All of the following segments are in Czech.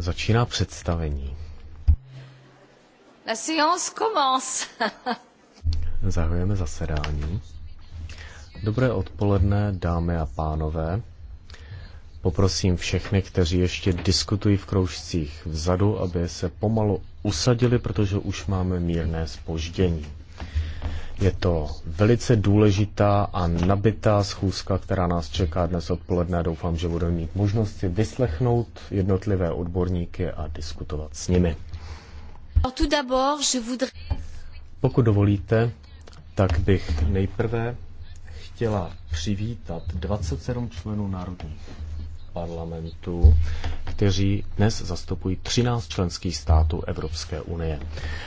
Začíná představení. La séance commence. Zahujeme zasedání. Dobré odpoledne, dámy a pánové. Poprosím všechny, kteří ještě diskutují v kroužcích vzadu, aby se pomalu usadili, protože už máme mírné spoždění. Je to velice důležitá a nabitá schůzka, která nás čeká dnes odpoledne. Doufám, že budeme mít možnost si vyslechnout jednotlivé odborníky a diskutovat s nimi. Pokud dovolíte, tak bych nejprve chtěla přivítat 27 členů národních parlamentu, kteří dnes zastupují 13 členských států Evropské unie.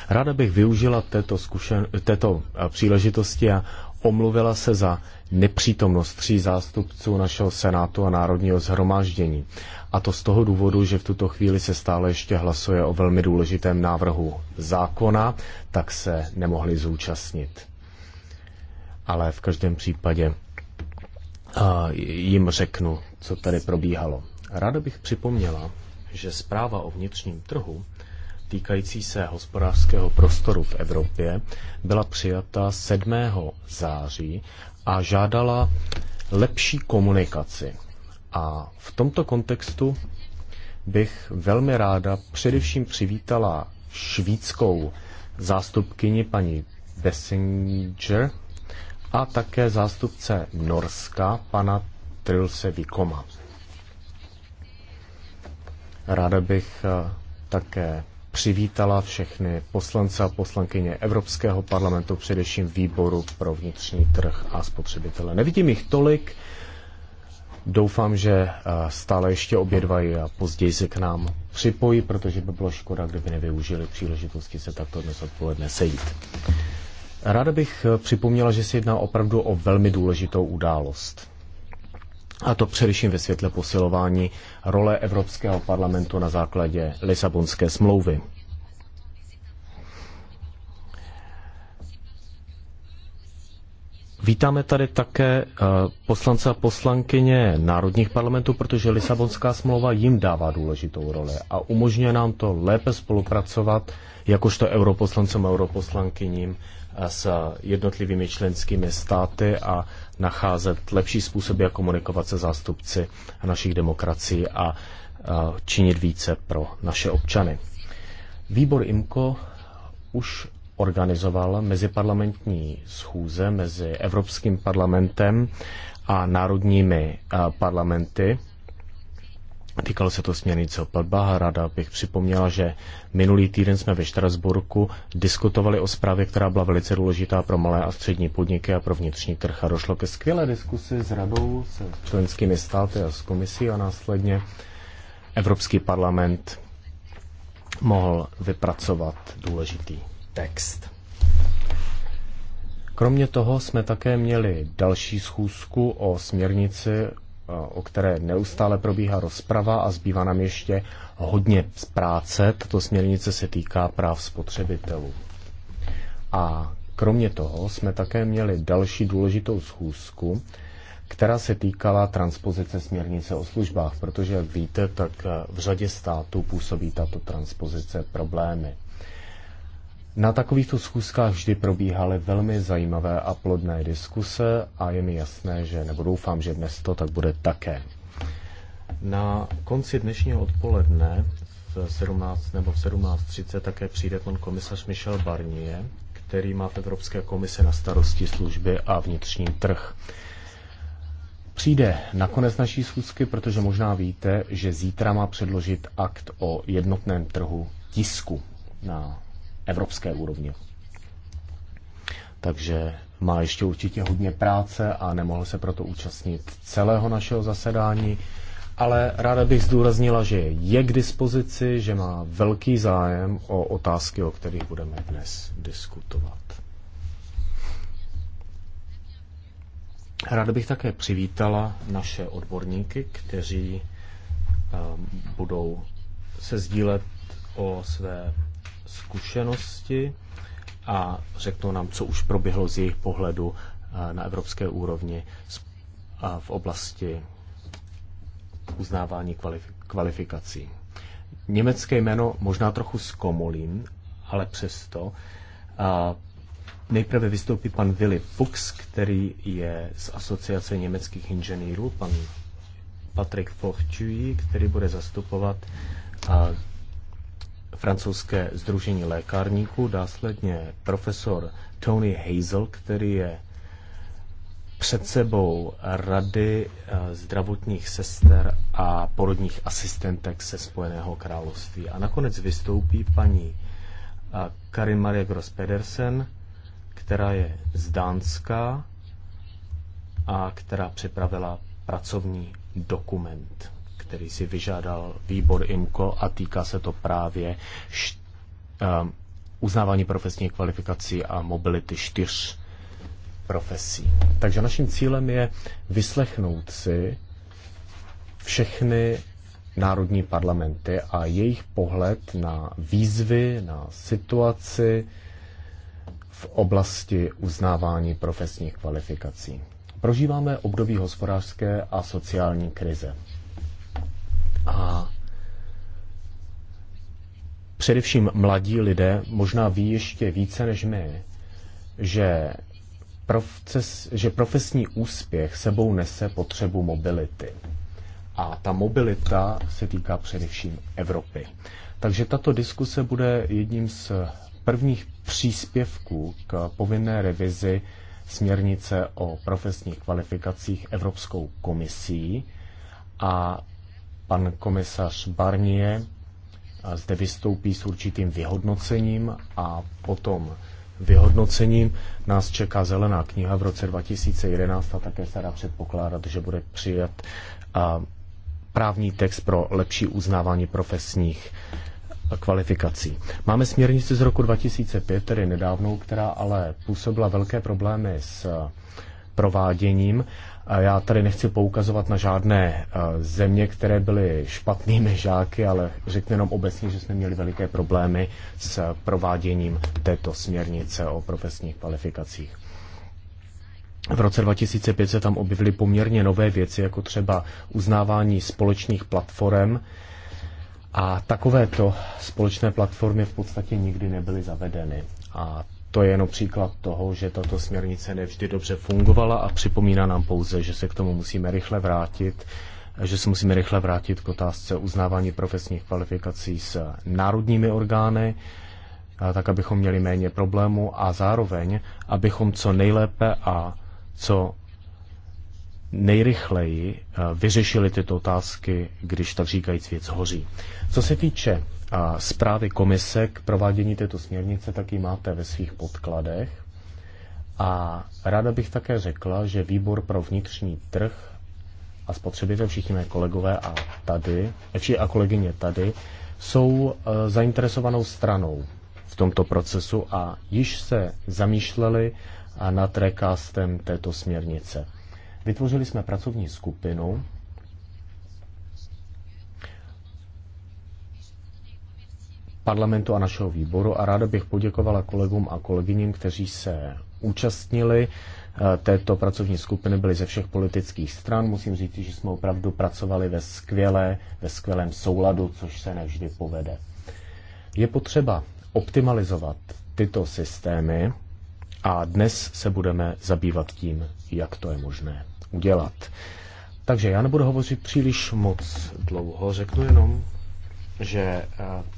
Ráda bych využila této, zkušen- této eh, příležitosti a omluvila se za nepřítomnost tří zástupců našeho Senátu a Národního zhromáždění. A to z toho důvodu, že v tuto chvíli se stále ještě hlasuje o velmi důležitém návrhu zákona, tak se nemohli zúčastnit. Ale v každém případě eh, jim řeknu co tady probíhalo. Ráda bych připomněla, že zpráva o vnitřním trhu týkající se hospodářského prostoru v Evropě byla přijata 7. září a žádala lepší komunikaci. A v tomto kontextu bych velmi ráda především přivítala švýdskou zástupkyni paní Bessinger a také zástupce Norska, pana Trilce Vikoma. Ráda bych eh, také přivítala všechny poslance a poslankyně Evropského parlamentu, především výboru pro vnitřní trh a spotřebitele. Nevidím jich tolik, Doufám, že eh, stále ještě obědvají a později se k nám připojí, protože by bylo škoda, kdyby nevyužili příležitosti se takto dnes odpoledne sejít. Ráda bych eh, připomněla, že se jedná opravdu o velmi důležitou událost a to především ve světle posilování role Evropského parlamentu na základě Lisabonské smlouvy. Vítáme tady také eh, poslance a poslankyně národních parlamentů, protože Lisabonská smlouva jim dává důležitou roli a umožňuje nám to lépe spolupracovat jakožto europoslancem a europoslankyním s jednotlivými členskými státy a nacházet lepší způsoby, jak komunikovat se zástupci našich demokracií a činit více pro naše občany. Výbor IMCO už organizoval meziparlamentní schůze mezi Evropským parlamentem a národními parlamenty Týkalo se to směrnice o platbách. Ráda bych připomněla, že minulý týden jsme ve Štrasburku diskutovali o zprávě, která byla velice důležitá pro malé a střední podniky a pro vnitřní trh. A došlo ke skvělé diskusi s radou, se členskými státy a s komisí a následně Evropský parlament mohl vypracovat důležitý text. Kromě toho jsme také měli další schůzku o směrnici Eh, o které neustále probíhá rozprava a zbývá nám ještě hodně z práce. Tato směrnice se týká práv spotřebitelů. A kromě toho jsme také měli další důležitou schůzku, která se týkala transpozice směrnice o službách, protože jak víte, tak eh, v řadě států působí tato transpozice problémy. Na takovýchto schůzkách vždy probíhaly velmi zajímavé a plodné diskuse a je mi jasné, že, nebo doufám, že dnes to tak bude také. Na konci dnešního odpoledne v 17 nebo v 17.30 také přijde pan komisař Michel Barnier, který má v Evropské komise na starosti služby a vnitřní trh. Přijde na konec naší schůzky, protože možná víte, že zítra má předložit akt o jednotném trhu tisku na evropské úrovni. Takže má ještě určitě hodně práce a nemohl se proto účastnit celého našeho zasedání, ale ráda bych zdůraznila, že je k dispozici, že má velký zájem o otázky, o kterých budeme dnes diskutovat. Ráda bych také přivítala naše odborníky, kteří eh, budou se sdílet o své zkušenosti a řeknou nám, co už proběhlo z jejich pohledu eh, na evropské úrovni v oblasti uznávání kvalifikací. Německé jméno možná trochu zkomolím, ale přesto. Eh, nejprve vystoupí pan Willy Fuchs, který je z Asociace německých inženýrů, pan Patrik Fochčují, který bude zastupovat eh, francouzské združení lékárníků, následně profesor Tony Hazel, který je před sebou rady eh, zdravotních sester a porodních asistentek se Spojeného království. A nakonec vystoupí paní eh, Karin Marie Gross Pedersen, která je z Dánska a která připravila pracovní dokument který si vyžádal výbor IMCO a týká se to právě um, uznávání profesních kvalifikací a mobility čtyř profesí. Takže naším cílem je vyslechnout si všechny národní parlamenty a jejich pohled na výzvy, na situaci v oblasti uznávání profesních kvalifikací. Prožíváme období hospodářské a sociální krize. A především mladí lidé možná ví ještě více než my, že, proces, že profesní úspěch sebou nese potřebu mobility. A ta mobilita se týká především Evropy. Takže tato diskuse bude jedním z prvních příspěvků k povinné revizi směrnice o profesních kvalifikacích Evropskou komisí a Pan komisař Barnier zde vystoupí s určitým vyhodnocením a potom vyhodnocením nás čeká zelená kniha v roce 2011 a také se dá předpokládat, že bude přijat právní text pro lepší uznávání profesních kvalifikací. Máme směrnici z roku 2005, tedy nedávnou, která ale působila velké problémy s prováděním já tady nechci poukazovat na žádné eh, země, které byly špatnými žáky, ale řeknu jenom obecně, že jsme měli veliké problémy s eh, prováděním této směrnice o profesních kvalifikacích. V roce 2005 se tam objevily poměrně nové věci, jako třeba uznávání společných platform, a takovéto společné platformy v podstatě nikdy nebyly zavedeny. A to je jenom příklad toho, že tato směrnice nevždy dobře fungovala a připomíná nám pouze, že se k tomu musíme rychle vrátit, že se musíme rychle vrátit k otázce uznávání profesních kvalifikací s národními orgány, tak abychom měli méně problémů a zároveň, abychom co nejlépe a co nejrychleji e, vyřešili tyto otázky, když tak říkajíc věc hoří. Co se týče zprávy komise k provádění této směrnice, taky máte ve svých podkladech. A ráda bych také řekla, že výbor pro vnitřní trh a spotřebitel, všichni mé kolegové a tady, či a kolegyně tady, jsou eh, zainteresovanou stranou v tomto procesu a již se zamýšleli nad recastem této směrnice. Vytvořili jsme pracovní skupinu, parlamentu a našeho výboru a ráda bych poděkovala kolegům a kolegyním, kteří se účastnili eh, této pracovní skupiny, byly ze všech politických stran. Musím říct, že jsme opravdu pracovali ve skvělé, ve skvělém souladu, což se nevždy povede. Je potřeba optimalizovat tyto systémy a dnes se budeme zabývat tím, jak to je možné udělat. Takže já nebudu hovořit příliš moc dlouho, řeknu jenom že eh,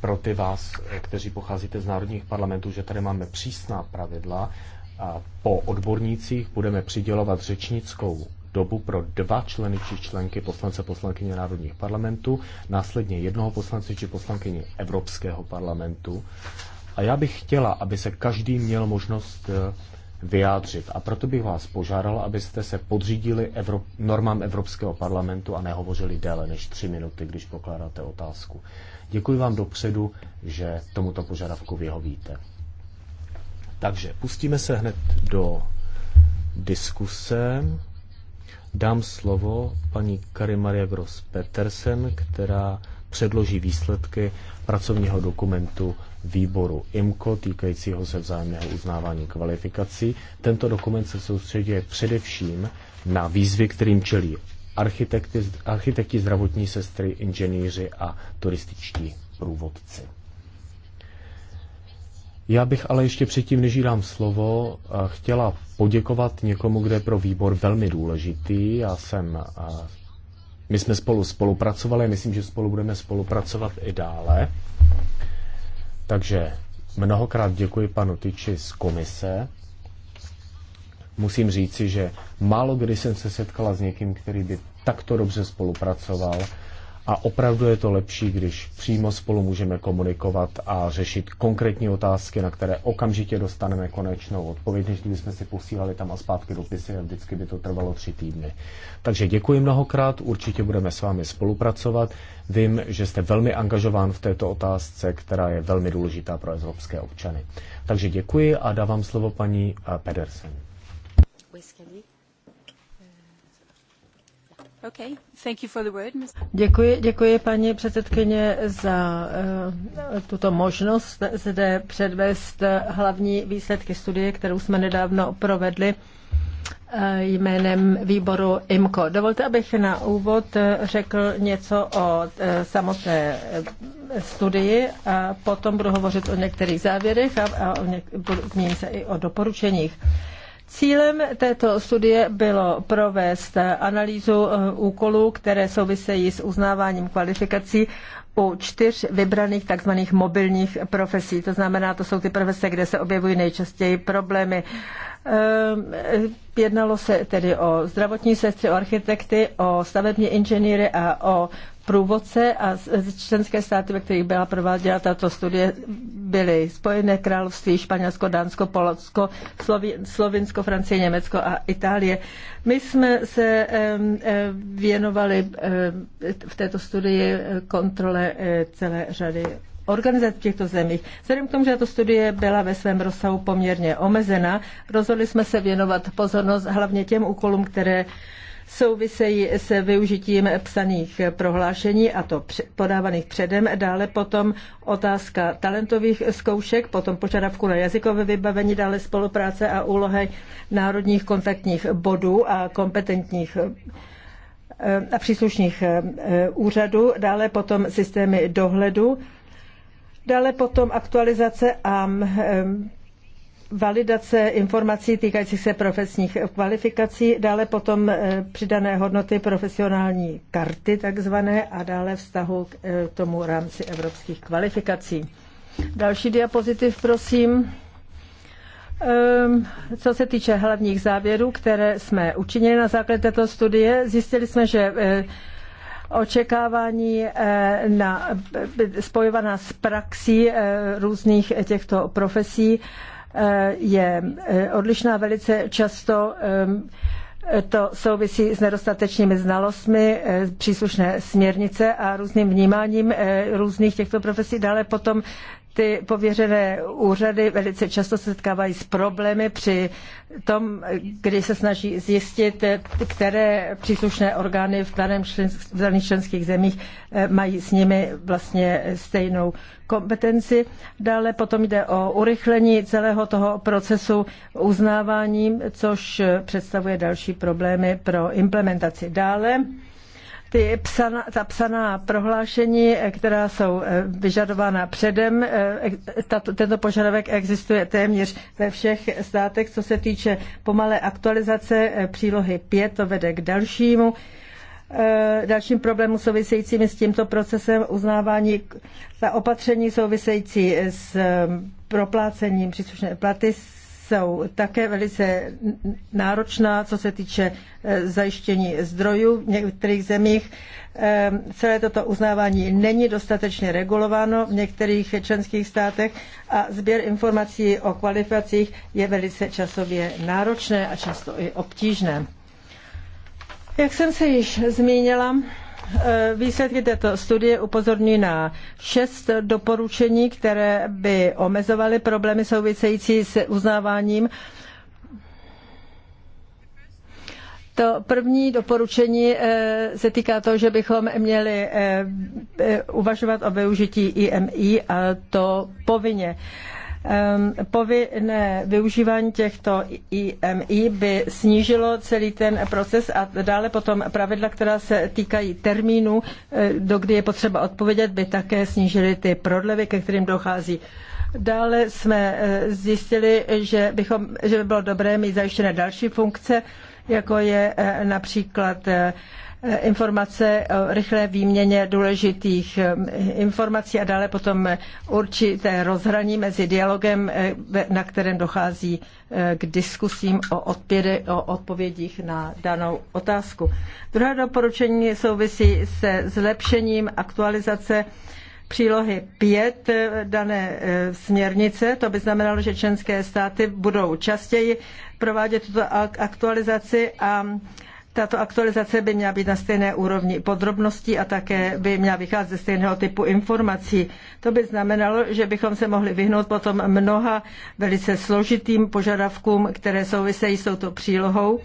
pro ty vás, eh, kteří pocházíte z národních parlamentů, že tady máme přísná pravidla. A po odbornících budeme přidělovat řečnickou dobu pro dva členy či členky poslance poslankyně národních parlamentů, následně jednoho poslance či poslankyně Evropského parlamentu. A já bych chtěla, aby se každý měl možnost eh, vyjádřit. A proto bych vás požádal, abyste se podřídili Evrop- normám Evropského parlamentu a nehovořili déle než tři minuty, když pokládáte otázku. Děkuji vám dopředu, že tomuto požadavku vyhovíte. Takže pustíme se hned do diskuse. Dám slovo paní Kary Maria Gross Petersen, která předloží výsledky pracovního dokumentu výboru IMCO týkajícího se vzájemného uznávání kvalifikací. Tento dokument se soustředuje především na výzvy, kterým čelí architekti, architekti zdravotní sestry, inženýři a turističtí průvodci. Já bych ale ještě předtím, než dám slovo, eh, chtěla poděkovat někomu, kde je pro výbor velmi důležitý. Já jsem, eh, my jsme spolu spolupracovali, myslím, že spolu budeme spolupracovat i dále. Takže mnohokrát děkuji panu Tyči z komise. Musím říci, že málo kdy jsem se setkala s někým, který by takto dobře spolupracoval a opravdu je to lepší, když přímo spolu můžeme komunikovat a řešit konkrétní otázky, na které okamžitě dostaneme konečnou odpověď, než kdybychom si posílali tam a zpátky dopisy a vždycky by to trvalo tři týdny. Takže děkuji mnohokrát, určitě budeme s vámi spolupracovat. Vím, že jste velmi angažován v této otázce, která je velmi důležitá pro evropské občany. Takže děkuji a dávám slovo paní eh, Pedersen. děkuji, děkuji paní předsedkyně za eh, tuto možnost zde předvést eh, hlavní výsledky studie, kterou jsme nedávno provedli eh, jménem výboru IMCO. Dovolte, abych na úvod řekl něco o samotné studii a potom budu hovořit o některých závěrech a, a o něk- budu, se i o doporučeních. Uh, Cílem této studie bylo provést analýzu eh, úkolů, které souvisejí s uznáváním kvalifikací u čtyř vybraných tzv. mobilních profesí. To znamená, to jsou ty profese, kde se objevují nejčastěji problémy. Ehm, jednalo se tedy o zdravotní sestry, o architekty, o stavební inženýry a o průvodce a členské státy, ve kterých byla prováděna tato studie, byly Spojené království, Španělsko, Dánsko, Polsko, Slovinsko, Francie, Německo a Itálie. My jsme se věnovali v této studii eh, kontrole eh, celé řady organizací v těchto zemích. Vzhledem k tomu, že tato studie byla ve svém rozsahu poměrně omezena, rozhodli jsme se věnovat pozornost hlavně těm úkolům, které souvisejí s využitím psaných prohlášení, a to podávaných předem, dále potom otázka talentových zkoušek, potom požadavku na jazykové vybavení, dále spolupráce a úlohy národních kontaktních bodů a kompetentních eh, a příslušných eh, úřadů, dále potom systémy dohledu, dále potom aktualizace a eh, validace informací týkajících se profesních kvalifikací, dále potom eh, přidané hodnoty profesionální karty takzvané a dále vztahu k eh, tomu rámci evropských kvalifikací. Další diapozitiv, prosím. Ehm, co se týče hlavních závěrů, které jsme učinili na základě této studie, zjistili jsme, že eh, očekávání na, spojovaná s praxí různých těchto profesí Eh, je eh, odlišná velice často. Ehm, to souvisí s nedostatečnými znalostmi eh, příslušné směrnice a různým vnímáním různých těchto profesí. Dále potom ty pověřené úřady velice často se setkávají s problémy při tom, kdy se snaží zjistit, které příslušné orgány v, daných členských zemích eh, mají s nimi vlastně stejnou kompetenci. Dále potom jde o urychlení celého toho procesu uznáváním, což eh, představuje další problémy pro implementaci. Dále ty psaná, ta psaná prohlášení, eh, která jsou eh, vyžadována předem, eh, tato, tento požadavek existuje téměř ve všech státech. Co se týče pomalé aktualizace přílohy 5, to vede k dalšímu dalším problémům souvisejícím s tímto procesem uznávání ta opatření související s proplácením příslušné platy jsou také velice náročná, co se týče e, zajištění zdrojů v některých zemích. E, celé toto uznávání není dostatečně regulováno v některých členských státech a sběr informací o kvalifikacích je velice časově náročné a často i obtížné. Jak jsem se již zmínila, Eh, výsledky této studie upozorňují na šest doporučení, které by omezovaly problémy související s uznáváním. To první doporučení eh, se týká toho, že bychom měli eh, uvažovat o využití IMI a to povinně. Ehm, povinné využívání těchto IMI by snížilo celý ten proces a dále potom pravidla, která se týkají termínu, eh, do kdy je potřeba odpovědět, by také snížily ty prodlevy, ke kterým dochází. Dále jsme eh, zjistili, že, bychom, že by bylo dobré mít zajištěné další funkce, jako je eh, například Eh, informace o rychlé výměně důležitých eh, informací a dále potom určité rozhraní mezi dialogem, eh, na kterém dochází k diskusím o, odpěde, o odpovědích na danou otázku. Druhé doporučení souvisí se zlepšením aktualizace přílohy 5 dané směrnice. To by znamenalo, že členské státy budou častěji provádět tuto aktualizaci a tato aktualizace by měla být na stejné úrovni podrobností a také by měla vycházet ze stejného typu informací. To by znamenalo, že bychom se mohli vyhnout potom mnoha velice složitým požadavkům, které souvisejí s touto přílohou.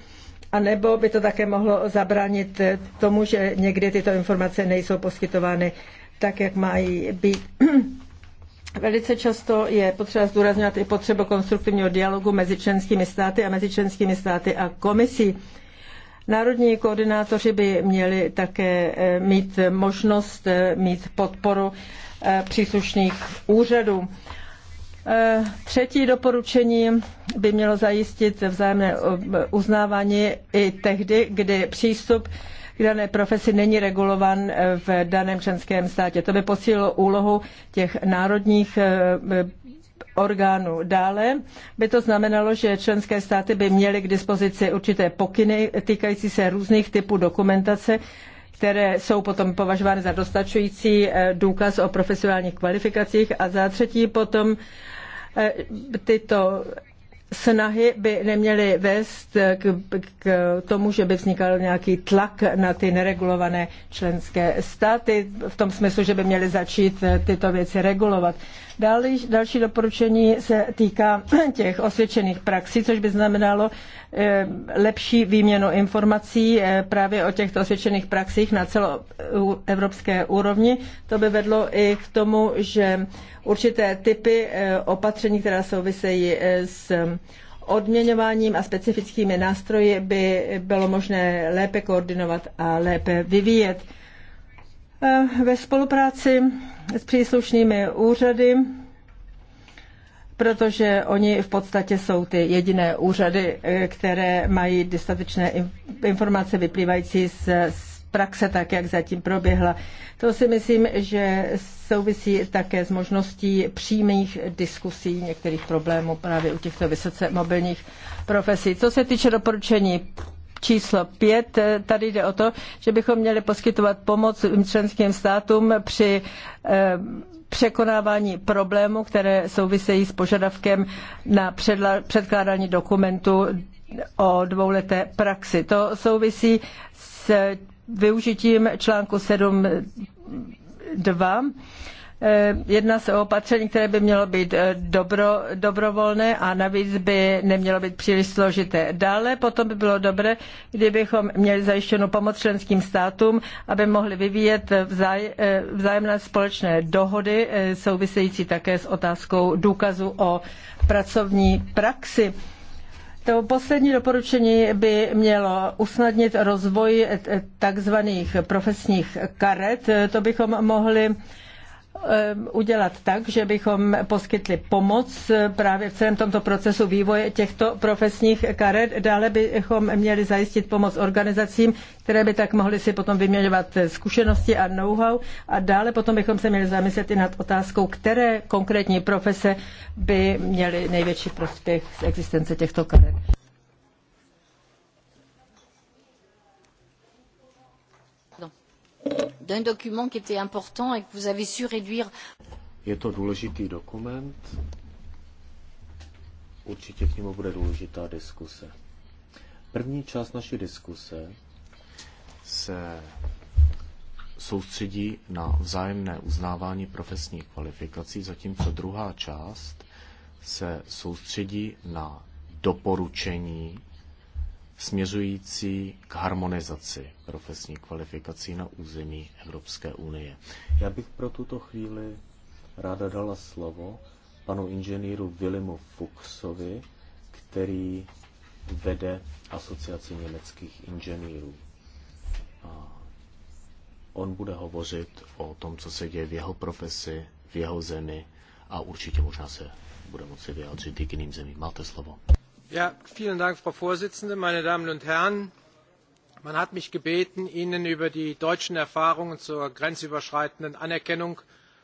A nebo by to také mohlo zabránit tomu, že někdy tyto informace nejsou poskytovány tak, jak mají být. Velice často je potřeba zdůrazňovat i potřebu konstruktivního dialogu mezi členskými státy a mezi členskými státy a komisí. Národní koordinátoři by měli také eh, mít možnost eh, mít podporu eh, příslušných úřadů. Třetí doporučení by mělo zajistit vzájemné uznávání i tehdy, kdy přístup k dané profesi není regulovan v daném členském státě. To by posílilo úlohu těch národních orgánů. Dále by to znamenalo, že členské státy by měly k dispozici určité pokyny týkající se různých typů dokumentace, které jsou potom považovány za dostačující eh, důkaz o profesionálních kvalifikacích a za třetí potom eh, tyto snahy by neměly vést k, k tomu, že by vznikal nějaký tlak na ty neregulované členské státy, v tom smyslu, že by měly začít eh, tyto věci regulovat. Další, další doporučení se týká těch osvědčených praxí, což by znamenalo eh, lepší výměnu informací eh, právě o těchto osvědčených praxích na celoevropské eh, úrovni. To by vedlo i k tomu, že určité typy opatření, která souvisejí s odměňováním a specifickými nástroji by bylo možné lépe koordinovat a lépe vyvíjet. Eh, ve spolupráci s příslušnými úřady, protože oni v podstatě jsou ty jediné úřady, eh, které mají dostatečné informace vyplývající z, z praxe, tak jak zatím proběhla. To si myslím, že souvisí také s možností přímých diskusí některých problémů právě u těchto vysoce mobilních profesí. Co se týče doporučení číslo 5. Tady jde o to, že bychom měli poskytovat pomoc členským státům při eh, překonávání problémů, které souvisejí s požadavkem na předkládání dokumentů o dvouleté praxi. To souvisí s využitím článku 7.2 Eh, jedná se o opatření, které by mělo být eh, dobro, dobrovolné a navíc by nemělo být příliš složité. Dále potom by bylo dobré, kdybychom měli zajištěnou pomoc členským státům, aby mohli vyvíjet vzáj, eh, vzájemné společné dohody související také s otázkou důkazu o pracovní praxi. To poslední doporučení by mělo usnadnit rozvoj takzvaných profesních karet. To bychom mohli Ehm, udělat tak, že bychom poskytli pomoc eh, právě v celém tomto procesu vývoje těchto profesních karet. Dále bychom měli zajistit pomoc organizacím, které by tak mohly si potom vyměňovat eh, zkušenosti a know-how. A dále potom bychom se měli zamyslet i nad otázkou, které konkrétní profese by měly největší prospěch z existence těchto karet. No d'un document qui était important et que vous avez su réduire. Je to důležitý dokument. Určitě k němu bude důležitá diskuse. První část naší diskuse se soustředí na vzájemné uznávání profesních kvalifikací, zatímco druhá část se soustředí na doporučení směřující k harmonizaci profesní kvalifikací na území Evropské unie. Já bych pro tuto chvíli ráda dala slovo panu inženýru Willemu Fuchsovi, který vede asociaci německých inženýrů. A on bude hovořit o tom, co se děje v jeho profesi, v jeho zemi a určitě možná se bude moci vyjádřit i k jiným zemím. Máte slovo. Ja, vielen Dank, Frau Vorsitzende, meine Damen und Herren. Man hat mich gebeten, Ihnen über die deutschen Erfahrungen zur grenzüberschreitenden Anerkennung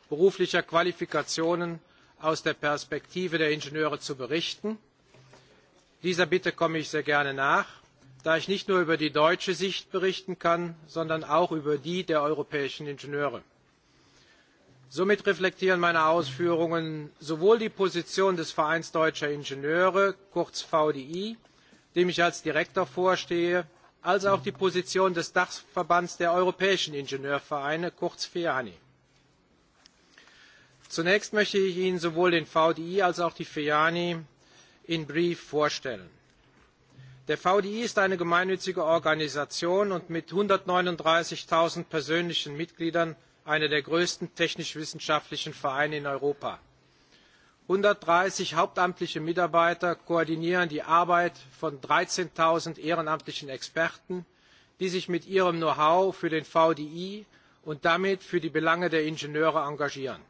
beruflicher Qualifikationen aus der Perspektive der Ingenieure zu berichten. Dieser Bitte komme ich sehr gerne nach, da ich nicht nur über die deutsche Sicht berichten kann, sondern auch über die der europäischen Ingenieure. Somit reflektieren meine Ausführungen sowohl die Position des Vereins Deutscher Ingenieure, kurz VDI, dem ich als Direktor vorstehe, als auch die Position des Dachverbands der Europäischen Ingenieurvereine, kurz FEANI. Zunächst möchte ich Ihnen sowohl den VDI als auch die FEANI in Brief vorstellen. Der VDI ist eine gemeinnützige Organisation und mit 139.000 persönlichen Mitgliedern einer der größten technisch-wissenschaftlichen Vereine in Europa. 130 hauptamtliche Mitarbeiter koordinieren die Arbeit von 13.000 ehrenamtlichen Experten, die sich mit ihrem Know-how für den VDI und damit für die Belange der Ingenieure engagieren.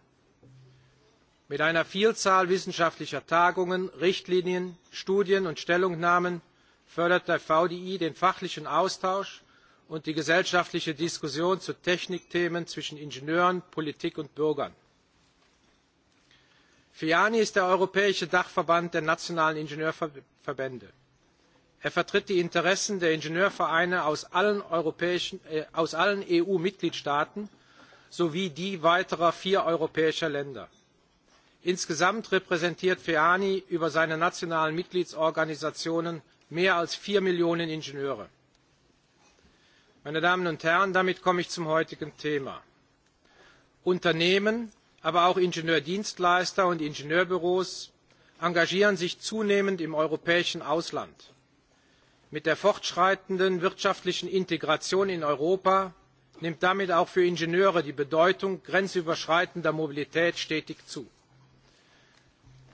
Mit einer Vielzahl wissenschaftlicher Tagungen, Richtlinien, Studien und Stellungnahmen fördert der VDI den fachlichen Austausch und die gesellschaftliche Diskussion zu Technikthemen zwischen Ingenieuren, Politik und Bürgern. FIANI ist der europäische Dachverband der nationalen Ingenieurverbände. Er vertritt die Interessen der Ingenieurvereine aus allen, europäischen, äh, aus allen EU-Mitgliedstaaten sowie die weiterer vier europäischer Länder. Insgesamt repräsentiert FEANI über seine nationalen Mitgliedsorganisationen mehr als vier Millionen Ingenieure. Meine Damen und Herren, damit komme ich zum heutigen Thema. Unternehmen, aber auch Ingenieurdienstleister und Ingenieurbüros engagieren sich zunehmend im europäischen Ausland. Mit der fortschreitenden wirtschaftlichen Integration in Europa nimmt damit auch für Ingenieure die Bedeutung grenzüberschreitender Mobilität stetig zu.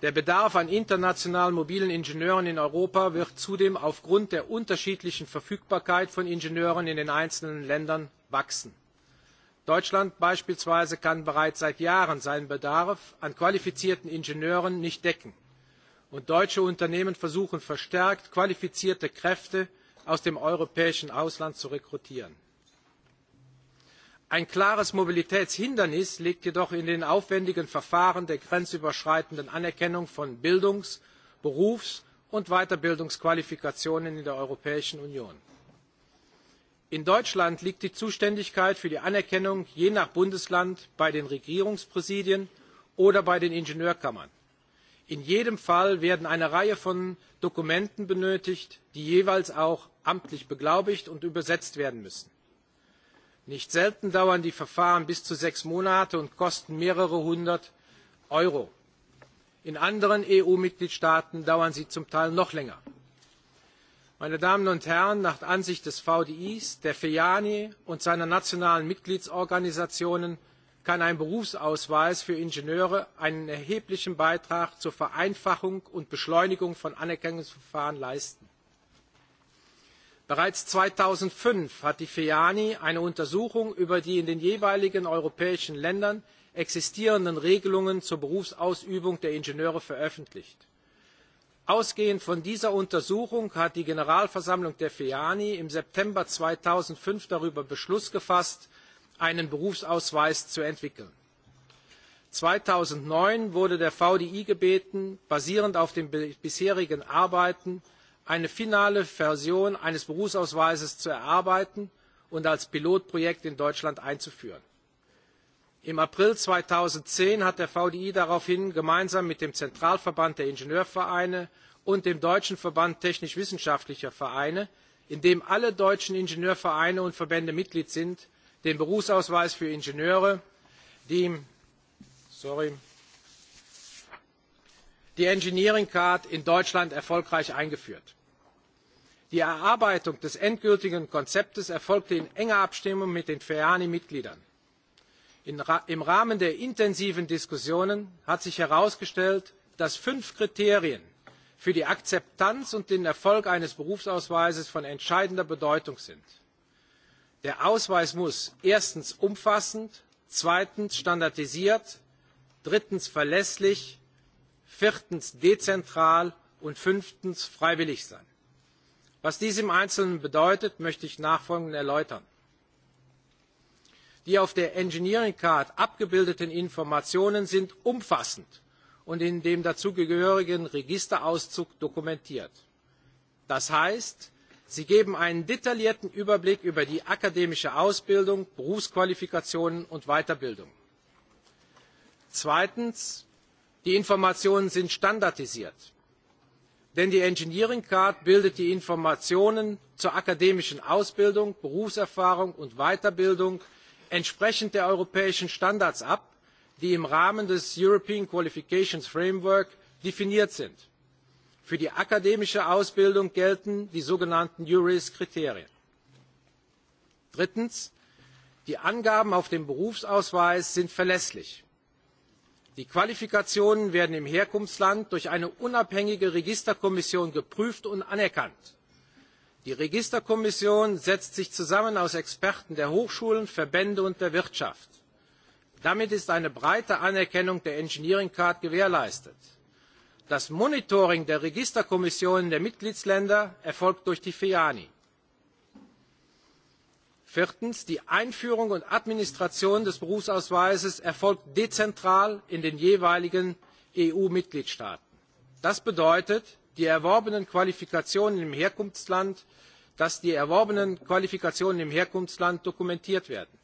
Der Bedarf an internationalen mobilen Ingenieuren in Europa wird zudem aufgrund der unterschiedlichen Verfügbarkeit von Ingenieuren in den einzelnen Ländern wachsen. Deutschland beispielsweise kann bereits seit Jahren seinen Bedarf an qualifizierten Ingenieuren nicht decken. Und deutsche Unternehmen versuchen verstärkt, qualifizierte Kräfte aus dem europäischen Ausland zu rekrutieren ein klares mobilitätshindernis liegt jedoch in den aufwendigen verfahren der grenzüberschreitenden anerkennung von bildungs berufs und weiterbildungsqualifikationen in der europäischen union. in deutschland liegt die zuständigkeit für die anerkennung je nach bundesland bei den regierungspräsidien oder bei den ingenieurkammern. in jedem fall werden eine reihe von dokumenten benötigt die jeweils auch amtlich beglaubigt und übersetzt werden müssen. Nicht selten dauern die Verfahren bis zu sechs Monate und kosten mehrere hundert Euro. In anderen EU-Mitgliedstaaten dauern sie zum Teil noch länger. Meine Damen und Herren, nach Ansicht des VDIs, der FEJANI und seiner nationalen Mitgliedsorganisationen kann ein Berufsausweis für Ingenieure einen erheblichen Beitrag zur Vereinfachung und Beschleunigung von Anerkennungsverfahren leisten. Bereits 2005 hat die FEANI eine Untersuchung über die in den jeweiligen europäischen Ländern existierenden Regelungen zur Berufsausübung der Ingenieure veröffentlicht. Ausgehend von dieser Untersuchung hat die Generalversammlung der FEANI im September 2005 darüber Beschluss gefasst, einen Berufsausweis zu entwickeln. 2009 wurde der VDI gebeten, basierend auf den bisherigen Arbeiten eine finale Version eines Berufsausweises zu erarbeiten und als Pilotprojekt in Deutschland einzuführen. Im April 2010 hat der VDI daraufhin gemeinsam mit dem Zentralverband der Ingenieurvereine und dem Deutschen Verband technisch-wissenschaftlicher Vereine, in dem alle deutschen Ingenieurvereine und Verbände Mitglied sind, den Berufsausweis für Ingenieure, die sorry, die Engineering Card in Deutschland erfolgreich eingeführt. Die Erarbeitung des endgültigen Konzeptes erfolgte in enger Abstimmung mit den FEANI-Mitgliedern. Im Rahmen der intensiven Diskussionen hat sich herausgestellt, dass fünf Kriterien für die Akzeptanz und den Erfolg eines Berufsausweises von entscheidender Bedeutung sind. Der Ausweis muss erstens umfassend, zweitens standardisiert, drittens verlässlich, viertens dezentral und fünftens freiwillig sein. Was dies im Einzelnen bedeutet, möchte ich nachfolgend erläutern. Die auf der Engineering Card abgebildeten Informationen sind umfassend und in dem dazugehörigen Registerauszug dokumentiert. Das heißt, sie geben einen detaillierten Überblick über die akademische Ausbildung, Berufsqualifikationen und Weiterbildung. Zweitens Die Informationen sind standardisiert, denn die Engineering Card bildet die Informationen zur akademischen Ausbildung, Berufserfahrung und Weiterbildung entsprechend der europäischen Standards ab, die im Rahmen des European Qualifications Framework definiert sind. Für die akademische Ausbildung gelten die sogenannten EURES-Kriterien. Drittens. Die Angaben auf dem Berufsausweis sind verlässlich. Die Qualifikationen werden im Herkunftsland durch eine unabhängige Registerkommission geprüft und anerkannt. Die Registerkommission setzt sich zusammen aus Experten der Hochschulen, Verbände und der Wirtschaft. Damit ist eine breite Anerkennung der Engineering Card gewährleistet. Das Monitoring der Registerkommissionen der Mitgliedsländer erfolgt durch die FIANI. Viertens. Die Einführung und Administration des Berufsausweises erfolgt dezentral in den jeweiligen EU-Mitgliedstaaten. Das bedeutet, die erworbenen Qualifikationen im Herkunftsland, dass die erworbenen Qualifikationen im Herkunftsland dokumentiert werden.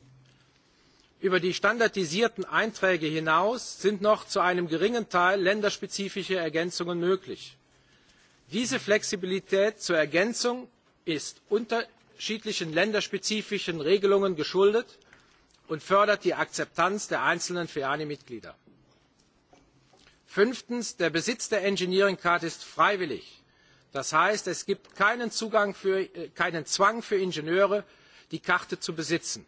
Über die standardisierten Einträge hinaus sind noch zu einem geringen Teil länderspezifische Ergänzungen möglich. Diese Flexibilität zur Ergänzung ist unter unterschiedlichen länderspezifischen regelungen geschuldet und fördert die akzeptanz der einzelnen feani mitglieder. fünftens der besitz der engineering card ist freiwillig das heißt es gibt keinen, für, äh, keinen zwang für ingenieure die karte zu besitzen.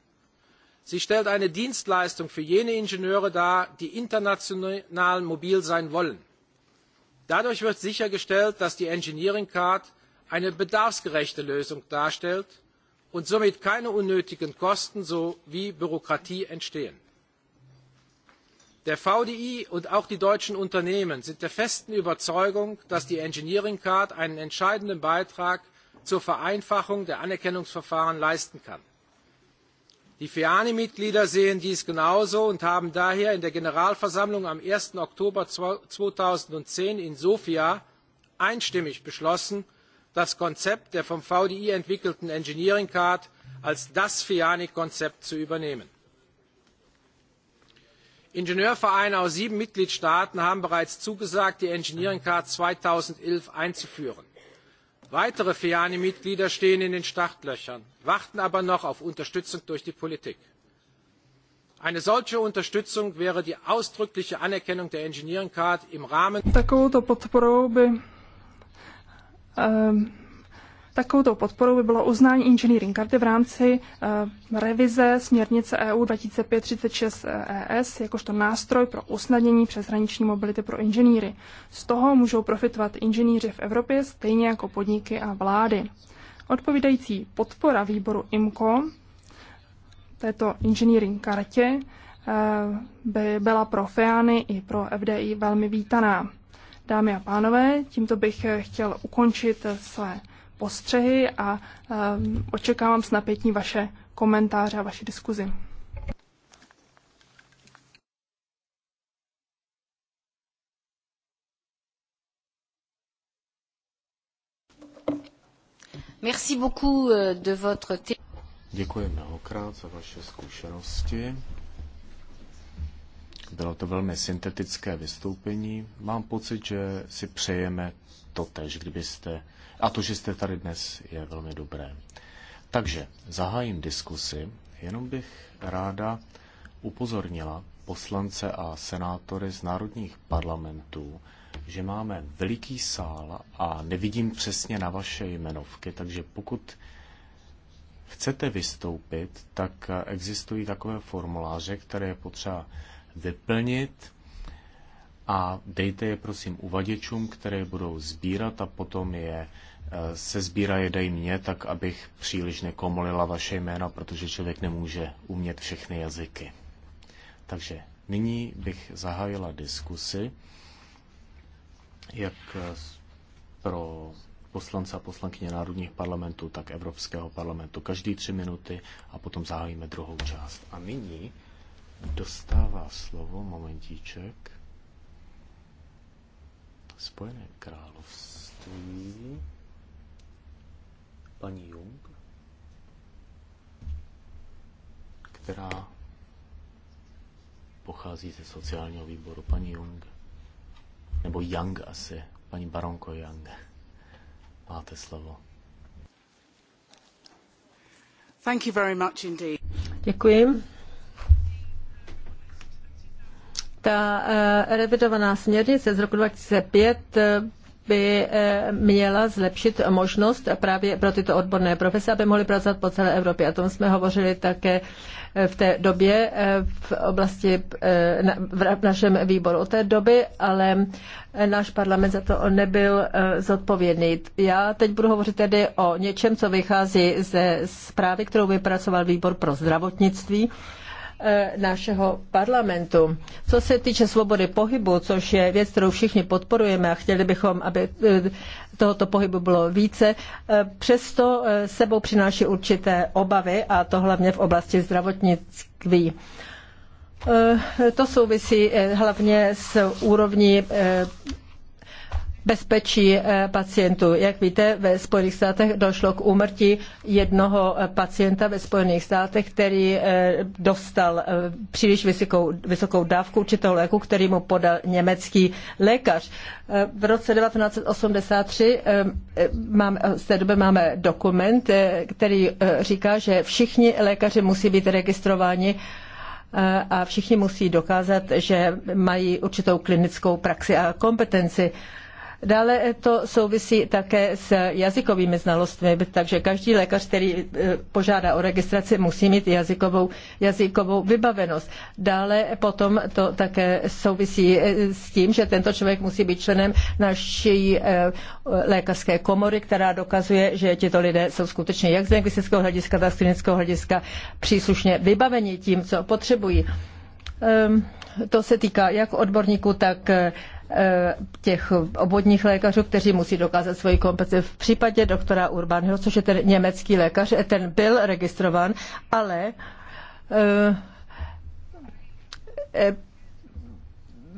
sie stellt eine dienstleistung für jene ingenieure dar die international mobil sein wollen. dadurch wird sichergestellt dass die engineering card eine bedarfsgerechte Lösung darstellt und somit keine unnötigen Kosten sowie Bürokratie entstehen. Der VDI und auch die deutschen Unternehmen sind der festen Überzeugung, dass die Engineering Card einen entscheidenden Beitrag zur Vereinfachung der Anerkennungsverfahren leisten kann. Die FEANI-Mitglieder sehen dies genauso und haben daher in der Generalversammlung am 1. Oktober 2010 in Sofia einstimmig beschlossen, das Konzept der vom VDI entwickelten Engineering Card als das FIANIC-Konzept zu übernehmen. Ingenieurvereine aus sieben Mitgliedstaaten haben bereits zugesagt, die Engineering Card 2011 einzuführen. Weitere FIANI-Mitglieder stehen in den Startlöchern, warten aber noch auf Unterstützung durch die Politik. Eine solche Unterstützung wäre die ausdrückliche Anerkennung der Engineering Card im Rahmen Takovouto podporou by Ehm, Takovou podporou by bylo uznání engineering karty v rámci uh, revize směrnice EU 2536-ES e jakožto nástroj pro usnadnění přeshraniční mobility pro inženýry. Z toho můžou profitovat inženýři v Evropě stejně jako podniky a vlády. Odpovídající podpora výboru IMCO této engineering kartě uh, by byla pro FEANy i pro FDI velmi vítaná. Dámy a pánové, tímto bych eh, chtěl ukončit eh, své postřehy a eh, očekávám s napětí vaše komentáře a vaši diskuzi. Merci beaucoup de votre Děkuji mnohokrát za vaše zkušenosti. Bylo to velmi syntetické vystoupení. Mám pocit, že si přejeme to tež, kdybyste... A to, že jste tady dnes, je velmi dobré. Takže zahájím diskusi. Jenom bych ráda upozornila poslance a senátory z národních parlamentů, že máme veliký sál a nevidím přesně na vaše jmenovky, takže pokud chcete vystoupit, tak existují takové formuláře, které je potřeba vyplnit a dejte je prosím uvaděčům, které budou sbírat a potom je eh, se sbírá je dej mě, tak abych příliš nekomolila vaše jména, protože člověk nemůže umět všechny jazyky. Takže nyní bych zahájila diskusi, jak eh, pro poslance a poslankyně národních parlamentů, tak Evropského parlamentu. Každý tři minuty a potom zahájíme druhou část. A nyní dostává slovo momentíček Spojené království paní Jung, která pochází ze sociálního výboru paní Jung, nebo Young asi, paní baronko Young. Máte slovo. Thank you very much indeed. Děkuji. Ta eh, revidovaná směrnice z roku 2005 eh, by eh, měla zlepšit možnost právě pro tyto odborné profese, aby mohly pracovat po celé Evropě. A tom jsme hovořili také v té době v oblasti v našem výboru od té doby, ale náš parlament za to nebyl zodpovědný. Já teď budu hovořit tedy o něčem, co vychází ze zprávy, kterou vypracoval výbor pro zdravotnictví Eh, našeho parlamentu. Co se týče svobody pohybu, což je věc, kterou všichni podporujeme a chtěli bychom, aby eh, tohoto pohybu bylo více, eh, přesto sebou přináší určité obavy a to hlavně v oblasti zdravotnictví. To souvisí hlavně s úrovní bezpečí eh, pacientů. Jak víte, ve Spojených státech došlo k úmrtí jednoho eh, pacienta ve Spojených státech, který eh, dostal příliš vysokou, vysokou dávku určitého léku, který mu podal německý lékař. V roce 1983 máme, z té doby máme dokument, který říká, že všichni lékaři musí být registrováni a všichni musí dokázat, že mají určitou klinickou praxi a kompetenci. Dále to souvisí také s jazykovými znalostmi, takže každý lékař, který e, požádá o registraci, musí mít jazykovou, jazykovou vybavenost. Dále potom to také souvisí e, s tím, že tento člověk musí být členem naší e, lékařské komory, která dokazuje, že tito lidé jsou skutečně jak z lingvistického hlediska, tak z klinického hlediska příslušně vybaveni tím, co potřebují. Ehm, to se týká jak odborníků, tak Eh, těch obvodních lékařů, kteří musí dokázat svoji kompetenci. V případě doktora Urbanho, což je ten německý lékař, eh, ten byl registrován, ale eh,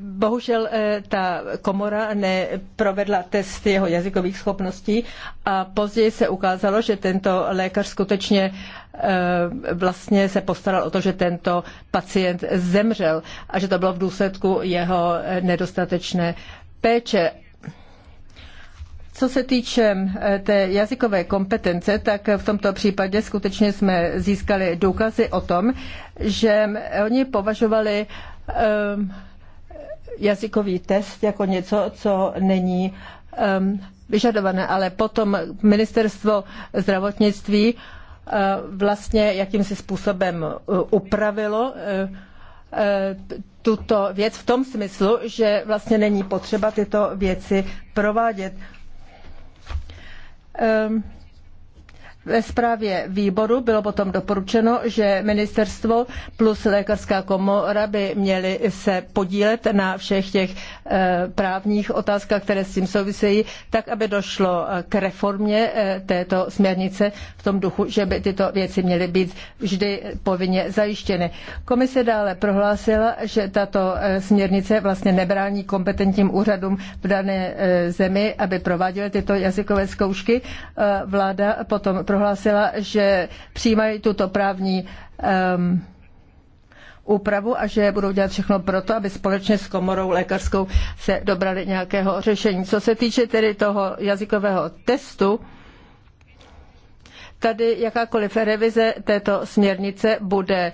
Bohužel eh, ta komora neprovedla test jeho jazykových schopností a později se ukázalo, že tento lékař skutečně eh, vlastně se postaral o to, že tento pacient zemřel a že to bylo v důsledku jeho eh, nedostatečné péče. Co se týče té jazykové kompetence, tak v tomto případě skutečně jsme získali důkazy o tom, že oni považovali um, jazykový test jako něco, co není um, vyžadované, ale potom ministerstvo zdravotnictví uh, vlastně jakýmsi způsobem uh, upravilo uh, uh, tuto věc v tom smyslu, že vlastně není potřeba tyto věci provádět. Um, ve zprávě výboru bylo potom doporučeno, že ministerstvo plus lékařská komora by měly se podílet na všech těch e, právních otázkách, které s tím souvisejí, tak, aby došlo e, k reformě e, této směrnice v tom duchu, že by tyto věci měly být vždy povinně zajištěny. Komise dále prohlásila, že tato směrnice vlastně nebrání kompetentním úřadům v dané zemi, aby prováděly tyto jazykové zkoušky. Vláda potom prohlásila, že přijímají tuto právní um, úpravu a že budou dělat všechno pro to, aby společně s komorou lékařskou se dobrali nějakého řešení. Co se týče tedy toho jazykového testu, tady jakákoliv revize této směrnice bude eh,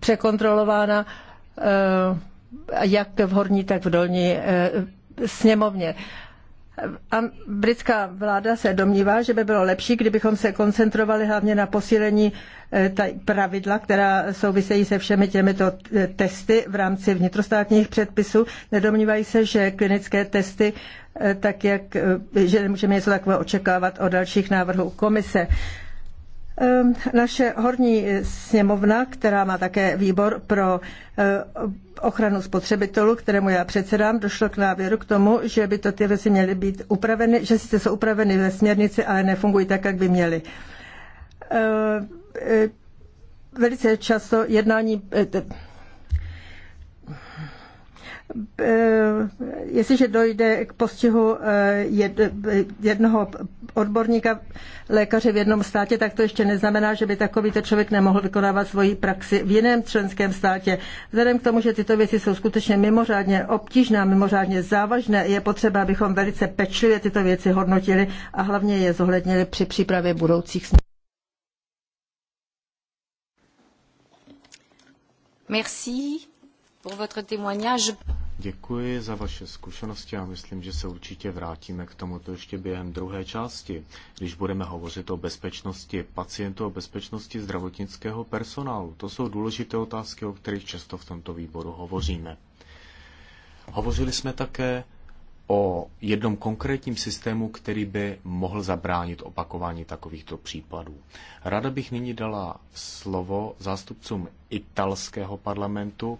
překontrolována eh, jak v horní, tak v dolní eh, sněmovně. Britská vláda se domnívá, že by bylo lepší, kdybychom se koncentrovali hlavně na posílení eh, pravidla, která souvisejí se všemi těmito eh, testy v rámci vnitrostátních předpisů. Nedomnívají se, že klinické testy eh, tak jak, že nemůžeme něco takového očekávat od dalších návrhů komise. Ehm, naše horní sněmovna, která má také výbor pro eh, ochranu spotřebitelů, kterému já předsedám, došlo k návěru k tomu, že by to ty věci měly být upraveny, že sice jsou upraveny ve směrnici, ale nefungují tak, jak by měly. Ehm, eh, velice často jednání eh, Eh, jestliže dojde k postihu eh, jednoho odborníka lékaře v jednom státě, tak to ještě neznamená, že by takovýto člověk nemohl vykonávat svoji praxi v jiném členském státě. Vzhledem k tomu, že tyto věci jsou skutečně mimořádně obtížné mimořádně závažné, je potřeba, abychom velice pečlivě tyto věci hodnotili a hlavně je zohlednili při přípravě budoucích směrů. Merci pour votre témoignage. Děkuji za vaše zkušenosti a myslím, že se určitě vrátíme k tomuto ještě během druhé části, když budeme hovořit o bezpečnosti pacientů o bezpečnosti zdravotnického personálu. To jsou důležité otázky, o kterých často v tomto výboru hovoříme. Hovořili jsme také o jednom konkrétním systému, který by mohl zabránit opakování takovýchto případů. Ráda bych nyní dala slovo zástupcům italského parlamentu,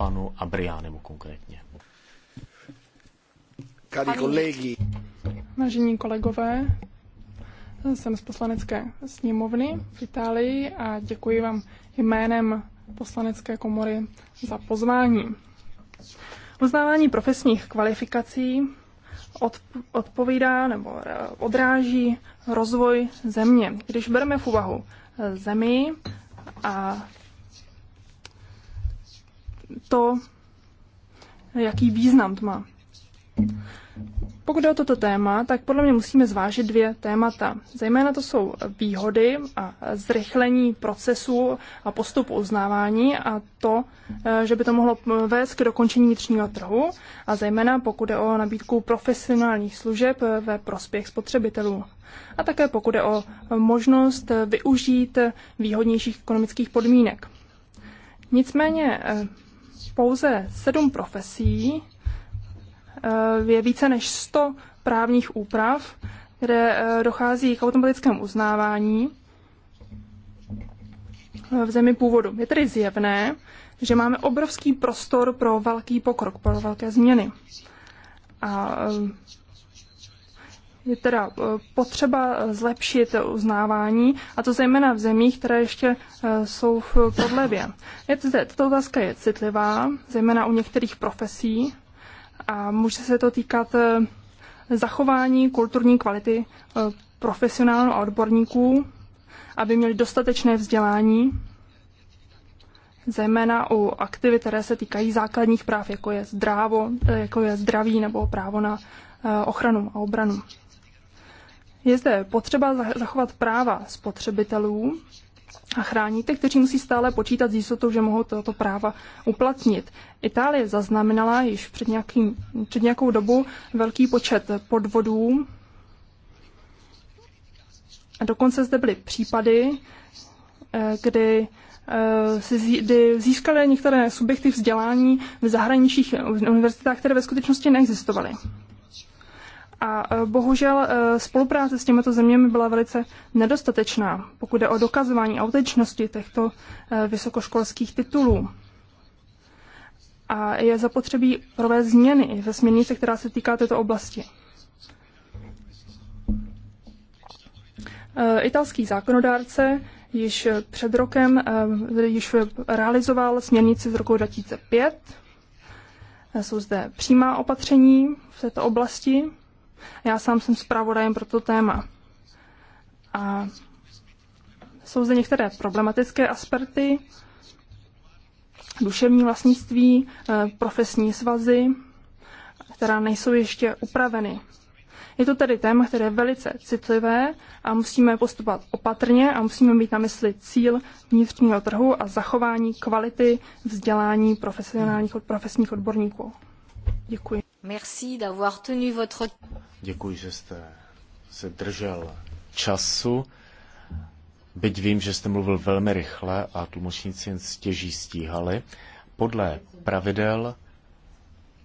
panu Abrianemu konkrétně. kolegy. Vážení kolegové, jsem z poslanecké sněmovny v Itálii a děkuji vám jménem poslanecké komory za pozvání. Uznávání profesních kvalifikací odpovídá nebo odráží rozvoj země. Když bereme v úvahu zemi a to, jaký význam to má. Pokud jde o toto téma, tak podle mě musíme zvážit dvě témata. Zejména to jsou výhody a zrychlení procesu a postupu uznávání a to, eh, že by to mohlo vést k dokončení vnitřního trhu a zejména pokud jde o nabídku profesionálních služeb ve prospěch spotřebitelů. A také pokud jde o možnost využít výhodnějších ekonomických podmínek. Nicméně eh, pouze sedm profesí, eh, je více než 100 právních úprav, kde eh, dochází k automatickému uznávání eh, v zemi původu. Je tedy zjevné, že máme obrovský prostor pro velký pokrok, pro velké změny. A je teda eh, potřeba eh, zlepšit uznávání, a to zejména v zemích, které ještě eh, jsou v podlevě. Je zde, tato otázka je citlivá, zejména u některých profesí, a může se to týkat zachování kulturní kvality profesionálů a odborníků, aby měli dostatečné vzdělání, zejména u aktivit, které se týkají základních práv, jako je, zdravo, jako je zdraví nebo právo na ochranu a obranu. Je zde potřeba zachovat práva spotřebitelů a chránit ty, kteří musí stále počítat s jistotou, že mohou toto práva uplatnit. Itálie zaznamenala již před, nějakým, před nějakou dobu velký počet podvodů. A dokonce zde byly případy, eh, kdy eh, kdy získaly některé subjekty vzdělání v zahraničních univerzitách, které ve skutečnosti neexistovaly. A e, bohužel e, spolupráce s těmito zeměmi byla velice nedostatečná, pokud jde o dokazování autentičnosti těchto e, vysokoškolských titulů. A je zapotřebí provést změny ve směrnici, která se týká této oblasti. Italský zákonodárce již před rokem již realizoval směrnici z roku 2005. Jsou zde přímá opatření v této oblasti já sám jsem zpravodajem pro to téma. A jsou zde některé problematické aspekty, duševní vlastnictví, eh, profesní svazy, která nejsou ještě upraveny. Je to tedy téma, které je velice citlivé a musíme postupovat opatrně a musíme mít na mysli cíl vnitřního trhu a zachování kvality vzdělání profesionálních profesních odborníků. Děkuji. Merci d'avoir tenu votre... Děkuji, že jste se držel času. Byť vím, že jste mluvil velmi rychle a tlumočníci jen stěží stíhali. Podle pravidel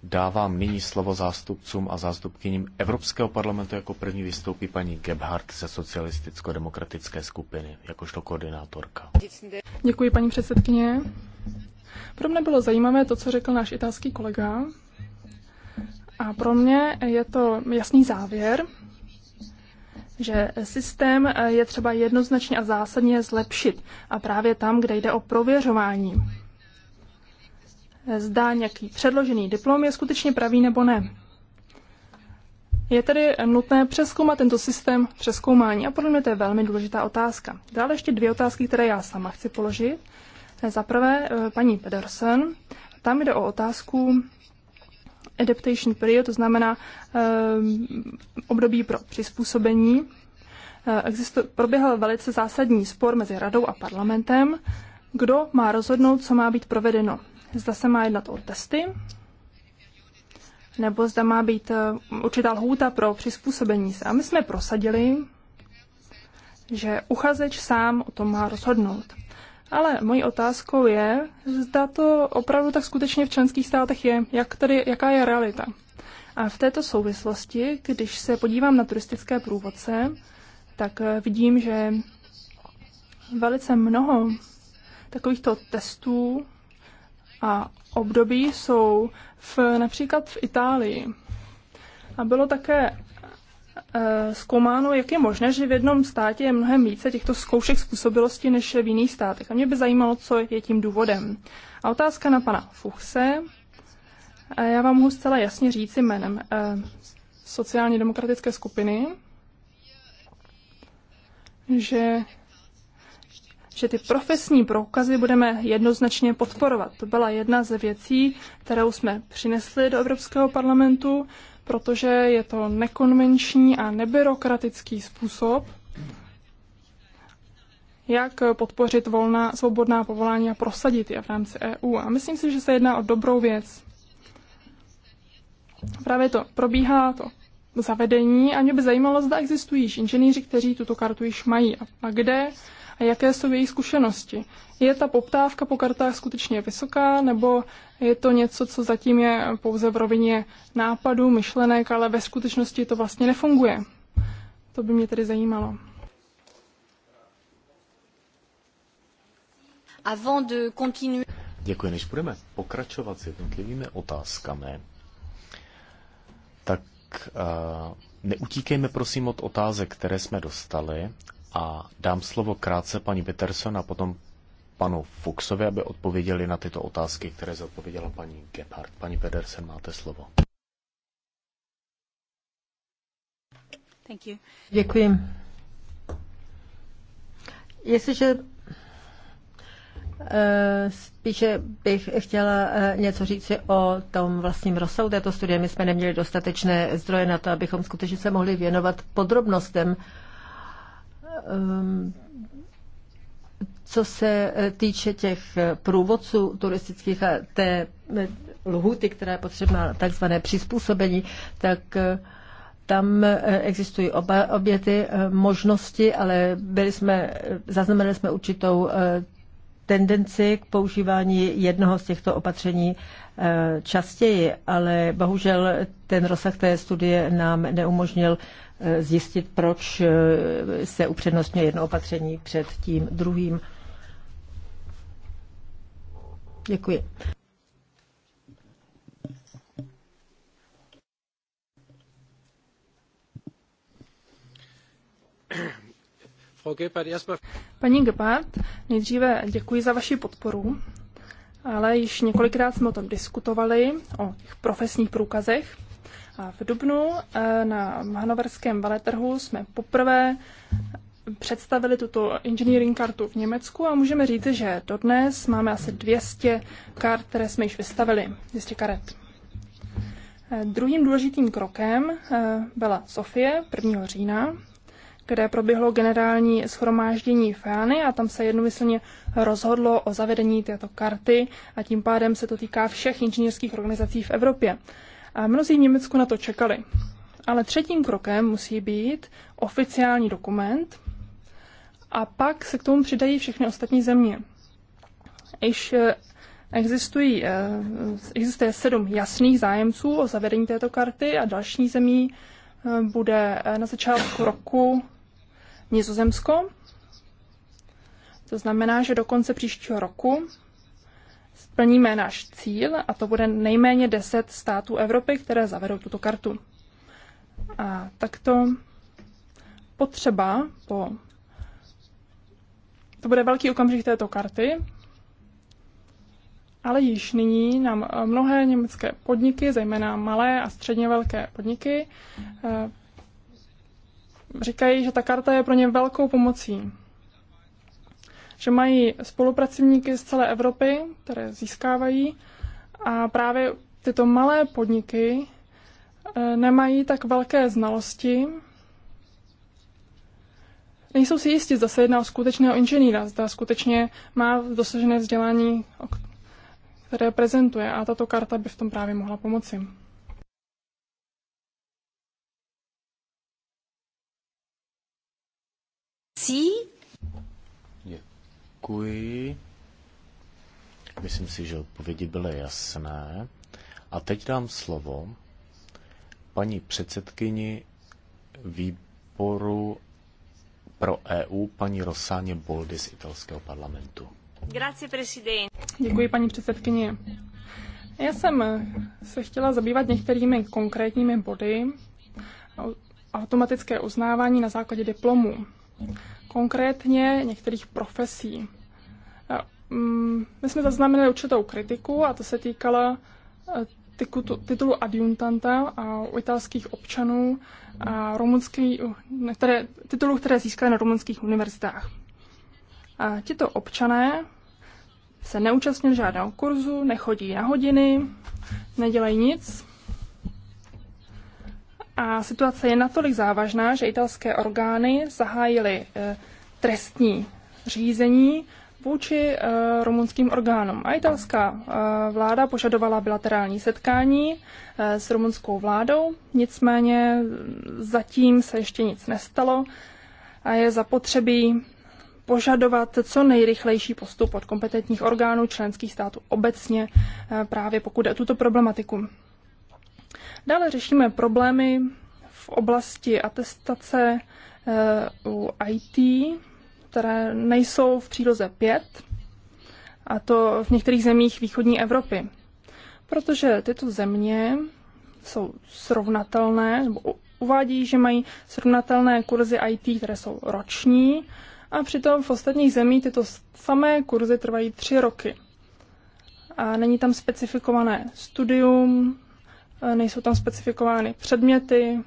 dávám nyní slovo zástupcům a zástupkyním Evropského parlamentu. Jako první vystoupí paní Gebhardt ze socialisticko-demokratické skupiny, jakožto koordinátorka. Děkuji, paní předsedkyně. Pro mě bylo zajímavé to, co řekl náš italský kolega, a pro mě je to jasný závěr, že systém je třeba jednoznačně a zásadně zlepšit. A právě tam, kde jde o prověřování. Zdá nějaký předložený diplom je skutečně pravý nebo ne. Je tedy nutné přeskoumat tento systém přeskoumání a podle mě to je velmi důležitá otázka. Dále ještě dvě otázky, které já sama chci položit. Za prvé eh, paní Pedersen, tam jde o otázku adaptation period, to znamená ehm, období pro přizpůsobení. Eh, existu, proběhl velice zásadní spor mezi radou a parlamentem, kdo má rozhodnout, co má být provedeno. Zda se má jednat o testy, nebo zda má být eh, určitá lhůta pro přizpůsobení se. A my jsme prosadili, že uchazeč sám o tom má rozhodnout. Ale mojí otázkou je, zda to opravdu tak skutečně v členských státech je, jak tady, jaká je realita. A v této souvislosti, když se podívám na turistické průvodce, tak eh, vidím, že velice mnoho takovýchto testů a období jsou v, například v Itálii. A bylo také Eh, zkoumáno, jak je možné, že v jednom státě je mnohem více těchto zkoušek způsobilosti než v jiných státech. A mě by zajímalo, co je tím důvodem. A otázka na pana Fuchse. Já vám mohu zcela jasně říct jménem eh, sociálně demokratické skupiny, že, že ty profesní průkazy budeme jednoznačně podporovat. To byla jedna ze věcí, kterou jsme přinesli do Evropského parlamentu protože je to nekonvenční a nebyrokratický způsob, jak podpořit volná, svobodná povolání a prosadit je v rámci EU. A myslím si, že se jedná o dobrou věc. Právě to probíhá to zavedení a mě by zajímalo, zda existují inženýři, kteří tuto kartu již mají a, a kde a jaké jsou jejich zkušenosti. Je ta poptávka po kartách skutečně vysoká, nebo je to něco, co zatím je pouze v rovině nápadů, myšlenek, ale ve skutečnosti to vlastně nefunguje? To by mě tedy zajímalo. Avant de continuer... Děkuji, než budeme pokračovat s jednotlivými otázkami, tak uh, neutíkejme prosím od otázek, které jsme dostali, a dám slovo krátce paní Peterson a potom panu Fuxovi, aby odpověděli na tyto otázky, které zodpověděla paní Gebhardt. Paní Pedersen, máte slovo. Děkuji. Jestliže eh, Spíše bych chtěla eh, něco říct o tom vlastním rozsahu této studie. My jsme neměli dostatečné zdroje na to, abychom skutečně se mohli věnovat podrobnostem Ehm, co se eh, týče těch eh, průvodců turistických a té eh, lhuty, která je potřebná takzvané přizpůsobení, tak tam existují oba, obě ty možnosti, ale byli jsme, zaznamenali jsme určitou tendenci k používání jednoho z těchto opatření Eh, častěji, ale bohužel ten rozsah té studie nám neumožnil eh, zjistit, proč eh, se upřednostňuje jedno opatření před tím druhým. Děkuji. Paní Gebhardt, nejdříve děkuji za vaši podporu ale již několikrát jsme o tom diskutovali, o těch profesních průkazech. A v Dubnu eh, na Hanoverském veletrhu jsme poprvé představili tuto engineering kartu v Německu a můžeme říct, že dodnes máme asi 200 kart, které jsme již vystavili, 200 karet. Eh, druhým důležitým krokem eh, byla Sofie 1. října kde proběhlo generální schromáždění FEANy a tam se jednomyslně rozhodlo o zavedení této karty a tím pádem se to týká všech inženýrských organizací v Evropě. A mnozí v Německu na to čekali. Ale třetím krokem musí být oficiální dokument a pak se k tomu přidají všechny ostatní země. Iž eh, existují, eh, existuje sedm jasných zájemců o zavedení této karty a další zemí eh, bude na začátku roku Nizozemsko. To znamená, že do konce příštího roku splníme náš cíl a to bude nejméně 10 států Evropy, které zavedou tuto kartu. A takto potřeba po... To bude velký okamžik této karty, ale již nyní nám mnohé německé podniky, zejména malé a středně velké podniky, eh, říkají, že ta karta je pro ně velkou pomocí. Že mají spolupracovníky z celé Evropy, které získávají, a právě tyto malé podniky e, nemají tak velké znalosti, nejsou si jistí, zda se jedná o skutečného inženýra, zda skutečně má dosažené vzdělání, které prezentuje a tato karta by v tom právě mohla pomoci. Merci. Děkuji. Myslím si, že odpovědi byly jasné. A teď dám slovo paní předsedkyni výboru pro EU, paní Rosáně Boldy z italského parlamentu. Grazie, Děkuji, paní předsedkyně. Já jsem se chtěla zabývat některými konkrétními body automatické uznávání na základě diplomu konkrétně některých profesí. Mm, my jsme zaznamenali určitou kritiku a to se týkala e, titulu adjuntanta a u italských občanů a rumunský, které, titulů, které získali na rumunských univerzitách. A tito občané se neúčastnili žádného kurzu, nechodí na hodiny, nedělají nic a situace je natolik závažná, že italské orgány zahájily eh, trestní řízení vůči eh, rumunským orgánům. A italská eh, vláda požadovala bilaterální setkání s rumunskou vládou, nicméně mm, zatím se ještě nic nestalo a je zapotřebí požadovat co nejrychlejší postup od kompetentních orgánů členských států obecně právě pokud je tuto problematiku. Dále řešíme problémy v oblasti atestace eh, u IT, které nejsou v příloze 5, a to v některých zemích východní Evropy. Protože tyto země jsou srovnatelné, nebo uvádí, že mají srovnatelné kurzy IT, které jsou roční, a přitom v ostatních zemích tyto samé kurzy trvají tři roky. A není tam specifikované studium, Eh, nejsou tam specifikovány předměty.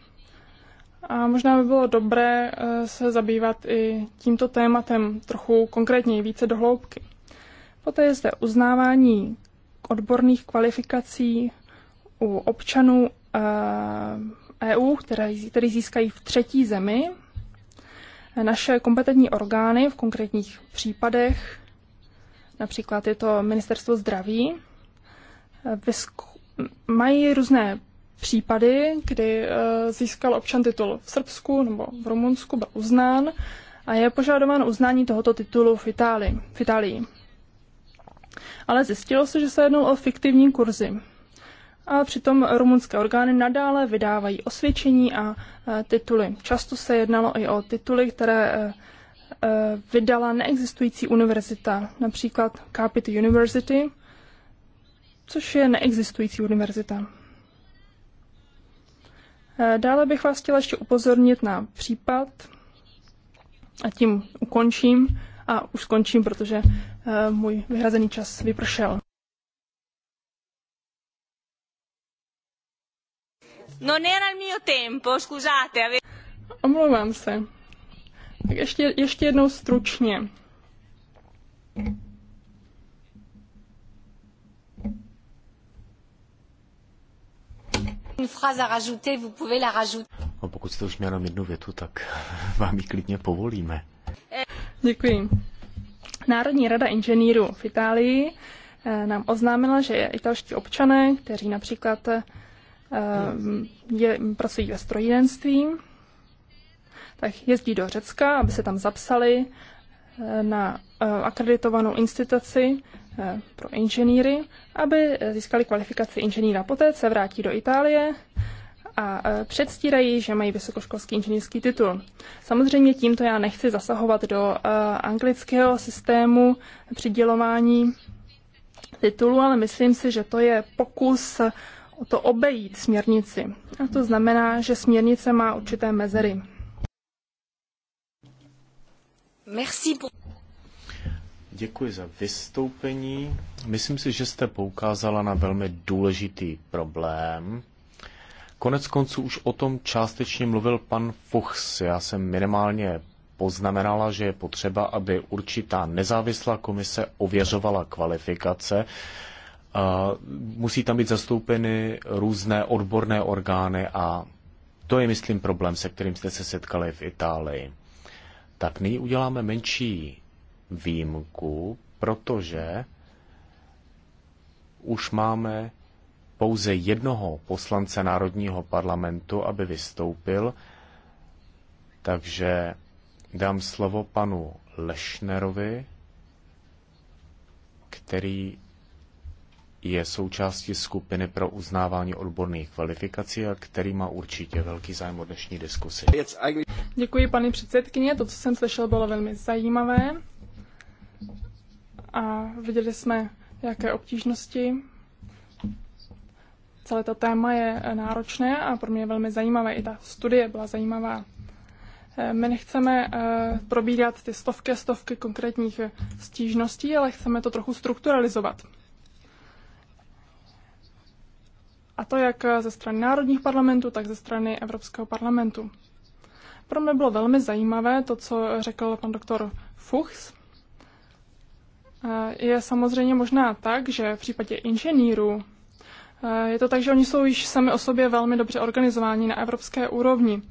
A možná by bylo dobré eh, se zabývat i tímto tématem trochu konkrétněji, více dohloubky. Poté je zde uznávání odborných kvalifikací u občanů EU, eh, e které, které získají v třetí zemi. Naše kompetentní orgány v konkrétních případech, například je to Ministerstvo zdraví, mají různé případy, kdy eh, získal občan titul v Srbsku nebo v Rumunsku, byl uznán a je požadováno uznání tohoto titulu v Itálii. V Itálii. Ale zjistilo se, že se jednalo o fiktivní kurzy. A přitom rumunské orgány nadále vydávají osvědčení a eh, tituly. Často se jednalo i o tituly, které eh, vydala neexistující univerzita, například Capit University, což je neexistující univerzita. Eh, dále bych vás chtěla ještě upozornit na případ, a tím ukončím a už skončím, protože eh, můj vyhrazený čas vypršel. Non era il mio tempo, scusate. Ave... Omlouvám se. Tak ještě, ještě jednou stručně. No, pokud jste už měl jenom jednu větu, tak vám ji klidně povolíme. Děkuji. Národní rada inženýrů v Itálii eh, nám oznámila, že italští občané, kteří například eh, je, pracují ve strojírenství, tak jezdí do Řecka, aby se tam zapsali eh, na akreditovanou instituci Eh, pro inženýry, aby eh, získali kvalifikaci inženýra. Poté se vrátí do Itálie a eh, předstírají, že mají vysokoškolský inženýrský titul. Samozřejmě tímto já nechci zasahovat do anglického systému přidělování titulu, ale myslím si, že to je pokus o to obejít směrnici. A to znamená, že směrnice má určité mezery. Merci pour... Děkuji za vystoupení. Myslím si, že jste poukázala na velmi důležitý problém. Konec konců už o tom částečně mluvil pan Fuchs. Já jsem minimálně poznamenala, že je potřeba, aby určitá nezávislá komise ověřovala kvalifikace. musí tam být zastoupeny různé odborné orgány a to je, myslím, problém, se kterým jste se setkali v Itálii. Tak nyní uděláme menší výjimku, protože už máme pouze jednoho poslance Národního parlamentu, aby vystoupil, takže dám slovo panu Lešnerovi, který je součástí skupiny pro uznávání odborných kvalifikací a který má určitě velký zájem o dnešní diskusi. Děkuji, paní předsedkyně. To, co jsem slyšel, bylo velmi zajímavé a viděli jsme, jaké obtížnosti. Celé to téma je náročné a pro mě je velmi zajímavé. I ta studie byla zajímavá. Eh, my nechceme eh, probírat ty stovky a stovky konkrétních eh, stížností, ale chceme to trochu strukturalizovat. A to jak ze strany národních parlamentů, tak ze strany Evropského parlamentu. Pro mě bylo velmi zajímavé to, co řekl pan doktor Fuchs, Eh, je samozřejmě možná tak, že v případě inženýrů eh, je to tak, že oni jsou již sami o sobě velmi dobře organizováni na evropské úrovni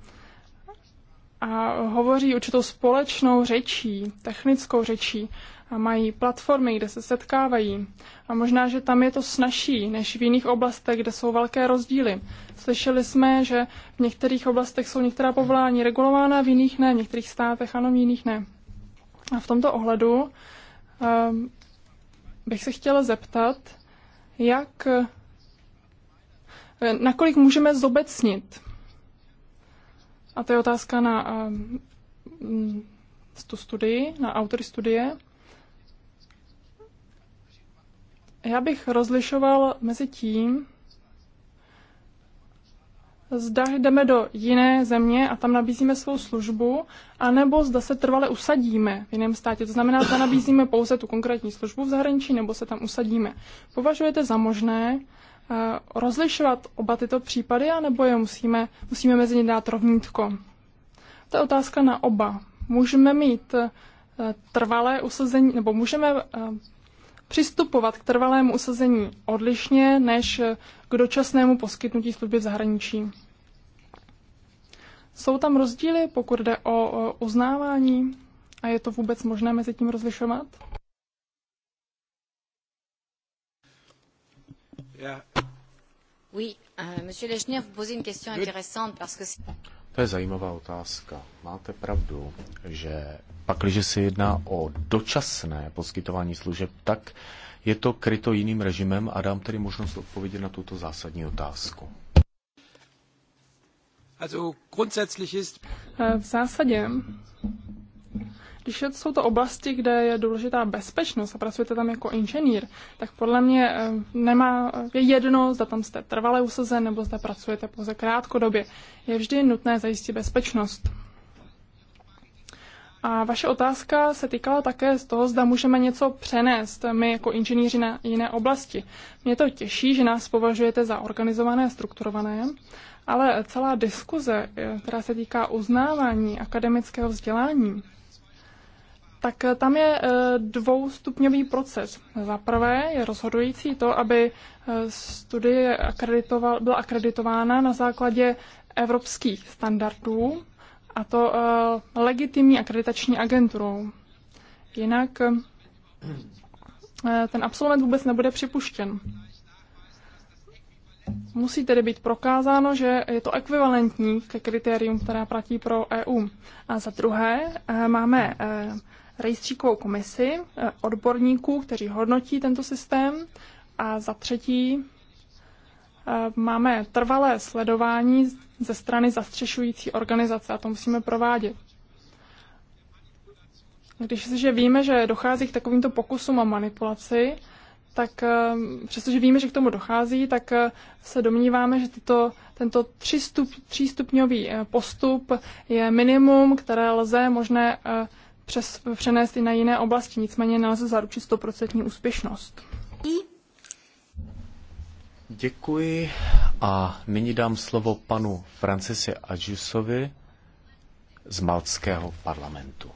a hovoří určitou společnou řečí, technickou řečí a mají platformy, kde se setkávají. A možná, že tam je to snažší než v jiných oblastech, kde jsou velké rozdíly. Slyšeli jsme, že v některých oblastech jsou některá povolání regulována, v jiných ne, v některých státech ano, v jiných ne. A v tomto ohledu Ehm, bych se chtěla zeptat, jak, eh, nakolik můžeme zobecnit, a to je otázka na ehm, mm, tu studii, na autory studie, já bych rozlišoval mezi tím, zda jdeme do jiné země a tam nabízíme svou službu, anebo zda se trvale usadíme v jiném státě. To znamená, zda nabízíme pouze tu konkrétní službu v zahraničí, nebo se tam usadíme. Považujete za možné eh, rozlišovat oba tyto případy, anebo je musíme, musíme mezi ně dát rovnítko? To je otázka na oba. Můžeme mít eh, trvalé usazení, nebo můžeme eh, přistupovat k trvalému usazení odlišně než k dočasnému poskytnutí služby v zahraničí. Jsou tam rozdíly, pokud jde o uznávání a je to vůbec možné mezi tím rozlišovat? Yeah. Oui, euh, Monsieur Lechner, vous posez une question intéressante parce que to je zajímavá otázka. Máte pravdu, že pakliže se jedná o dočasné poskytování služeb, tak je to kryto jiným režimem a dám tedy možnost odpovědět na tuto zásadní otázku. Eh, v zásadě když jsou to oblasti, kde je důležitá bezpečnost a pracujete tam jako inženýr, tak podle mě eh, nemá, eh, je jedno, zda tam jste trvale usazen nebo zda pracujete pouze krátkodobě. Je vždy nutné zajistit bezpečnost. A vaše otázka se týkala také z toho, zda můžeme něco přenést my jako inženýři na jiné oblasti. Mě to těší, že nás považujete za organizované, strukturované, ale celá diskuze, eh, která se týká uznávání akademického vzdělání, tak eh, tam je eh, dvoustupňový proces. Za prvé je rozhodující to, aby eh, studie akreditoval, byla akreditována na základě evropských standardů, a to legitimní akreditační agenturou. Jinak ten absolvent vůbec nebude připuštěn. Musí tedy být prokázáno, že je to ekvivalentní ke kritérium, která platí pro EU. A za druhé máme rejstříkovou komisi eh, odborníků, kteří hodnotí tento systém. A za třetí eh, máme trvalé sledování ze strany zastřešující organizace a to musíme provádět. Když si že víme, že dochází k takovýmto pokusům a manipulaci, tak eh, přestože víme, že k tomu dochází, tak se domníváme, že tyto, tento třístup, třístupňový postup je minimum, které lze možné přes, přenést i na jiné oblasti, nicméně nelze zaručit stoprocentní úspěšnost. Děkuji a nyní dám slovo panu Francisi Adjusovi z Maltského parlamentu.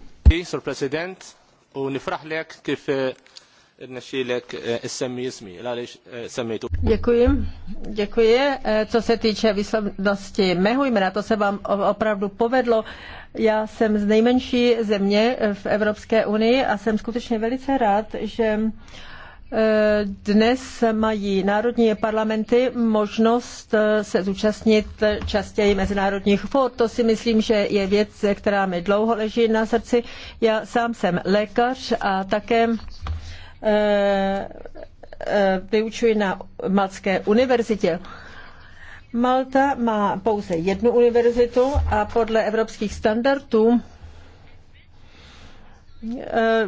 Eh, eh, Děkuji. Děkuji. Eh, co se týče výslednosti mého jména, to se vám opravdu povedlo. Já jsem z nejmenší země v Evropské unii a jsem skutečně velice rád, že dnes mají národní parlamenty možnost se zúčastnit častěji mezinárodních fór. To si myslím, že je věc, která mi dlouho leží na srdci. Já sám jsem lékař a také Eh, eh, vyučuji na Malské univerzitě. Malta má pouze jednu univerzitu a podle evropských standardů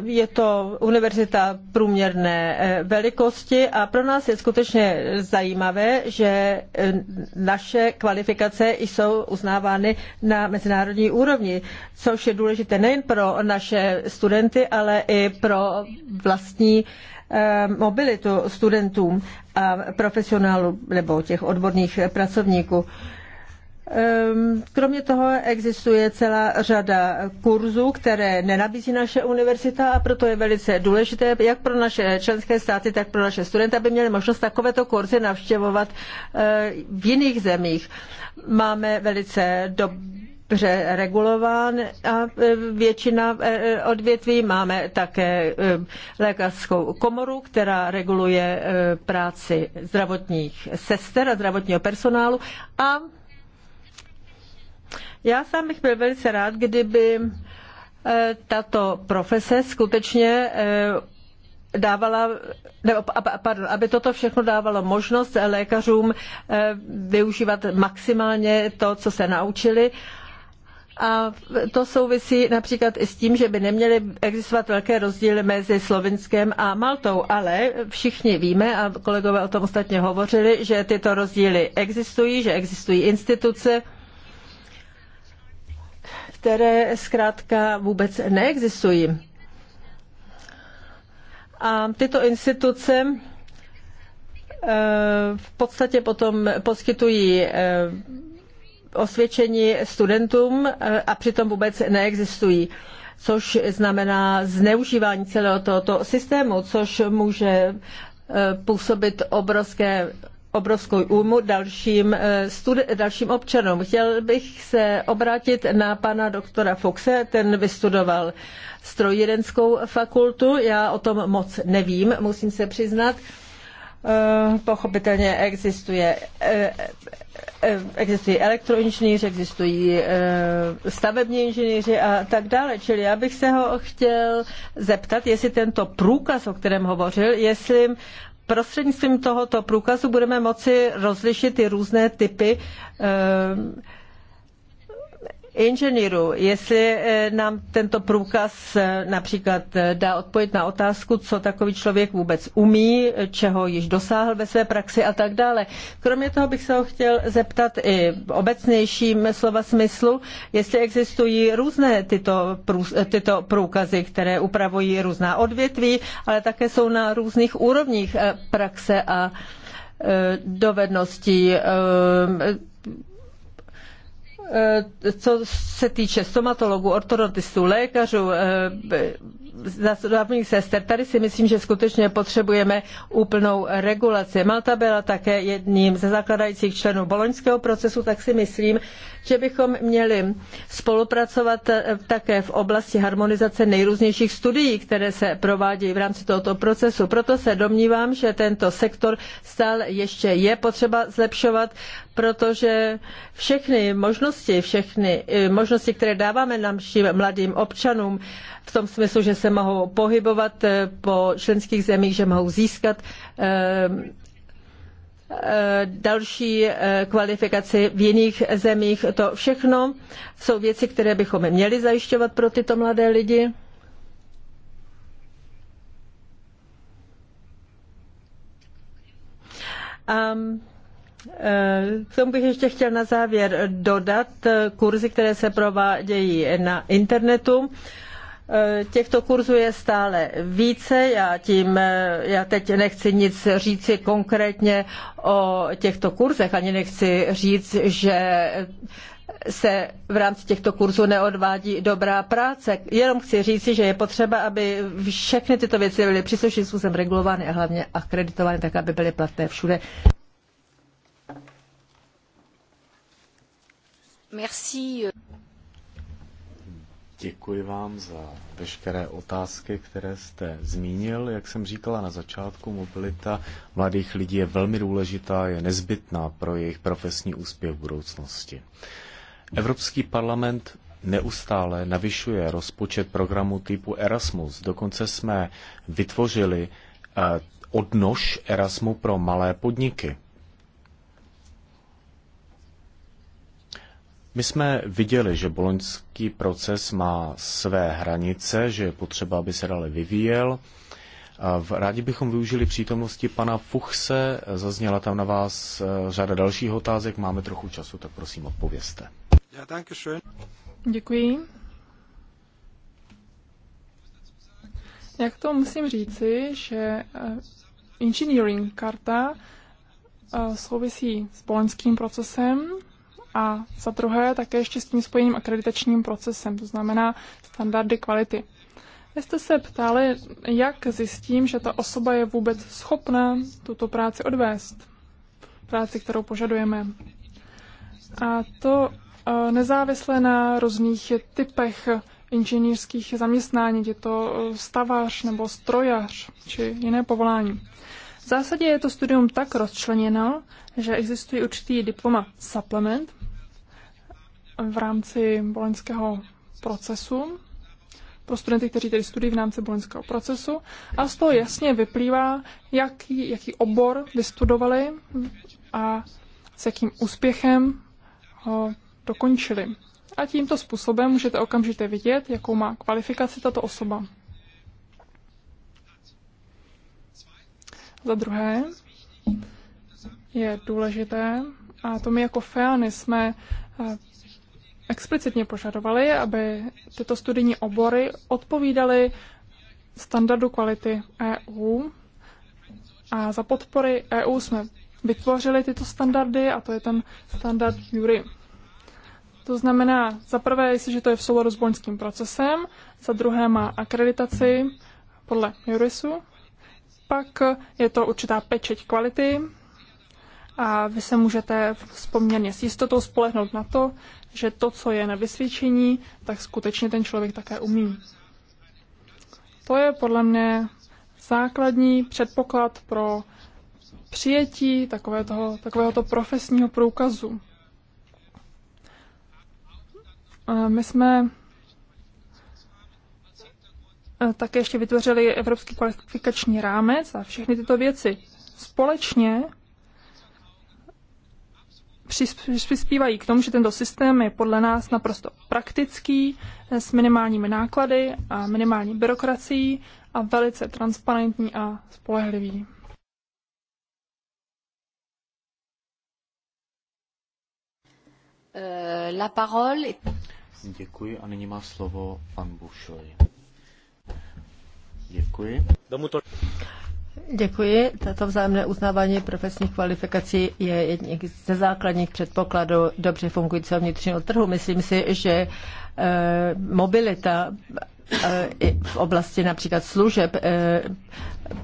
je to univerzita průměrné eh, velikosti a pro nás je skutečně zajímavé, že eh, naše kvalifikace jsou uznávány na mezinárodní úrovni, což je důležité nejen pro naše studenty, ale i pro vlastní eh, mobilitu studentům a profesionálů nebo těch odborných pracovníků. Ehm, kromě toho existuje celá řada kurzů, které nenabízí naše univerzita a proto je velice důležité, jak pro naše členské státy, tak pro naše studenty, aby měli možnost takovéto kurzy navštěvovat eh, v jiných zemích. Máme velice dobře regulován a eh, většina eh, odvětví. Máme také lékařskou komoru, která reguluje práci zdravotních sester a zdravotního personálu a já sám bych byl velice rád, kdyby eh, tato profese skutečně eh, dávala, nebo, pardon, aby toto všechno dávalo možnost lékařům eh, využívat maximálně to, co se naučili. A to souvisí například i s tím, že by neměly existovat velké rozdíly mezi Slovinskem a Maltou, ale všichni víme, a kolegové o tom ostatně hovořili, že tyto rozdíly existují, že existují instituce, které zkrátka vůbec neexistují. A tyto instituce eh, v podstatě potom poskytují eh, osvědčení studentům eh, a přitom vůbec neexistují což znamená zneužívání celého tohoto systému, což může působit obrovské obrovskou újmu dalším, eh, dalším občanům. Chtěl bych se obrátit na pana doktora Foxe, ten vystudoval strojírenskou fakultu, já o tom moc nevím, musím se přiznat. Eh, pochopitelně existuje, eh, existují elektroinženýři, existují stavební inženýři a tak dále. Čili já bych se ho chtěl zeptat, jestli tento průkaz, o kterém hovořil, jestli Prostřednictvím tohoto průkazu budeme moci rozlišit ty různé typy eh, inženýrů. Jestli eh, nám tento průkaz eh, například eh, dá odpověď na otázku, co takový člověk vůbec umí, čeho již dosáhl ve své praxi a tak dále. Kromě toho bych se ho chtěl zeptat i v obecnějším slova smyslu, jestli existují různé tyto, tyto průkazy, které upravují různá odvětví, ale také jsou na různých úrovních praxe a dovedností Eh, co se týče stomatologů, ortodontistů, lékařů, eh, zdravotních sester, tady si myslím, že skutečně potřebujeme úplnou regulaci. Malta byla také jedním ze zakladajících členů boloňského procesu, tak si myslím, že bychom měli spolupracovat eh, také v oblasti harmonizace nejrůznějších studií, které se provádějí v rámci tohoto procesu. Proto se domnívám, že tento sektor stále ještě je potřeba zlepšovat, protože všechny možnosti, všechny eh, možnosti, které dáváme našim mladým občanům, v tom smyslu, že se mohou pohybovat eh, po členských zemích, že mohou získat Eh, další eh, kvalifikaci v jiných zemích. To všechno jsou věci, které bychom měli zajišťovat pro tyto mladé lidi. A eh, k tomu bych ještě chtěl na závěr dodat kurzy, které se provádějí na internetu. Eh, těchto kurzů je stále více, já tím, eh, já teď nechci nic říci konkrétně o těchto kurzech, ani nechci říct, že se v rámci těchto kurzů neodvádí dobrá práce. Jenom chci říci, že je potřeba, aby všechny tyto věci byly příslušným způsobem regulovány a hlavně akreditovány tak, aby byly platné všude. Merci. Děkuji vám za veškeré otázky, které jste zmínil. Jak jsem říkala na začátku, mobilita mladých lidí je velmi důležitá, je nezbytná pro jejich profesní úspěch v budoucnosti. Evropský parlament neustále navyšuje rozpočet programu typu Erasmus. Dokonce jsme vytvořili eh, odnož Erasmu pro malé podniky. My jsme viděli, že boloňský proces má své hranice, že je potřeba, aby se dále vyvíjel. Rádi bychom využili přítomnosti pana Fuchse, zazněla tam na vás e, řada dalších otázek, máme trochu času, tak prosím odpověste. Děkuji. Jak to musím říci, že e, engineering karta e, souvisí s boloňským procesem, a za druhé také ještě s tím spojeným akreditačním procesem, to znamená standardy kvality. Vy jste se ptali, jak zjistím, že ta osoba je vůbec schopná tuto práci odvést, práci, kterou požadujeme. A to e, nezávisle na různých typech inženýrských zaměstnání, je to e, stavař nebo strojař či jiné povolání. V zásadě je to studium tak rozčleněno, že existuje určitý diploma supplement, v rámci boloňského procesu pro studenty, kteří tedy studují v rámci boloňského procesu. A z toho jasně vyplývá, jaký, jaký obor vystudovali a s jakým úspěchem ho dokončili. A tímto způsobem můžete okamžitě vidět, jakou má kvalifikaci tato osoba. Za druhé je důležité, a to my jako FEANy jsme eh, explicitně požadovali, aby tyto studijní obory odpovídaly standardu kvality EU. A za podpory EU jsme vytvořili tyto standardy a to je ten standard jury. To znamená, za prvé, jestliže to je v souladu s boňským procesem, za druhé má akreditaci podle Jurisu, pak je to určitá pečeť kvality a vy se můžete vzpomněně s jistotou spolehnout na to, že to, co je na vysvědčení, tak skutečně ten člověk také umí. To je podle mě základní předpoklad pro přijetí takového takového takovéhoto profesního průkazu. My jsme eh, také ještě vytvořili Evropský kvalifikační rámec a všechny tyto věci společně přispívají k tomu, že tento systém je podle nás naprosto praktický, eh, s minimálními náklady a minimální byrokracií a velice transparentní a spolehlivý. Eh, la parole. Děkuji a nyní má slovo pan Bušoj. Děkuji. Děkuji. Tato vzájemné uznávání profesních kvalifikací je jedním ze základních předpokladů dobře fungujícího vnitřního trhu. Myslím si, že eh, mobilita Eh, v oblasti například služeb eh,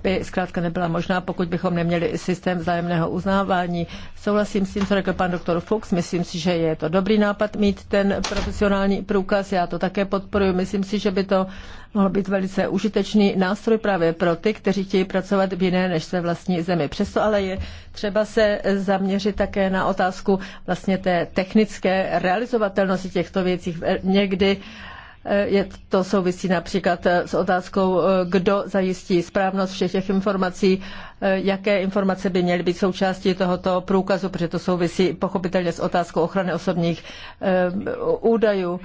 by zkrátka nebyla možná, pokud bychom neměli systém vzájemného uznávání. Souhlasím s tím, co řekl pan doktor Fuchs. Myslím si, že je to dobrý nápad mít ten profesionální průkaz. Já to také podporuji. Myslím si, že by to mohl být velice užitečný nástroj právě pro ty, kteří chtějí pracovat v jiné než své vlastní zemi. Přesto ale je třeba se zaměřit také na otázku vlastně té technické realizovatelnosti těchto věcí. Někdy uh, Eh, je to souvisí například eh, s otázkou, eh, kdo zajistí správnost všech těch informací, jaké informace by měly být součástí tohoto průkazu, protože to souvisí pochopitelně s otázkou ochrany osobních údajů.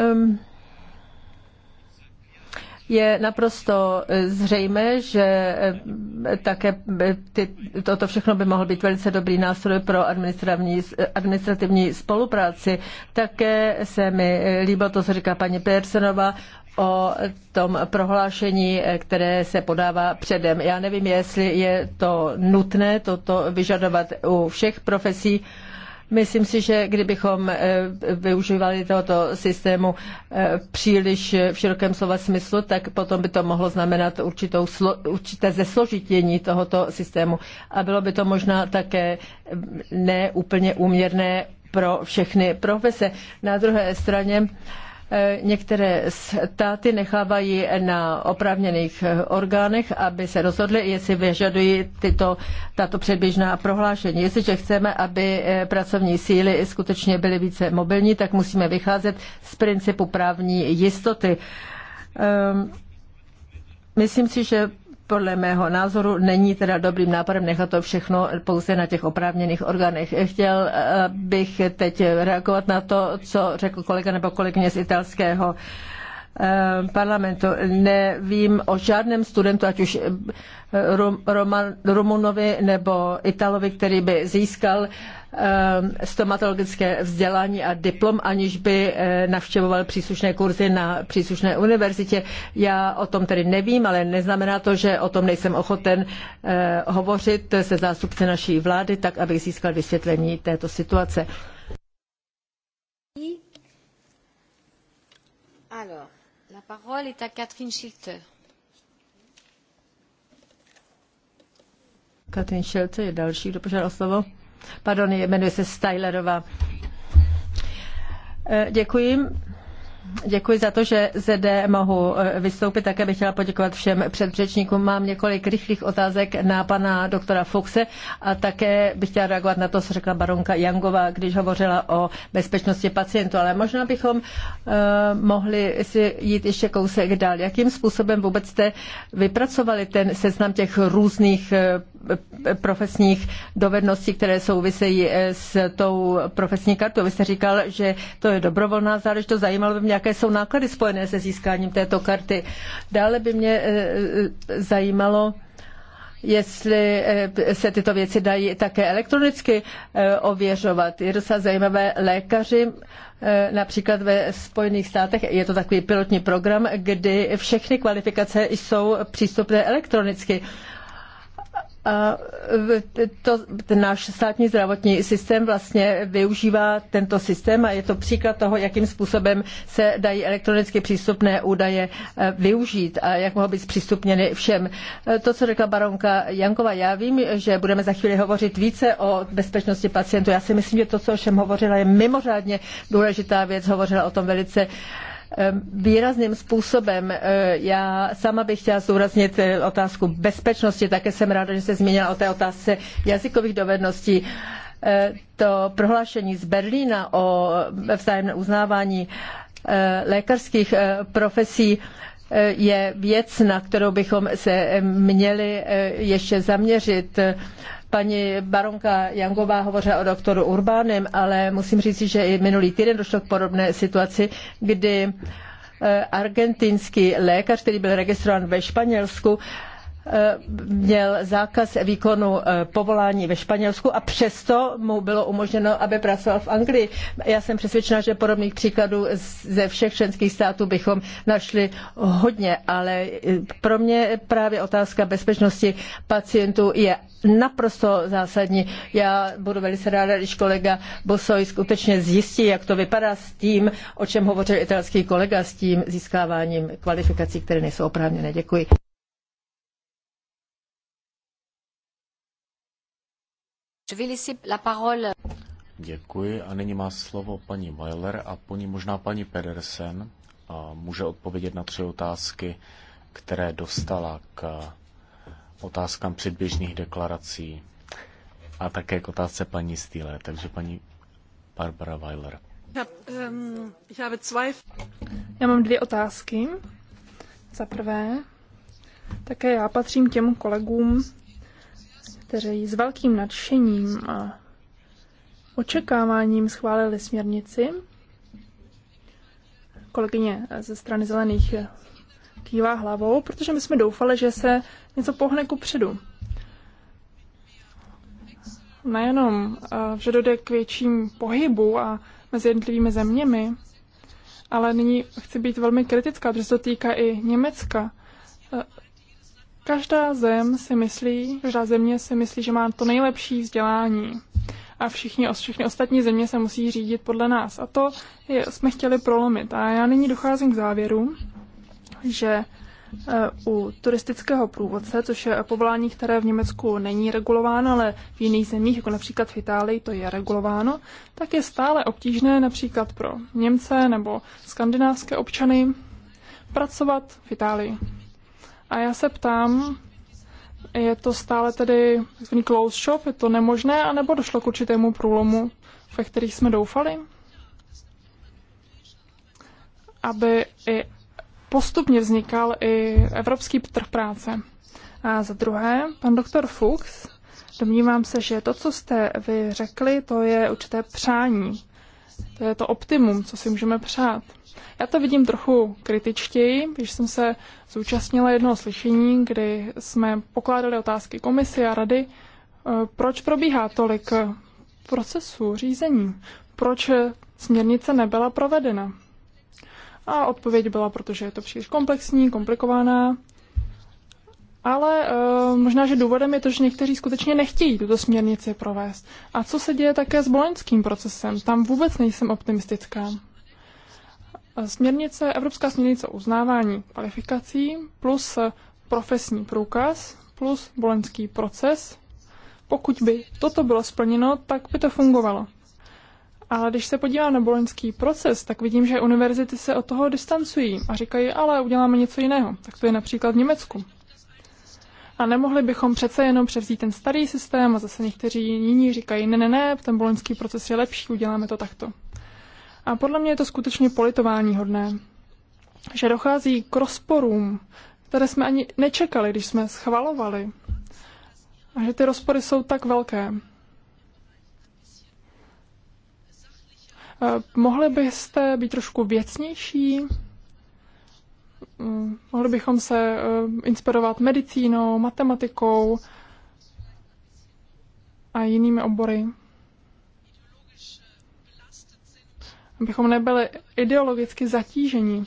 Um, je naprosto eh, zřejmé, že eh, také eh, ty, toto všechno by mohl být velice dobrý nástroj pro administrativní, administrativní spolupráci. Také se mi líbilo to, co říká paní Persenova o tom prohlášení, které se podává předem. Já nevím, jestli je to nutné toto vyžadovat u všech profesí, Myslím si, že kdybychom eh, využívali tohoto systému eh, příliš eh, v širokém slova smyslu, tak potom by to mohlo znamenat určitou, určité zesložitění tohoto systému. A bylo by to možná také mm, neúplně úměrné pro všechny profese. Na druhé straně Eh, některé státy nechávají na oprávněných eh, orgánech, aby se rozhodly. jestli vyžadují tyto, tato předběžná prohlášení. Jestliže chceme, aby eh, pracovní síly skutečně byly více mobilní, tak musíme vycházet z principu právní jistoty. Ehm, myslím si, že podle mého názoru není teda dobrým nápadem nechat to všechno pouze na těch oprávněných orgánech. Chtěl eh, bych teď reagovat na to, co řekl kolega nebo kolegyně z italského eh, parlamentu. Nevím o žádném studentu, ať už eh, Rumunovi nebo Italovi, který by získal Ehm, stomatologické vzdělání a diplom, aniž by eh, navštěvoval příslušné kurzy na příslušné univerzitě. Já o tom tedy nevím, ale neznamená to, že o tom nejsem ochoten eh, hovořit se zástupci naší vlády, tak abych získal vysvětlení této situace. la parole est à Catherine Schilter. Katrin Šelce je další, kdo požádal slovo. Pardon, jmenuje se Stylerová. Eh, děkuji. Děkuji za to, že zde mohu eh, vystoupit. Také bych chtěla poděkovat všem předřečníkům. Mám několik rychlých otázek na pana doktora Fuchse a také bych chtěla reagovat na to, co řekla baronka Jangová, když hovořila o bezpečnosti pacientů. Ale možná bychom eh, mohli si jít ještě kousek dál. Jakým způsobem vůbec jste vypracovali ten seznam těch různých eh, profesních dovedností, které souvisejí s tou profesní kartou? Vy jste říkal, že to je dobrovolná záležitost. Zajímalo by mě, jaké jsou náklady spojené se získáním této karty. Dále by mě eh, eh, zajímalo, jestli eh, se tyto věci dají také elektronicky ověřovat. Je docela zajímavé, lékaři například ve Spojených státech, je to takový pilotní program, kdy všechny kvalifikace jsou přístupné elektronicky. A to, ten náš státní zdravotní systém vlastně využívá tento systém a je to příklad toho, jakým způsobem se dají elektronicky přístupné údaje e, využít a jak mohou být přístupněny všem. E, to, co řekla baronka Janková, já vím, že budeme za chvíli hovořit více o bezpečnosti pacientů. Já si myslím, že to, co o všem hovořila, je mimořádně důležitá věc. Hovořila o tom velice výrazným způsobem. Eh, já sama bych chtěla zdůraznit eh, otázku bezpečnosti, také jsem ráda, že se zmínila o té otázce jazykových dovedností eh, to prohlášení z Berlína o vzájemné uznávání lékařských profesí je věc, na kterou bychom se měli ještě zaměřit. Paní baronka Jangová hovořila o doktoru Urbánem, ale musím říct, že i minulý týden došlo k podobné situaci, kdy eh, argentinský lékař, který byl registrován ve Španělsku, Eh, měl zákaz výkonu eh, povolání ve Španělsku a přesto mu bylo umožněno, aby pracoval v Anglii. Já jsem přesvědčena, že podobných příkladů ze všech členských států bychom našli hodně, ale eh, pro mě právě otázka bezpečnosti pacientů je naprosto zásadní. Já budu velice ráda, když kolega Bosoj skutečně zjistí, jak to vypadá s tím, o čem hovořil italský kolega, s tím získáváním kvalifikací, které nejsou oprávněné. Děkuji. Děkuji a nyní má slovo paní Weiler a po ní možná paní Pedersen a může odpovědět na tři otázky, které dostala k otázkám předběžných deklarací a také k otázce paní Stýler. Takže paní Barbara Weiler. Ehm, já mám dvě otázky. Za prvé, také já patřím těm kolegům, kteří s velkým nadšením a očekáváním schválili směrnici. Kolegyně ze strany zelených kývá hlavou, protože my jsme doufali, že se něco pohne ku předu. Nejenom, eh, že dojde k větším pohybu a mezi jednotlivými zeměmi, ale nyní chci být velmi kritická, protože se to týká i Německa. Eh, Každá zem si myslí, každá země si myslí, že má to nejlepší vzdělání. A všichni, všechny ostatní země se musí řídit podle nás. A to je, jsme chtěli prolomit. A já nyní docházím k závěru, že e, u turistického průvodce, což je povolání, které v Německu není regulováno, ale v jiných zemích, jako například v Itálii, to je regulováno, tak je stále obtížné například pro Němce nebo skandinávské občany pracovat v Itálii. A já se ptám, je to stále tedy takzvaný close shop, je to nemožné, anebo došlo k určitému průlomu, ve kterých jsme doufali? Aby i postupně vznikal i evropský trh práce. A za druhé, pan doktor Fuchs, domnívám se, že to, co jste vy řekli, to je určité přání. To je to optimum, co si můžeme přát. Já to vidím trochu kritičtěji, když jsem se zúčastnila jednoho slyšení, kdy jsme pokládali otázky komisi a rady, eh, proč probíhá tolik eh, procesů řízení, proč eh, směrnice nebyla provedena. A odpověď byla, protože je to příliš komplexní, komplikovaná. Ale e, možná, že důvodem je to, že někteří skutečně nechtějí tuto směrnici provést. A co se děje také s boloňským procesem? Tam vůbec nejsem optimistická. Směrnice, Evropská směrnice uznávání kvalifikací plus profesní průkaz plus bolenský proces. Pokud by toto bylo splněno, tak by to fungovalo. Ale když se podívám na boloňský proces, tak vidím, že univerzity se od toho distancují a říkají, ale uděláme něco jiného. Tak to je například v Německu. A nemohli bychom přece jenom převzít ten starý systém a zase někteří jiní říkají, ne, ne, ne, ten boloňský proces je lepší, uděláme to takto. A podle mě je to skutečně politování hodné, že dochází k rozporům, které jsme ani nečekali, když jsme schvalovali. A že ty rozpory jsou tak velké. Eh, mohli byste být trošku věcnější? Mm, mohli bychom se eh, inspirovat medicínou, matematikou a jinými obory? abychom nebyli ideologicky zatížení.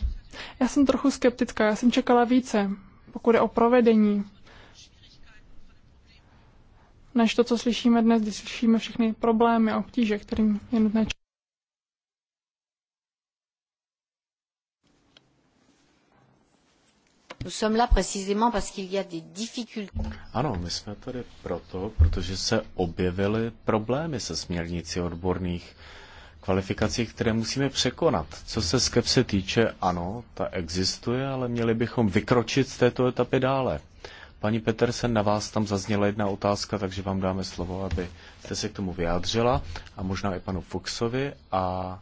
Já jsem trochu skeptická, já jsem čekala více, pokud je o provedení, než to, co slyšíme dnes, když slyšíme všechny problémy a obtíže, kterým je nutné čelit. Ano, my jsme tady proto, protože se objevily problémy se směrnicí odborných Kvalifikací, které musíme překonat. Co se skepse týče, ano, ta existuje, ale měli bychom vykročit z této etapy dále. Paní Petersen, na vás tam zazněla jedna otázka, takže vám dáme slovo, aby jste se k tomu vyjádřila a možná i panu Fuxovi a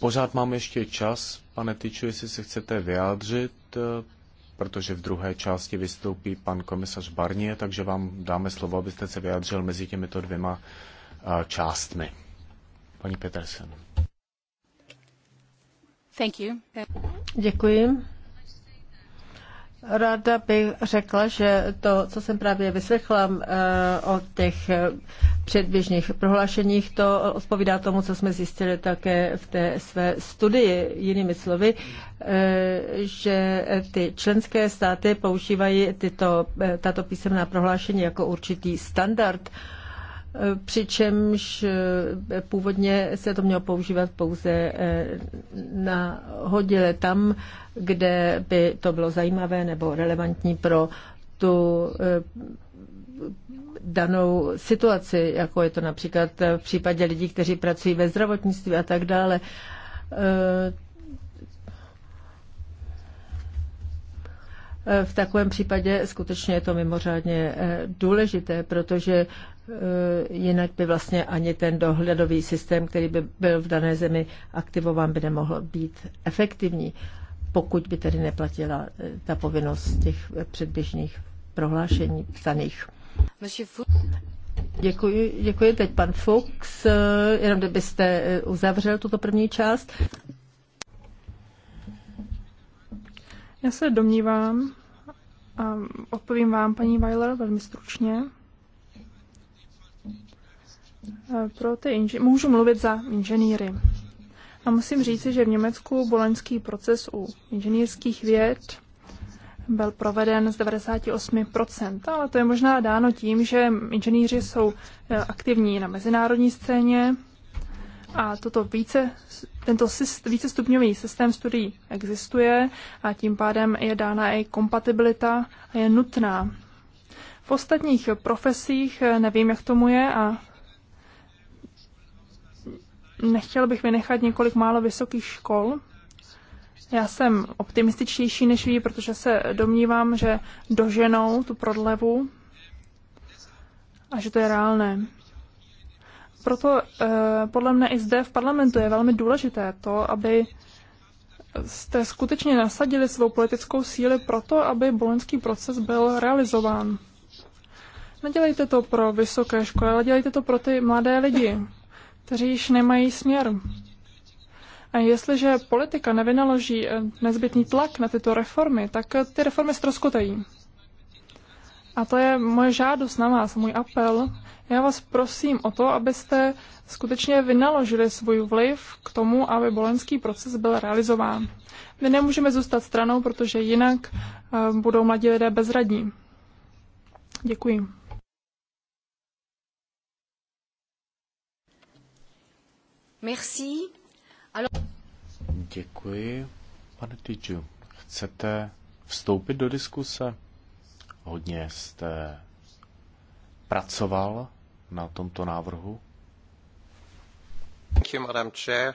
Pořád mám ještě čas, pane Tyču, jestli se chcete vyjádřit, protože v druhé části vystoupí pan komisař Barnier, takže vám dáme slovo, abyste se vyjádřil mezi těmito dvěma částmi. Paní Petersen. Thank you. Děkuji. Ráda bych řekla, že to, co jsem právě vyslechla eh, o těch eh, předběžných prohlášeních, to odpovídá tomu, co jsme zjistili také v té své studii. Jinými slovy, eh, že ty členské státy používají tyto, tato písemná prohlášení jako určitý standard přičemž eh, původně se to mělo používat pouze eh, na hodile tam, kde by to bylo zajímavé nebo relevantní pro tu eh, danou situaci, jako je to například v případě lidí, kteří pracují ve zdravotnictví a tak dále. V takovém případě skutečně je to mimořádně důležité, protože Eh, jinak by vlastně ani ten dohledový systém, který by byl v dané zemi aktivován, by nemohl být efektivní, pokud by tedy neplatila eh, ta povinnost těch předběžných prohlášení psaných. Děkuji, děkuji. Teď pan Fuchs, eh, jenom kdybyste uzavřel tuto první část. Já se domnívám, a odpovím vám, paní Weiler, velmi stručně, Eh, pro ty inži- můžu mluvit za inženýry. A musím říci, že v Německu boloňský proces u inženýrských věd byl proveden z 98%, ale to je možná dáno tím, že inženýři jsou eh, aktivní na mezinárodní scéně a toto více, tento syst, vícestupňový systém studií existuje a tím pádem je dána i kompatibilita a je nutná. V ostatních profesích eh, nevím, jak tomu je a Nechtěl bych vynechat několik málo vysokých škol. Já jsem optimističtější než vy, protože se domnívám, že doženou tu prodlevu a že to je reálné. Proto eh, podle mne i zde v parlamentu je velmi důležité to, aby jste skutečně nasadili svou politickou síli to, aby boloňský proces byl realizován. Nedělejte to pro vysoké školy, ale dělejte to pro ty mladé lidi, kteří již nemají směr. A jestliže politika nevynaloží eh, nezbytný tlak na tyto reformy, tak eh, ty reformy ztroskotají. A to je moje žádost na vás, můj apel. Já vás prosím o to, abyste skutečně vynaložili svůj vliv k tomu, aby bolenský proces byl realizován. My nemůžeme zůstat stranou, protože jinak eh, budou mladí lidé bezradní. Děkuji. Merci. Alors... Děkuji. Pane Týču, chcete vstoupit do diskuse? Hodně jste pracoval na tomto návrhu. Thank you, Madam Chair.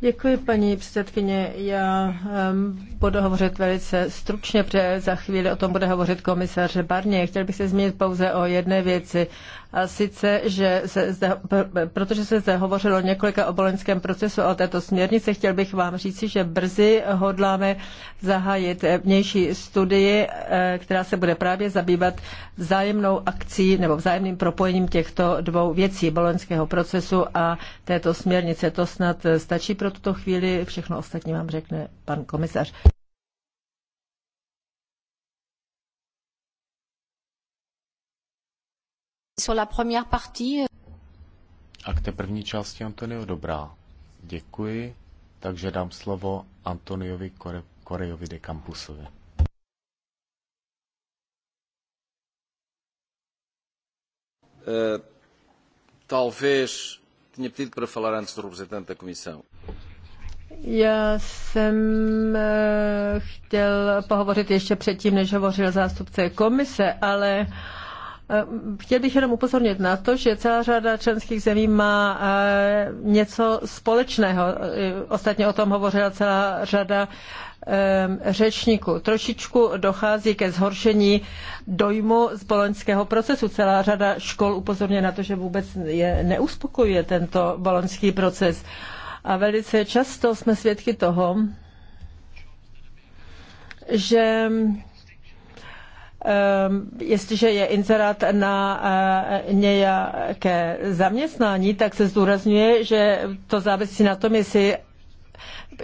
Děkuji, paní předsedkyně. Já um, budu hovořit velice stručně, protože za chvíli o tom bude hovořit komisař Barně. Chtěl bych se zmínit pouze o jedné věci. A sice, že se zde, protože se zde hovořilo několika o procesu a o této směrnici, chtěl bych vám říci, že brzy hodláme zahájit vnější studii, e, která se bude právě zabývat vzájemnou akcí nebo vzájemným propojením těchto dvou věcí, boloňského procesu a této směrnice. To snad stačí pro tuto chvíli, všechno ostatní vám řekne pan komisař. Euh, A k té první části Antonio Dobrá. Děkuji, takže dám slovo Antoniovi Kore, Korejovi de Campusovi. Uh, talvez já jsem eh, chtěl pohovořit ještě předtím, než hovořil zástupce komise, ale Eh, chtěl bych jenom upozornit na to, že celá řada členských zemí má eh, něco společného. Eh, ostatně o tom hovořila celá řada řečníků. Trošičku dochází ke zhoršení dojmu z boloňského procesu. Celá řada škol upozorňuje na to, že vůbec je neuspokojuje tento boloňský proces. A velice často jsme svědky toho, že Ehm, jestliže je inzerát na eh, nějaké zaměstnání, tak se zdůrazňuje, že to závisí na tom, jestli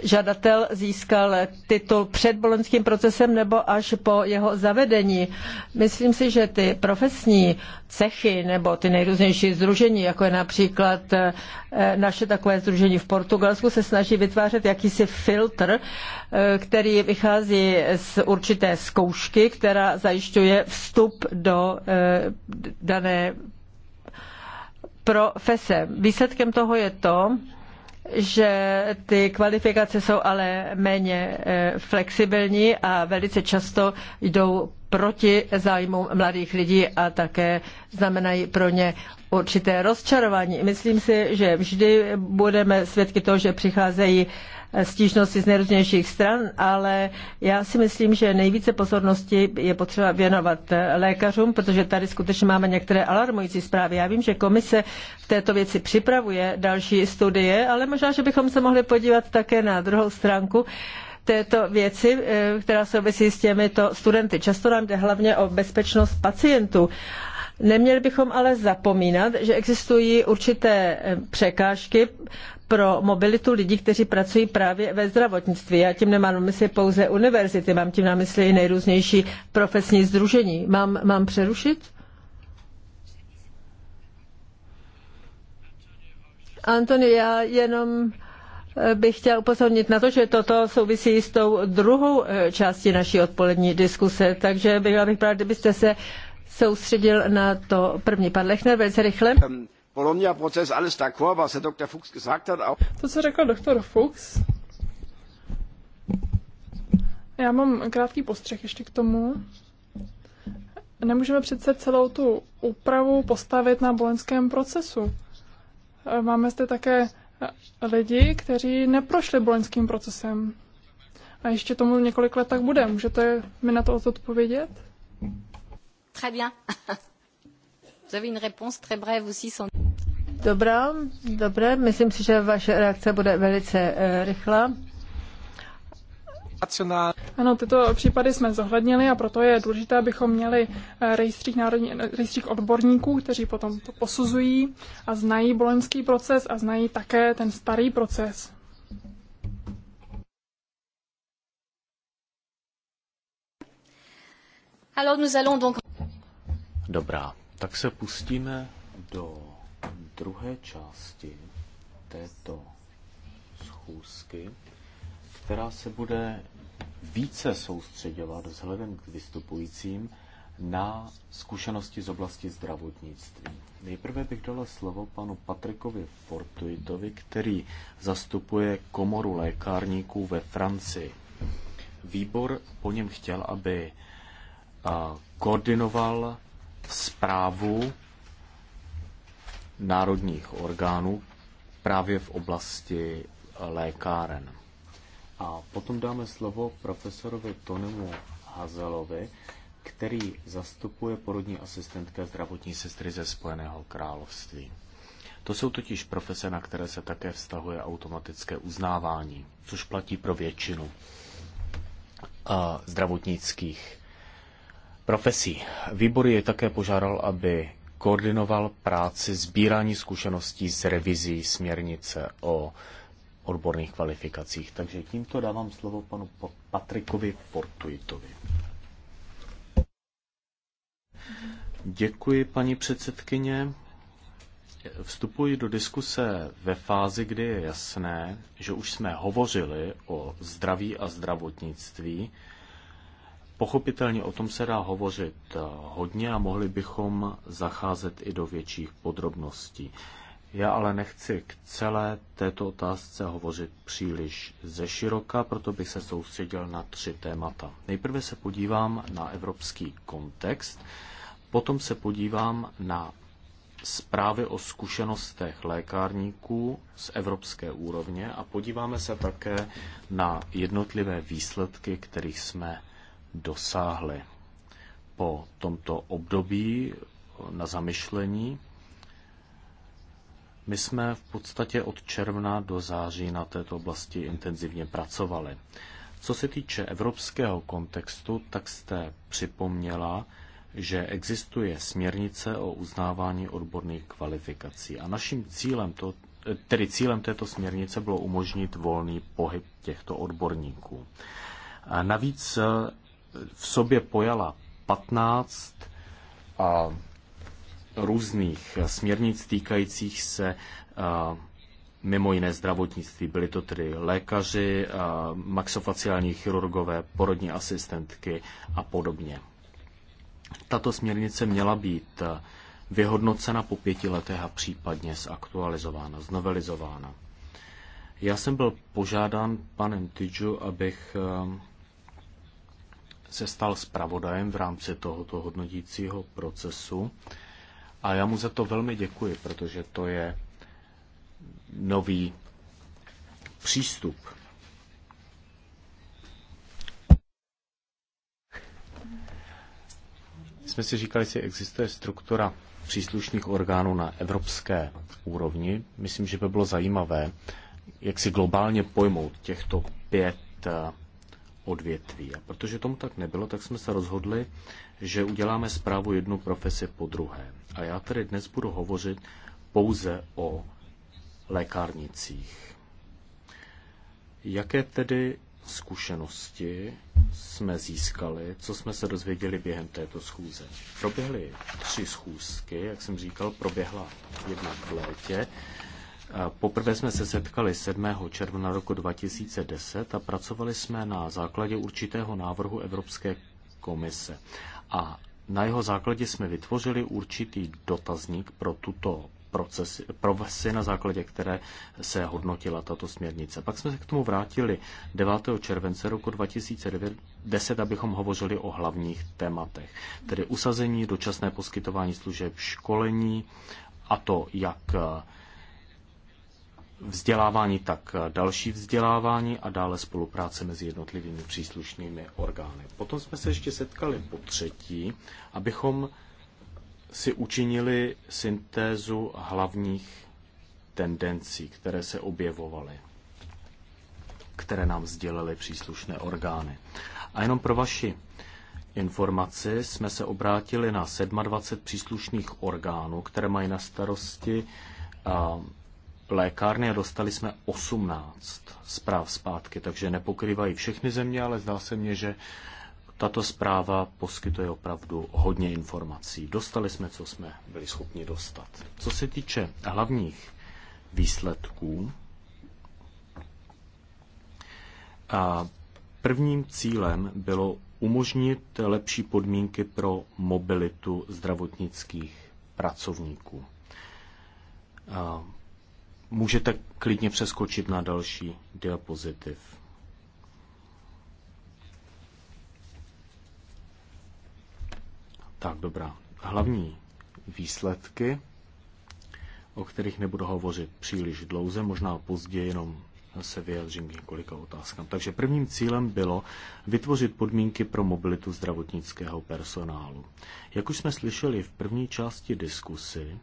žadatel získal titul před bolonským procesem nebo až po jeho zavedení. Myslím si, že ty profesní cechy nebo ty nejrůznější združení, jako je například eh, naše takové združení v Portugalsku, se snaží vytvářet jakýsi filtr, eh, který vychází z určité zkoušky, která zajišťuje vstup do eh, dané profese. Výsledkem toho je to, že ty kvalifikace jsou ale méně eh, flexibilní a velice často jdou proti zájmu mladých lidí a také znamenají pro ně určité rozčarování. Myslím si, že vždy budeme svědky toho, že přicházejí stížnosti z nejrůznějších stran, ale já si myslím, že nejvíce pozornosti je potřeba věnovat lékařům, protože tady skutečně máme některé alarmující zprávy. Já vím, že komise v této věci připravuje další studie, ale možná, že bychom se mohli podívat také na druhou stránku této věci, eh, která souvisí s těmito studenty. Často nám jde hlavně o bezpečnost pacientů. Neměli bychom ale zapomínat, že existují určité eh, překážky pro mobilitu lidí, kteří pracují právě ve zdravotnictví. Já tím nemám na mysli pouze univerzity, mám tím na mysli i nejrůznější profesní združení. Mám, mám přerušit? Antony, já jenom eh, bych chtěl upozornit na to, že toto souvisí s tou druhou eh, částí naší odpolední diskuse, takže byla bych právě, kdybyste se soustředil na to první. Pan Lechner, velice rychle. Um, Bologna-Prozess, alles d'accord, was Herr Dr. Fuchs gesagt hat. Auch to, co řekl doktor Fuchs, já mám krátký postřeh ještě k tomu. Nemůžeme přece celou tu úpravu postavit na bolenském procesu. Máme zde také lidi, kteří neprošli bolenským procesem. A ještě tomu několik let tak bude. Můžete mi na to odpovědět? Très bien. Vous avez une réponse très brève aussi sans... Dobrá, dobré, myslím si, že vaše reakce bude velice eh, rychlá. Ano, tyto případy jsme zohlednili a proto je důležité, abychom měli eh, rejstřík, národní, rejstřík odborníků, kteří potom to posuzují a znají boloňský proces a znají také ten starý proces. Alors nous allons donc... Dobrá, tak se pustíme do druhé části této schůzky, která se bude více soustředovat vzhledem k vystupujícím na zkušenosti z oblasti zdravotnictví. Nejprve bych dala slovo panu Patrikovi Fortuitovi, který zastupuje komoru lékárníků ve Francii. Výbor po něm chtěl, aby koordinoval zprávu národních orgánů právě v oblasti lékáren. A potom dáme slovo profesorovi Tonemu Hazelovi, který zastupuje porodní asistentka zdravotní sestry ze Spojeného království. To jsou totiž profese, na které se také vztahuje automatické uznávání, což platí pro většinu eh, zdravotnických profesí. Výbor je také požádal, aby koordinoval práci sbírání zkušeností z revizí směrnice o odborných kvalifikacích. Takže tímto dávám slovo panu Patrikovi Portuitovi. Děkuji, paní předsedkyně. Vstupuji do diskuse ve fázi, kdy je jasné, že už jsme hovořili o zdraví a zdravotnictví Pochopitelně o tom se dá hovořit eh, hodně a mohli bychom zacházet i do větších podrobností. Já ale nechci k celé této otázce hovořit příliš ze široka, proto bych se soustředil na tři témata. Nejprve se podívám na evropský kontext, potom se podívám na zprávy o zkušenostech lékárníků z evropské úrovně a podíváme se také na jednotlivé výsledky, kterých jsme dosáhli po tomto období na zamyšlení. My jsme v podstatě od června do září na této oblasti intenzivně pracovali. Co se týče evropského kontextu, tak jste připomněla, že existuje směrnice o uznávání odborných kvalifikací. A naším cílem, to, tedy cílem této směrnice bylo umožnit volný pohyb těchto odborníků. A navíc v sobě pojala 15 a různých směrnic týkajících se a, mimo jiné zdravotnictví. Byli to tedy lékaři, a, maxofaciální chirurgové, porodní asistentky a podobně. Tato směrnice měla být vyhodnocena po pěti letech a případně zaktualizována, znovelizována. Já jsem byl požádán panem Tidžu, abych a, se stal zpravodajem v rámci tohoto hodnotícího procesu a já mu za to velmi děkuji, protože to je nový přístup. Jsme si říkali, že existuje struktura příslušných orgánů na evropské úrovni. Myslím, že by bylo zajímavé, jak si globálně pojmout těchto pět eh, odvětví. A protože tomu tak nebylo, tak jsme se rozhodli, že uděláme zprávu jednu profesi po druhé. A já tady dnes budu hovořit pouze o lékárnicích. Jaké tedy zkušenosti jsme získali, co jsme se dozvěděli během této schůze. Proběhly tři schůzky, jak jsem říkal, proběhla jedna v létě, Poprvé jsme se setkali 7. června roku 2010 a pracovali jsme na základě určitého návrhu Evropské komise. A na jeho základě jsme vytvořili určitý dotazník pro tuto procesy, provesy, na základě které se hodnotila tato směrnice. Pak jsme se k tomu vrátili 9. července roku 2010, abychom hovořili o hlavních tématech, tedy usazení, dočasné poskytování služeb, školení, a to jak eh, vzdělávání, tak další vzdělávání a dále spolupráce mezi jednotlivými příslušnými orgány. Potom jsme se ještě setkali po třetí, abychom si učinili syntézu hlavních tendencí, které se objevovaly, které nám sdělily příslušné orgány. A jenom pro vaši informaci jsme se obrátili na 27 příslušných orgánů, které mají na starosti lékárny a dostali jsme 18 zpráv zpátky, takže nepokrývají všechny země, ale zdá se mně, že tato zpráva poskytuje opravdu hodně informací. Dostali jsme, co jsme byli schopni dostat. Co se týče hlavních výsledků, a prvním cílem bylo umožnit lepší podmínky pro mobilitu zdravotnických pracovníků. A Můžete klidně přeskočit na další diapozitiv. Tak, dobrá. Hlavní výsledky, o kterých nebudu hovořit příliš dlouze, možná později jenom se vyjadřím k několika otázkám. Takže prvním cílem bylo vytvořit podmínky pro mobilitu zdravotnického personálu. Jak už jsme slyšeli v první části diskusy,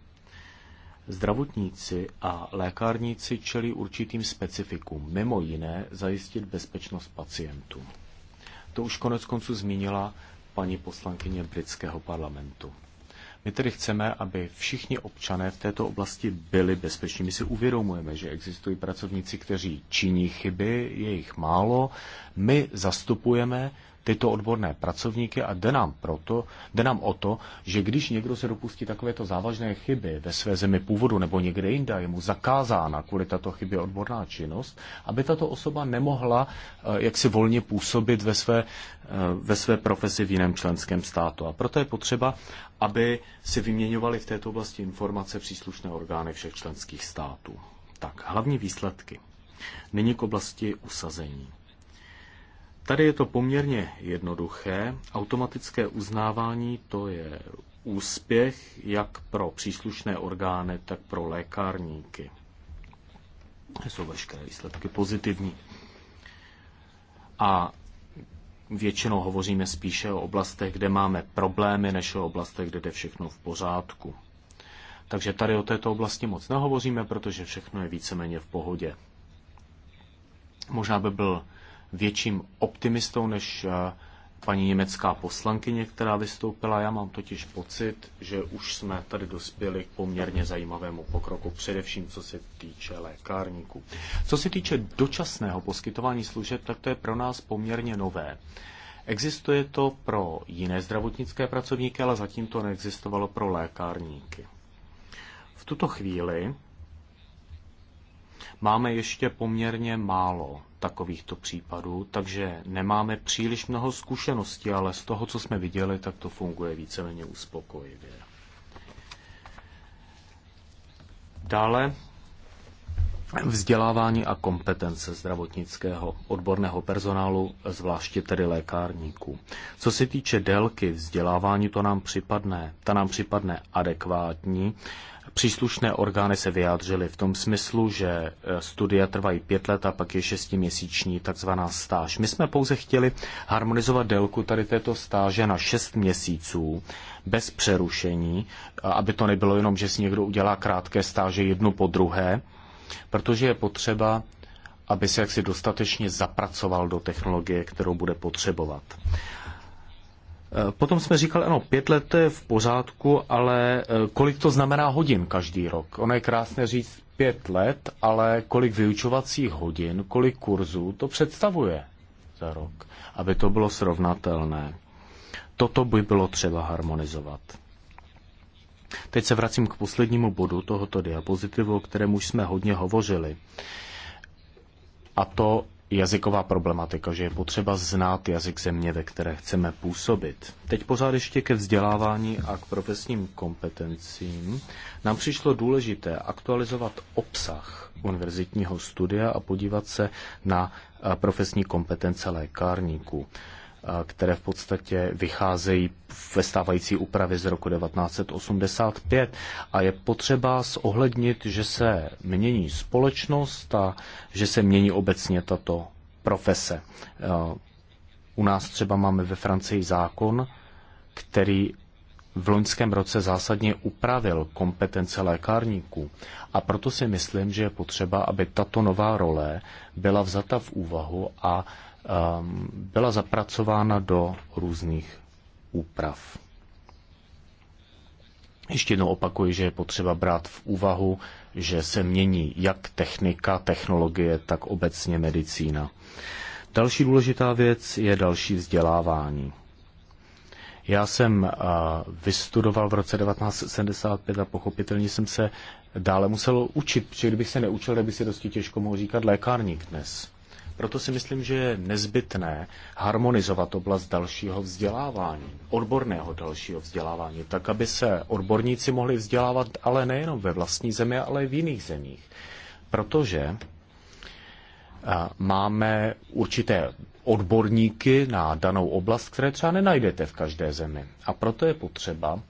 Zdravotníci a lékárníci čelí určitým specifikům, mimo jiné zajistit bezpečnost pacientů. To už konec konců zmínila paní poslankyně britského parlamentu. My tedy chceme, aby všichni občané v této oblasti byli bezpeční. My si uvědomujeme, že existují pracovníci, kteří činí chyby, je jich málo. My zastupujeme tyto odborné pracovníky a jde nám, proto, jde nám o to, že když někdo se dopustí takovéto závažné chyby ve své zemi původu nebo někde jinde, je mu zakázána kvůli tato chybě odborná činnost, aby tato osoba nemohla eh, jaksi volně působit ve své, eh, ve své profesi v jiném členském státu. A proto je potřeba, aby si vyměňovali v této oblasti informace příslušné orgány všech členských států. Tak, hlavní výsledky. Nyní k oblasti usazení. Tady je to poměrně jednoduché. Automatické uznávání to je úspěch jak pro příslušné orgány, tak pro lékárníky. Jsou veškeré výsledky pozitivní. A většinou hovoříme spíše o oblastech, kde máme problémy, než o oblastech, kde jde všechno v pořádku. Takže tady o této oblasti moc nehovoříme, protože všechno je víceméně v pohodě. Možná by byl větším optimistou než eh, paní německá poslankyně, která vystoupila. Já mám totiž pocit, že už jsme tady dospěli k poměrně zajímavému pokroku, především co se týče lékárníků. Co se týče dočasného poskytování služeb, tak to je pro nás poměrně nové. Existuje to pro jiné zdravotnické pracovníky, ale zatím to neexistovalo pro lékárníky. V tuto chvíli máme ještě poměrně málo takovýchto případů, takže nemáme příliš mnoho zkušeností, ale z toho, co jsme viděli, tak to funguje víceméně uspokojivě. Dále vzdělávání a kompetence zdravotnického odborného personálu, zvláště tedy lékárníků. Co se týče délky vzdělávání, to nám připadne, ta nám připadne adekvátní Příslušné orgány se vyjádřily v tom smyslu, že e, studia trvají pět let a pak je šestiměsíční takzvaná stáž. My jsme pouze chtěli harmonizovat délku tady této stáže na šest měsíců bez přerušení, aby to nebylo jenom, že si někdo udělá krátké stáže jednu po druhé, protože je potřeba aby se jaksi dostatečně zapracoval do technologie, kterou bude potřebovat. Eh, potom jsme říkali, ano, pět let to je v pořádku, ale eh, kolik to znamená hodin každý rok? Ono je krásné říct pět let, ale kolik vyučovacích hodin, kolik kurzů to představuje za rok, aby to bylo srovnatelné. Toto by bylo třeba harmonizovat. Teď se vracím k poslednímu bodu tohoto diapozitivu, o kterém už jsme hodně hovořili. A to jazyková problematika, že je potřeba znát jazyk země, ve které chceme působit. Teď pořád ještě ke vzdělávání a k profesním kompetencím. Nám přišlo důležité aktualizovat obsah univerzitního studia a podívat se na eh, profesní kompetence lékárníků které v podstatě vycházejí ve stávající úpravě z roku 1985 a je potřeba zohlednit, že se mění společnost a že se mění obecně tato profese. U nás třeba máme ve Francii zákon, který v loňském roce zásadně upravil kompetence lékárníků. A proto si myslím, že je potřeba, aby tato nová role byla vzata v úvahu a Ehm, byla zapracována do různých úprav. Ještě jednou opakuji, že je potřeba brát v úvahu, že se mění jak technika, technologie, tak obecně medicína. Další důležitá věc je další vzdělávání. Já jsem eh, vystudoval v roce 1975 a pochopitelně jsem se dále musel učit, protože kdybych se neučil, tak by se dosti těžko mohl říkat lékárník dnes. Proto si myslím, že je nezbytné harmonizovat oblast dalšího vzdělávání, odborného dalšího vzdělávání, tak, aby se odborníci mohli vzdělávat ale nejenom ve vlastní zemi, ale i v jiných zemích. Protože máme určité odborníky na danou oblast, které třeba nenajdete v každé zemi. A proto je potřeba,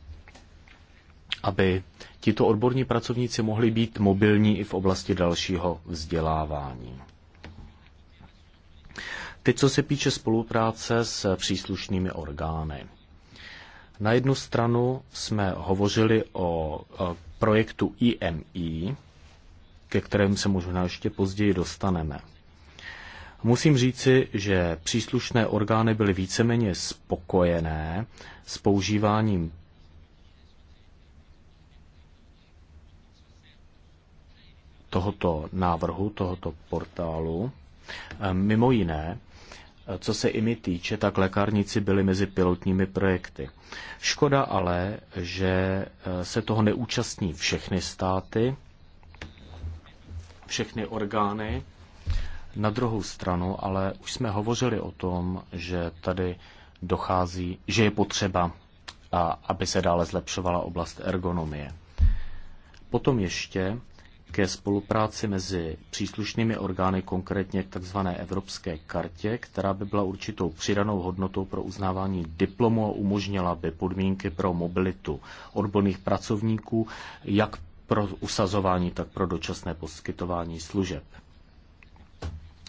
aby tito odborní pracovníci mohli být mobilní i v oblasti dalšího vzdělávání. Teď, co se píče spolupráce s příslušnými orgány. Na jednu stranu jsme hovořili o projektu IMI, ke kterému se možná ještě později dostaneme. Musím říci, že příslušné orgány byly víceméně spokojené s používáním tohoto návrhu, tohoto portálu. Mimo jiné, co se mi týče, tak lékárníci byli mezi pilotními projekty. Škoda ale, že eh, se toho neúčastní všechny státy, všechny orgány. Na druhou stranu, ale už jsme hovořili o tom, že tady dochází, že je potřeba, aby se dále zlepšovala oblast ergonomie. Potom ještě ke spolupráci mezi příslušnými orgány, konkrétně k tzv. evropské kartě, která by byla určitou přidanou hodnotou pro uznávání diplomu a umožnila by podmínky pro mobilitu odborných pracovníků, jak pro usazování, tak pro dočasné poskytování služeb.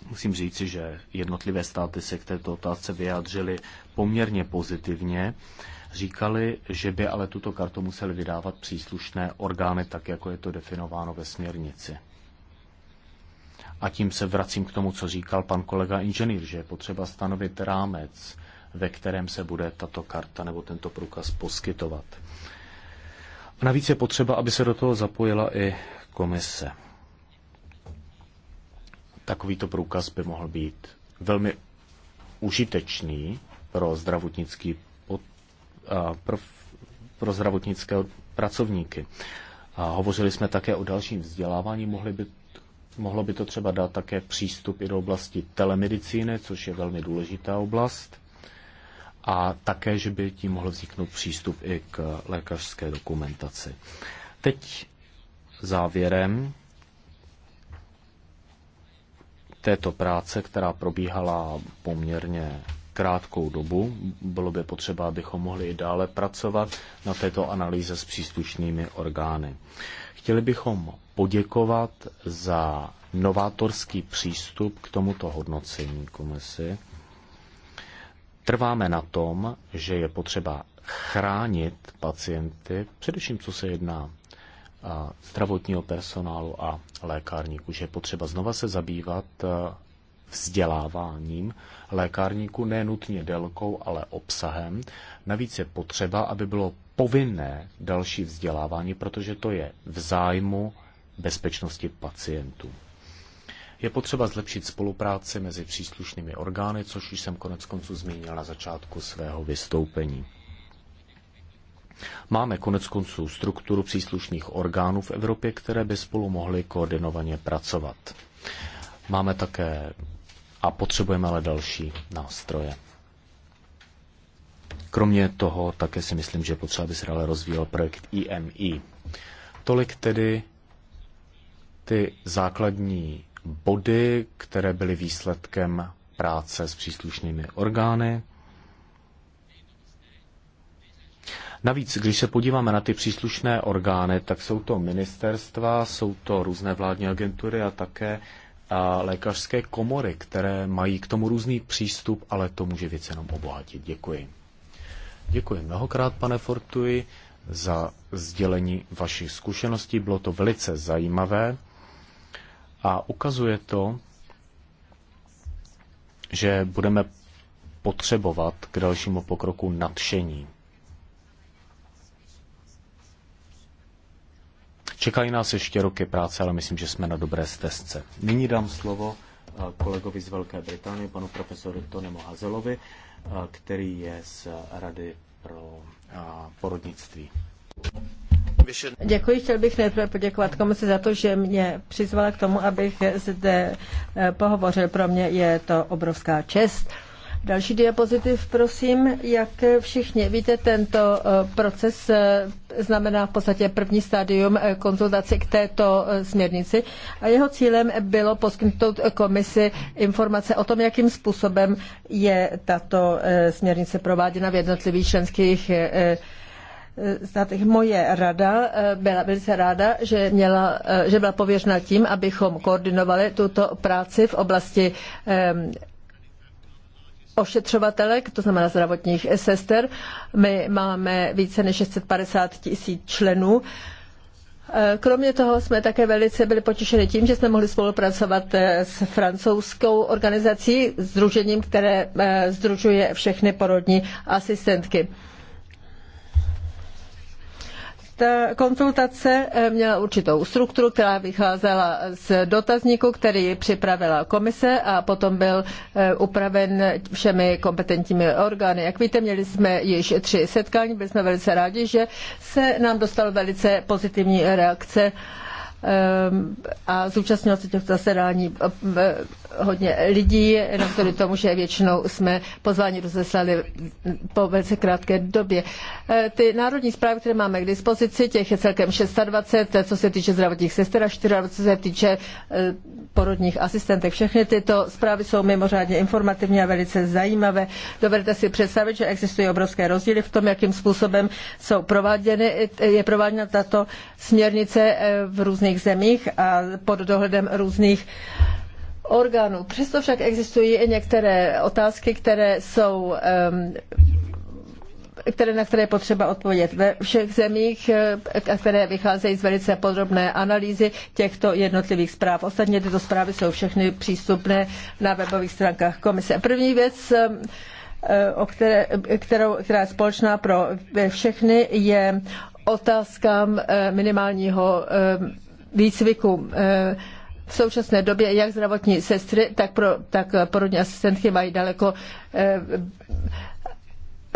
Musím říci, že jednotlivé státy se k této otázce vyjádřily poměrně pozitivně. Uh, Říkali, že by ale tuto kartu museli vydávat příslušné orgány, tak jako je to definováno ve směrnici. A tím se vracím k tomu, co říkal pan kolega inženýr, že je potřeba stanovit rámec, ve kterém se bude tato karta nebo tento průkaz poskytovat. A navíc je potřeba, aby se do toho zapojila i komise. Takovýto průkaz by mohl být velmi užitečný pro zdravotnický pro, pro zdravotnické pracovníky. A hovořili jsme také o dalším vzdělávání, mohli by, mohlo by to třeba dát také přístup i do oblasti telemedicíny, což je velmi důležitá oblast, a také, že by tím mohl vzniknout přístup i k lékařské dokumentaci. Teď závěrem této práce, která probíhala poměrně krátkou dobu. Bylo by potřeba, abychom mohli i dále pracovat na této analýze s příslušnými orgány. Chtěli bychom poděkovat za novátorský přístup k tomuto hodnocení komisi. Trváme na tom, že je potřeba chránit pacienty, především co se jedná zdravotního personálu a lékárníků, že je potřeba znova se zabývat vzděláváním lékárníku nenutně délkou, ale obsahem. Navíc je potřeba, aby bylo povinné další vzdělávání, protože to je v zájmu bezpečnosti pacientů. Je potřeba zlepšit spolupráci mezi příslušnými orgány, což už jsem konec konců zmínil na začátku svého vystoupení. Máme konec konců strukturu příslušných orgánů v Evropě, které by spolu mohly koordinovaně pracovat. Máme také a potřebujeme ale další nástroje. Kromě toho také si myslím, že potřeba by se dále rozvíjel projekt IMI. Tolik tedy ty základní body, které byly výsledkem práce s příslušnými orgány. Navíc, když se podíváme na ty příslušné orgány, tak jsou to ministerstva, jsou to různé vládní agentury a také a lékařské komory, které mají k tomu různý přístup, ale to může věc jenom obohatit. Děkuji. Děkuji mnohokrát, pane Fortuji, za sdělení vašich zkušeností. Bylo to velice zajímavé a ukazuje to, že budeme potřebovat k dalšímu pokroku nadšení. Čekají nás ještě roky práce, ale myslím, že jsme na dobré stezce. Nyní dám slovo eh, kolegovi z Velké Británie, panu profesoru Tonemu Hazelovi, eh, který je z Rady pro eh, porodnictví. Děkuji, chtěl bych nejprve poděkovat komisi za to, že mě přizvala k tomu, abych zde pohovořil. Pro mě je to obrovská čest. Další diapozitiv, prosím. Jak všichni víte, tento eh, proces eh, znamená v podstatě první stádium eh, konzultace k této směrnici a jeho cílem bylo poskytnout komisi informace o tom, jakým způsobem je tato směrnice prováděna v jednotlivých členských státech. Moje rada byla velice ráda, že, měla, že byla pověřena tím, abychom koordinovali tuto práci v oblasti ošetřovatelek, to znamená zdravotních sester. My máme více než 650 tisíc členů. Kromě toho jsme také velice byli potěšeni tím, že jsme mohli spolupracovat s francouzskou organizací, združením, které združuje eh, všechny porodní asistentky ta konzultace eh, měla určitou strukturu, která vycházela z dotazníku, který připravila komise a potom byl eh, upraven všemi kompetentními orgány. Jak víte, měli jsme již tři setkání, byli jsme velice rádi, že se nám dostalo velice pozitivní reakce eh, a zúčastnilo se těch zasedání hodně lidí, navzdory tomu, že většinou jsme pozvání rozeslali po velice krátké době. E, ty národní zprávy, které máme k dispozici, těch je celkem 26, co se týče zdravotních sester a 24, co se týče e, porodních asistentek. Všechny tyto zprávy jsou mimořádně informativní a velice zajímavé. Dovedete si představit, že existují obrovské rozdíly v tom, jakým způsobem jsou prováděny, e, je prováděna tato směrnice v různých zemích a pod dohledem různých orgánů. Přesto však existují i některé otázky, které jsou které, na které je potřeba odpovědět. Ve všech zemích, eh, které vycházejí z velice podrobné analýzy těchto jednotlivých zpráv. Ostatně tyto zprávy jsou všechny přístupné na webových stránkách komise. První věc, eh, o které, kterou, která je společná pro všechny, je otázkám eh, minimálního výcviku. V současné době jak zdravotní sestry, tak, pro, tak porodní asistentky mají daleko eh,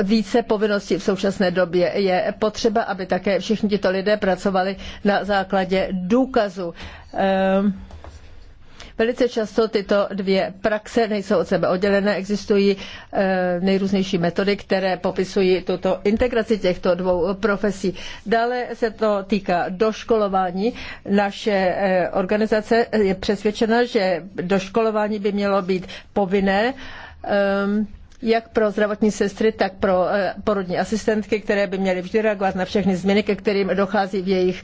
více povinností v současné době. Je potřeba, aby také všichni tito lidé pracovali na základě důkazu. Ehm, Velice často tyto dvě praxe nejsou od sebe oddělené, existují eh, nejrůznější metody, které popisují tuto integraci těchto dvou profesí. Dále se to týká doškolování. Naše eh, organizace je přesvědčena, že doškolování by mělo být povinné ehm, jak pro zdravotní sestry, tak pro eh, porodní asistentky, které by měly vždy reagovat na všechny změny, ke kterým dochází v jejich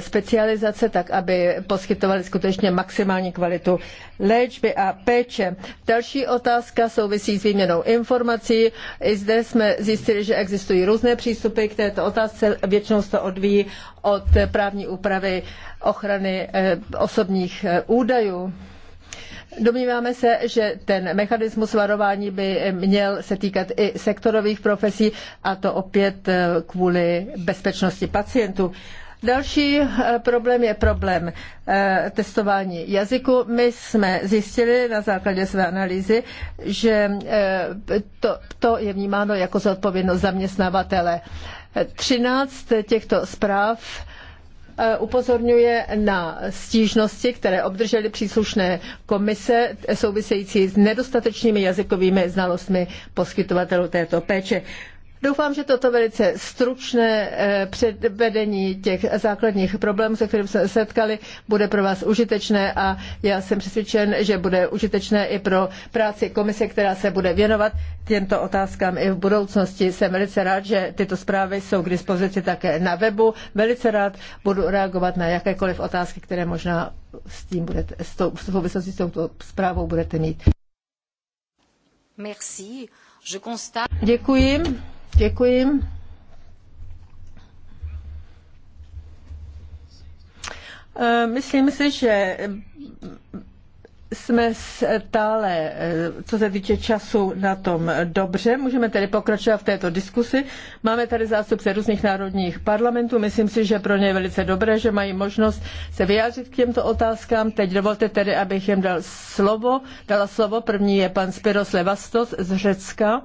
specializace, tak aby poskytovali skutečně maximální kvalitu léčby a péče. Další otázka souvisí s výměnou informací. I zde jsme zjistili, že existují různé přístupy k této otázce. Většinou se to odvíjí od právní úpravy ochrany eh, osobních eh, údajů. Domníváme se, že ten mechanismus varování by měl se týkat i sektorových profesí a to opět eh, kvůli bezpečnosti pacientů. Další eh, problém je problém eh, testování jazyku. My jsme zjistili na základě své analýzy, že eh, to, to je vnímáno jako zodpovědnost zaměstnavatele. 13 těchto zpráv upozorňuje na stížnosti, které obdržely příslušné komise související s nedostatečnými jazykovými znalostmi poskytovatelů této péče. Doufám, že toto velice stručné eh, předvedení těch základních problémů, se kterými jsme setkali, bude pro vás užitečné a já jsem přesvědčen, že bude užitečné i pro práci komise, která se bude věnovat těmto otázkám i v budoucnosti. Jsem velice rád, že tyto zprávy jsou k dispozici také na webu. Velice rád budu reagovat na jakékoliv otázky, které možná s tím budete, s tou, v souvislosti s touto zprávou budete mít. Merci. Je constate... Děkuji. Děkuji. E, myslím si, že jsme stále, e, co se týče času, na tom dobře. Můžeme tedy pokračovat v této diskusi. Máme tady zástupce různých národních parlamentů. Myslím si, že pro ně je velice dobré, že mají možnost se vyjádřit k těmto otázkám. Teď dovolte tedy, abych jim dal slovo. Dala slovo. První je pan Spiros Levastos z Řecka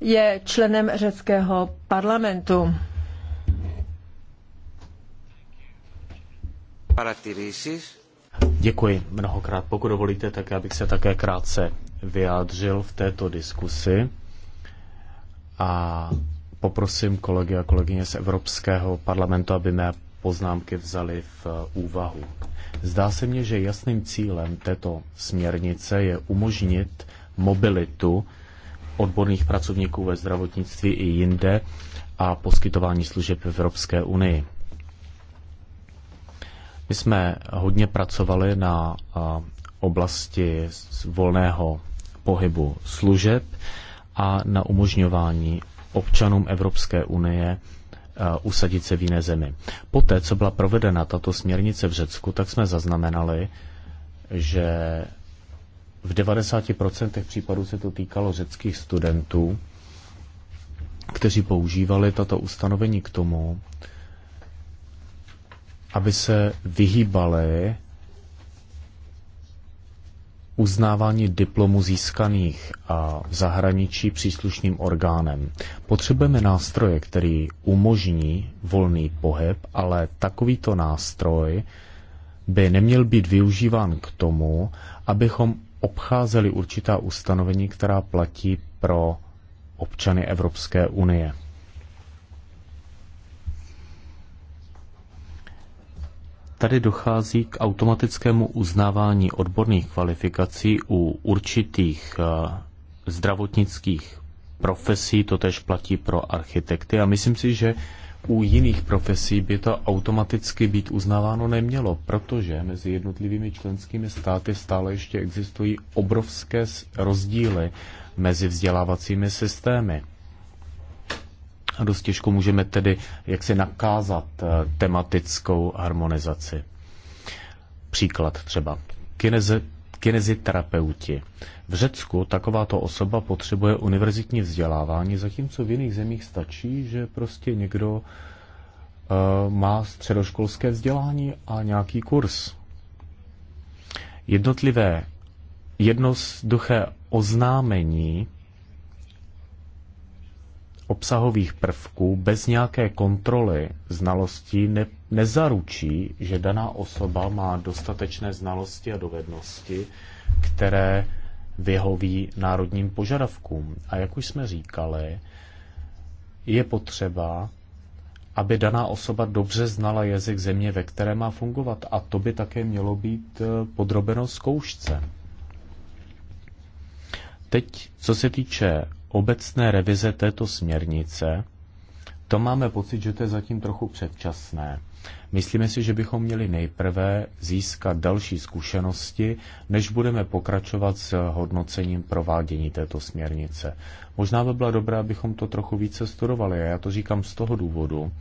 je členem řeckého parlamentu. Děkuji mnohokrát. Pokud dovolíte, tak já bych se také krátce vyjádřil v této diskusi a poprosím kolegy a kolegyně z Evropského parlamentu, aby mé poznámky vzali v eh, úvahu. Zdá se mně, že jasným cílem této směrnice je umožnit mobilitu odborných pracovníků ve zdravotnictví i jinde a poskytování služeb v Evropské unii. My jsme hodně pracovali na oblasti volného pohybu služeb a na umožňování občanům Evropské unie usadit se v jiné zemi. Poté, co byla provedena tato směrnice v Řecku, tak jsme zaznamenali, že v 90% případů se to týkalo řeckých studentů, kteří používali tato ustanovení k tomu, aby se vyhýbali uznávání diplomů získaných a v zahraničí příslušným orgánem. Potřebujeme nástroje, který umožní volný pohyb, ale takovýto nástroj by neměl být využíván k tomu, abychom obcházeli určitá ustanovení, která platí pro občany Evropské unie. Tady dochází k automatickému uznávání odborných kvalifikací u určitých eh, zdravotnických profesí, to tež platí pro architekty a myslím si, že u jiných profesí by to automaticky být uznáváno nemělo, protože mezi jednotlivými členskými státy stále ještě existují obrovské rozdíly mezi vzdělávacími systémy. A dost těžko můžeme tedy jaksi nakázat eh, tematickou harmonizaci. Příklad třeba. Kineze, kineziterapeuti. V Řecku takováto osoba potřebuje univerzitní vzdělávání, zatímco v jiných zemích stačí, že prostě někdo eh, má středoškolské vzdělání a nějaký kurz. Jednotlivé jednoduché oznámení obsahových prvků bez nějaké kontroly znalostí ne, nezaručí, že daná osoba má dostatečné znalosti a dovednosti, které vyhoví národním požadavkům. A jak už jsme říkali, je potřeba, aby daná osoba dobře znala jazyk země, ve které má fungovat. A to by také mělo být eh, podrobeno zkoušce. Teď, co se týče obecné revize této směrnice, to máme pocit, že to je zatím trochu předčasné. Myslíme si, že bychom měli nejprve získat další zkušenosti, než budeme pokračovat s hodnocením provádění této směrnice. Možná by bylo dobré, abychom to trochu více studovali. A já to říkám z toho důvodu,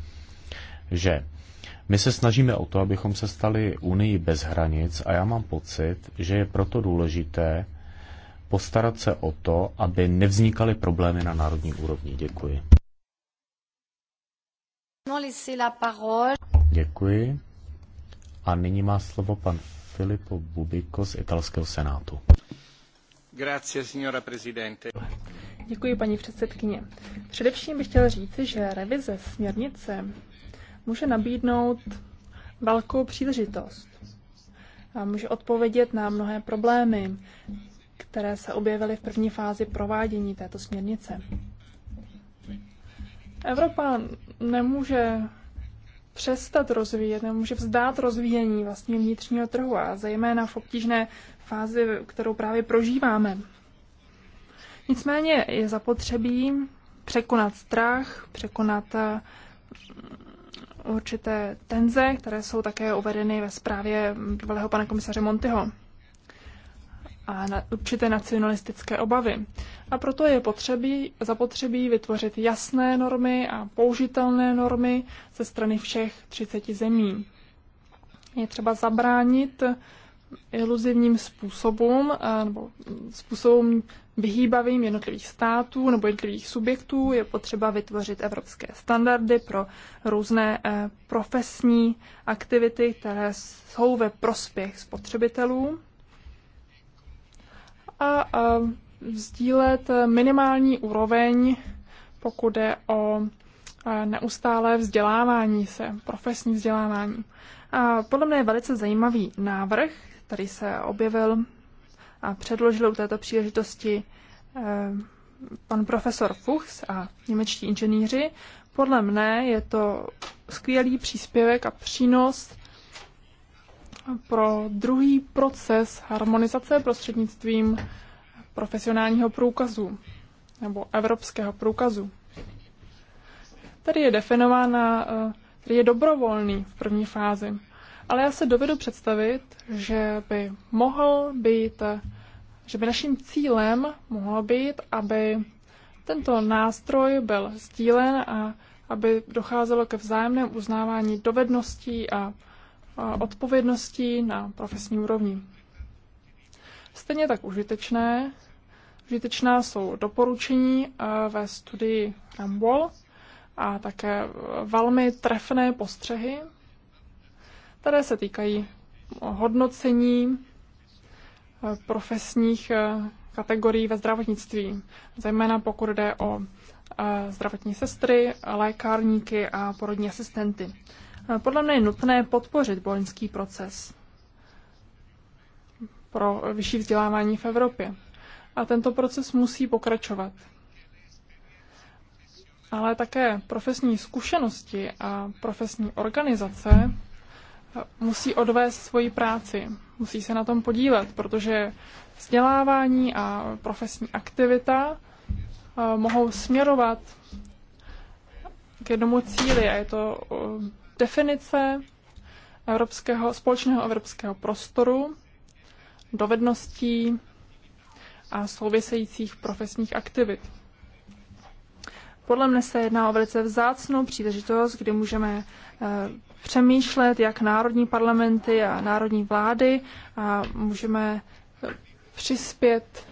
že my se snažíme o to, abychom se stali unii bez hranic a já mám pocit, že je proto důležité, postarat se o to, aby nevznikaly problémy na národní úrovni. Děkuji. Děkuji. A nyní má slovo pan Filippo Bubico z italského senátu. Grazie, signora presidente. Děkuji, paní předsedkyně. Především bych chtěl říct, že revize směrnice může nabídnout velkou příležitost a může odpovědět na mnohé problémy, které se objevily v první fázi provádění této směrnice. Evropa nemůže přestat rozvíjet, nemůže vzdát rozvíjení vlastně vnitřního trhu a zejména v obtížné fázi, kterou právě prožíváme. Nicméně je zapotřebí překonat strach, překonat eh, určité tenze, které jsou také uvedeny ve zprávě bývalého pana komisaře Montyho a na určité nacionalistické obavy. A proto je potřebí, zapotřebí vytvořit jasné normy a použitelné normy ze strany všech 30 zemí. Je třeba zabránit iluzivním způsobům nebo způsobům vyhýbavým jednotlivých států nebo jednotlivých subjektů. Je potřeba vytvořit evropské standardy pro různé e, profesní aktivity, které jsou ve prospěch spotřebitelů a sdílet minimální úroveň, pokud je o neustálé vzdělávání se, profesní vzdělávání. A podle mě je velice zajímavý návrh, který se objevil a předložil u této příležitosti e, pan profesor Fuchs a němečtí inženýři. Podle mne je to skvělý příspěvek a přínos pro druhý proces harmonizace prostřednictvím profesionálního průkazu nebo evropského průkazu. Tady je definována, eh, který je dobrovolný v první fázi. Ale já se dovedu představit, že by mohl být, že by naším cílem mohlo být, aby tento nástroj byl sdílen a aby docházelo ke vzájemnému uznávání dovedností a odpovědností na profesní úrovni. Stejně tak užitečné, užitečná jsou doporučení eh, ve studii Rambol a také velmi trefné postřehy, které se týkají hodnocení eh, profesních eh, kategorií ve zdravotnictví, zejména pokud jde o zdravotní sestry, lékárníky a porodní asistenty. Podle mě je nutné podpořit boloňský proces pro vyšší vzdělávání v Evropě. A tento proces musí pokračovat. Ale také profesní zkušenosti a profesní organizace musí odvést svoji práci, musí se na tom podílet, protože vzdělávání a profesní aktivita eh, mohou směrovat k jednomu cíli a je to eh, definice evropského, společného evropského prostoru, dovedností a souvisejících profesních aktivit. Podle mne se jedná o velice vzácnou příležitost, kdy můžeme eh, přemýšlet, jak národní parlamenty a národní vlády a můžeme eh, přispět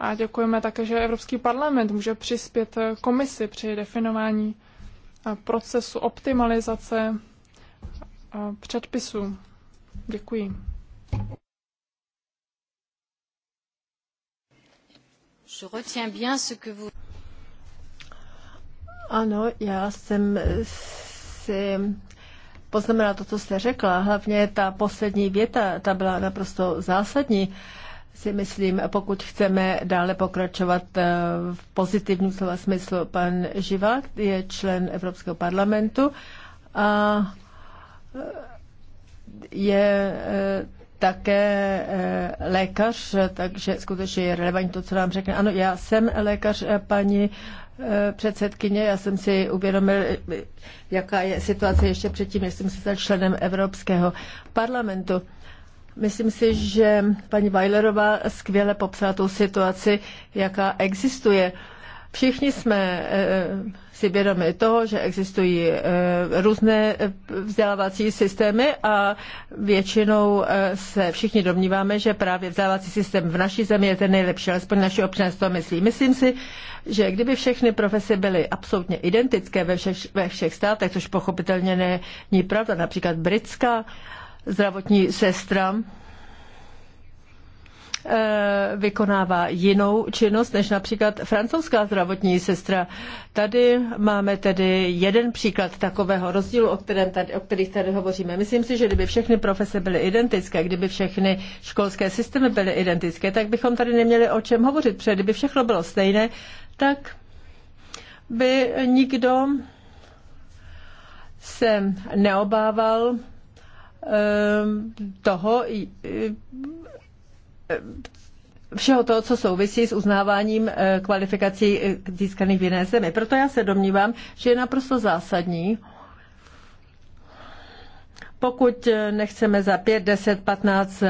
a děkujeme také, že Evropský parlament může přispět eh, komisi při definování procesu optimalizace předpisů. Děkuji. Je retiens bien ce que vous... Ano, já jsem si poznamenala to, co jste řekla. Hlavně ta poslední věta, ta byla naprosto zásadní. Uh, si myslím, pokud chceme dále pokračovat eh, v pozitivním slova smyslu, pan Živák je člen Evropského parlamentu a eh, je eh, také lékař, takže skutečně je relevantní to, co nám řekne. Ano, já jsem lékař, paní předsedkyně, já jsem si uvědomil, jaká je situace ještě předtím, než jsem se stal členem Evropského parlamentu. Myslím si, že paní Weilerová skvěle popsala tu situaci, jaká existuje. Všichni jsme eh, si vědomi toho, že existují eh, různé eh, vzdělávací systémy a většinou se všichni domníváme, že právě vzdělávací systém v naší zemi je ten nejlepší, alespoň naši občané toho myslí. Myslím si, že kdyby všechny profese byly absolutně identické ve všech, ve všech státech, což pochopitelně není pravda, například britská, zdravotní sestra eh, vykonává jinou činnost než například francouzská zdravotní sestra. Tady máme tedy jeden příklad takového rozdílu, o, kterém tady, o kterých tady hovoříme. Myslím si, že kdyby všechny profese byly identické, kdyby všechny školské systémy byly identické, tak bychom tady neměli o čem hovořit, protože kdyby všechno bylo stejné, tak by nikdo se neobával Ehm, toho, všeho toho, co souvisí s uznáváním eh, kvalifikací eh, získaných v jiné zemi. Proto já se domnívám, že je naprosto zásadní, pokud eh, nechceme za 5, 10, 15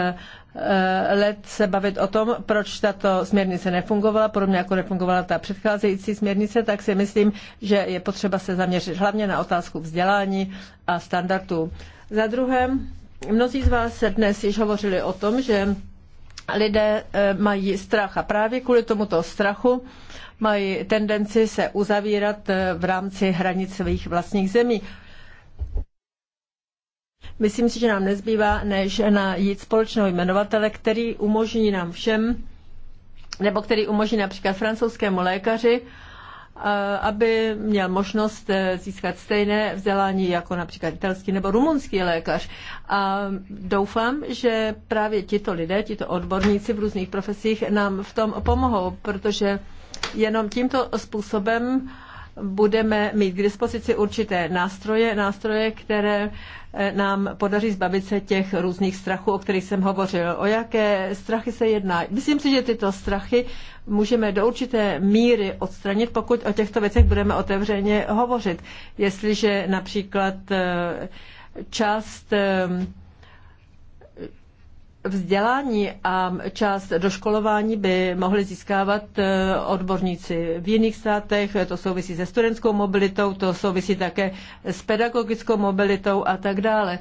let se bavit o tom, proč tato směrnice nefungovala, podobně jako nefungovala ta předcházející směrnice, tak si myslím, že je potřeba se zaměřit hlavně na otázku vzdělání a standardů. Za druhé, mnozí z vás se dnes již hovořili o tom, že lidé eh, mají strach a právě kvůli tomuto strachu mají tendenci se uzavírat eh, v rámci hranic svých vlastních zemí. Myslím si, že nám nezbývá, než najít společného jmenovatele, který umožní nám všem, nebo který umožní například francouzskému lékaři, aby měl možnost eh, získat stejné vzdělání jako například italský nebo rumunský lékař. A doufám, že právě tito lidé, tito odborníci v různých profesích nám v tom pomohou, protože jenom tímto způsobem budeme mít k dispozici určité nástroje, nástroje, které eh, nám podaří zbavit se těch různých strachů, o kterých jsem hovořil. O jaké strachy se jedná? Myslím si, že tyto strachy můžeme do určité míry odstranit, pokud o těchto věcech budeme otevřeně hovořit. Jestliže například eh, část eh, vzdělání a část doškolování by mohli získávat eh, odborníci v jiných státech, to souvisí se studentskou mobilitou, to souvisí také s pedagogickou mobilitou a tak dále.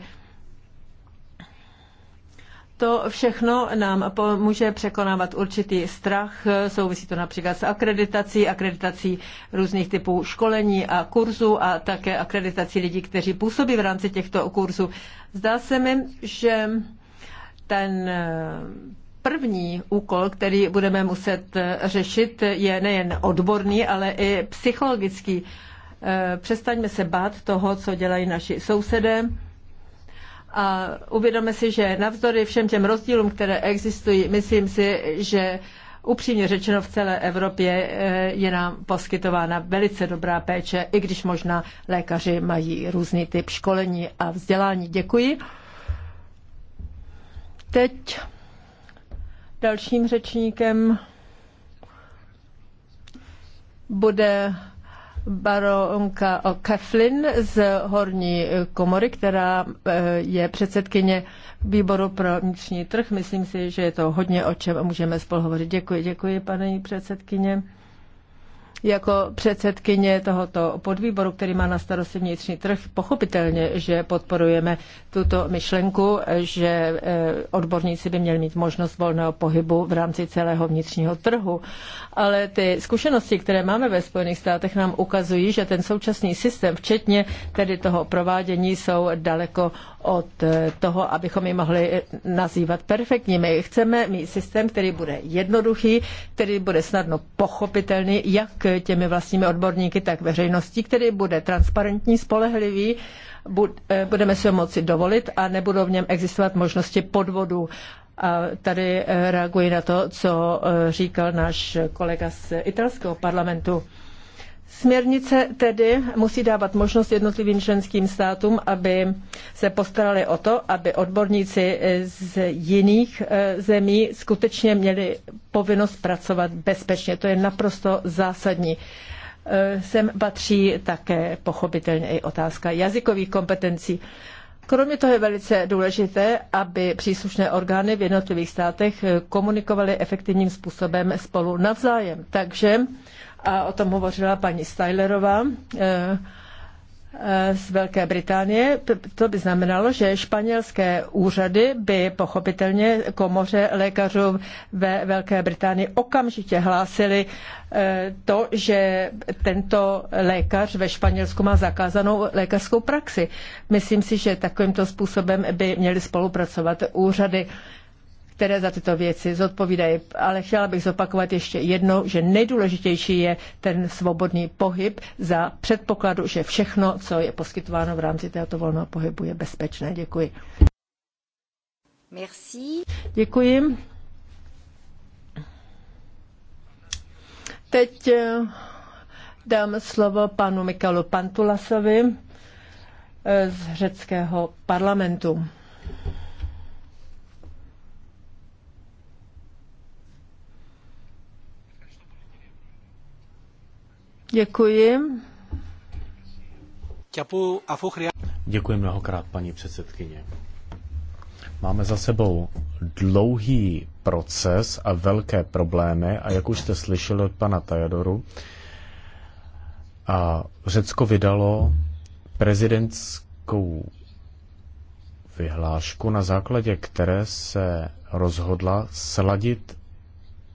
To všechno nám pomůže překonávat určitý strach. Souvisí to například s akreditací, akreditací různých typů školení a kurzů a také akreditací lidí, kteří působí v rámci těchto kurzů. Zdá se mi, že ten eh, první úkol, který budeme muset eh, řešit, je nejen odborný, ale i psychologický. Eh, přestaňme se bát toho, co dělají naši sousedé a uvědomme si, že navzdory všem těm rozdílům, které existují, myslím si, že upřímně řečeno v celé Evropě je nám poskytována velice dobrá péče, i když možná lékaři mají různý typ školení a vzdělání. Děkuji. Teď dalším řečníkem bude baronka Keflin z Horní komory, která eh, je předsedkyně výboru pro vnitřní trh. Myslím si, že je to hodně o čem a můžeme spolu hovořit. Děkuji, děkuji, paní předsedkyně. Jako předsedkyně tohoto podvýboru, který má na starosti vnitřní trh, pochopitelně, že podporujeme tuto myšlenku, že eh, odborníci by měli mít možnost volného pohybu v rámci celého vnitřního trhu. Ale ty zkušenosti, které máme ve Spojených státech, nám ukazují, že ten současný systém, včetně tedy toho provádění, jsou daleko od toho, abychom ji mohli nazývat perfektní. My Chceme mít systém, který bude jednoduchý, který bude snadno pochopitelný jak těmi vlastními odborníky, tak veřejností, který bude transparentní, spolehlivý, eh, budeme si ho moci dovolit a nebudou v něm existovat možnosti podvodu. A tady eh, reaguji na to, co eh, říkal náš kolega z italského parlamentu. Směrnice tedy musí dávat možnost jednotlivým členským státům, aby se postarali o to, aby odborníci z jiných e, zemí skutečně měli povinnost pracovat bezpečně. To je naprosto zásadní. E, sem patří také pochopitelně i otázka jazykových kompetencí. Kromě toho je velice důležité, aby příslušné orgány v jednotlivých státech komunikovaly efektivním způsobem spolu navzájem. Takže a o tom hovořila paní Stylerová eh, eh, z Velké Británie. To by znamenalo, že španělské úřady by pochopitelně komoře lékařů ve Velké Británii okamžitě hlásili eh, to, že tento lékař ve Španělsku má zakázanou lékařskou praxi. Myslím si, že takovýmto způsobem by měly spolupracovat úřady které za tyto věci zodpovídají. Ale chtěla bych zopakovat ještě jednou, že nejdůležitější je ten svobodný pohyb za předpokladu, že všechno, co je poskytováno v rámci této volného pohybu, je bezpečné. Děkuji. Merci. Děkuji. Teď eh, dám slovo panu Mikalu Pantulasovi eh, z řeckého parlamentu. Děkuji. Děkuji mnohokrát, paní předsedkyně. Máme za sebou dlouhý proces a velké problémy a jak už jste slyšeli od pana Tajadoru, a Řecko vydalo prezidentskou vyhlášku, na základě které se rozhodla sladit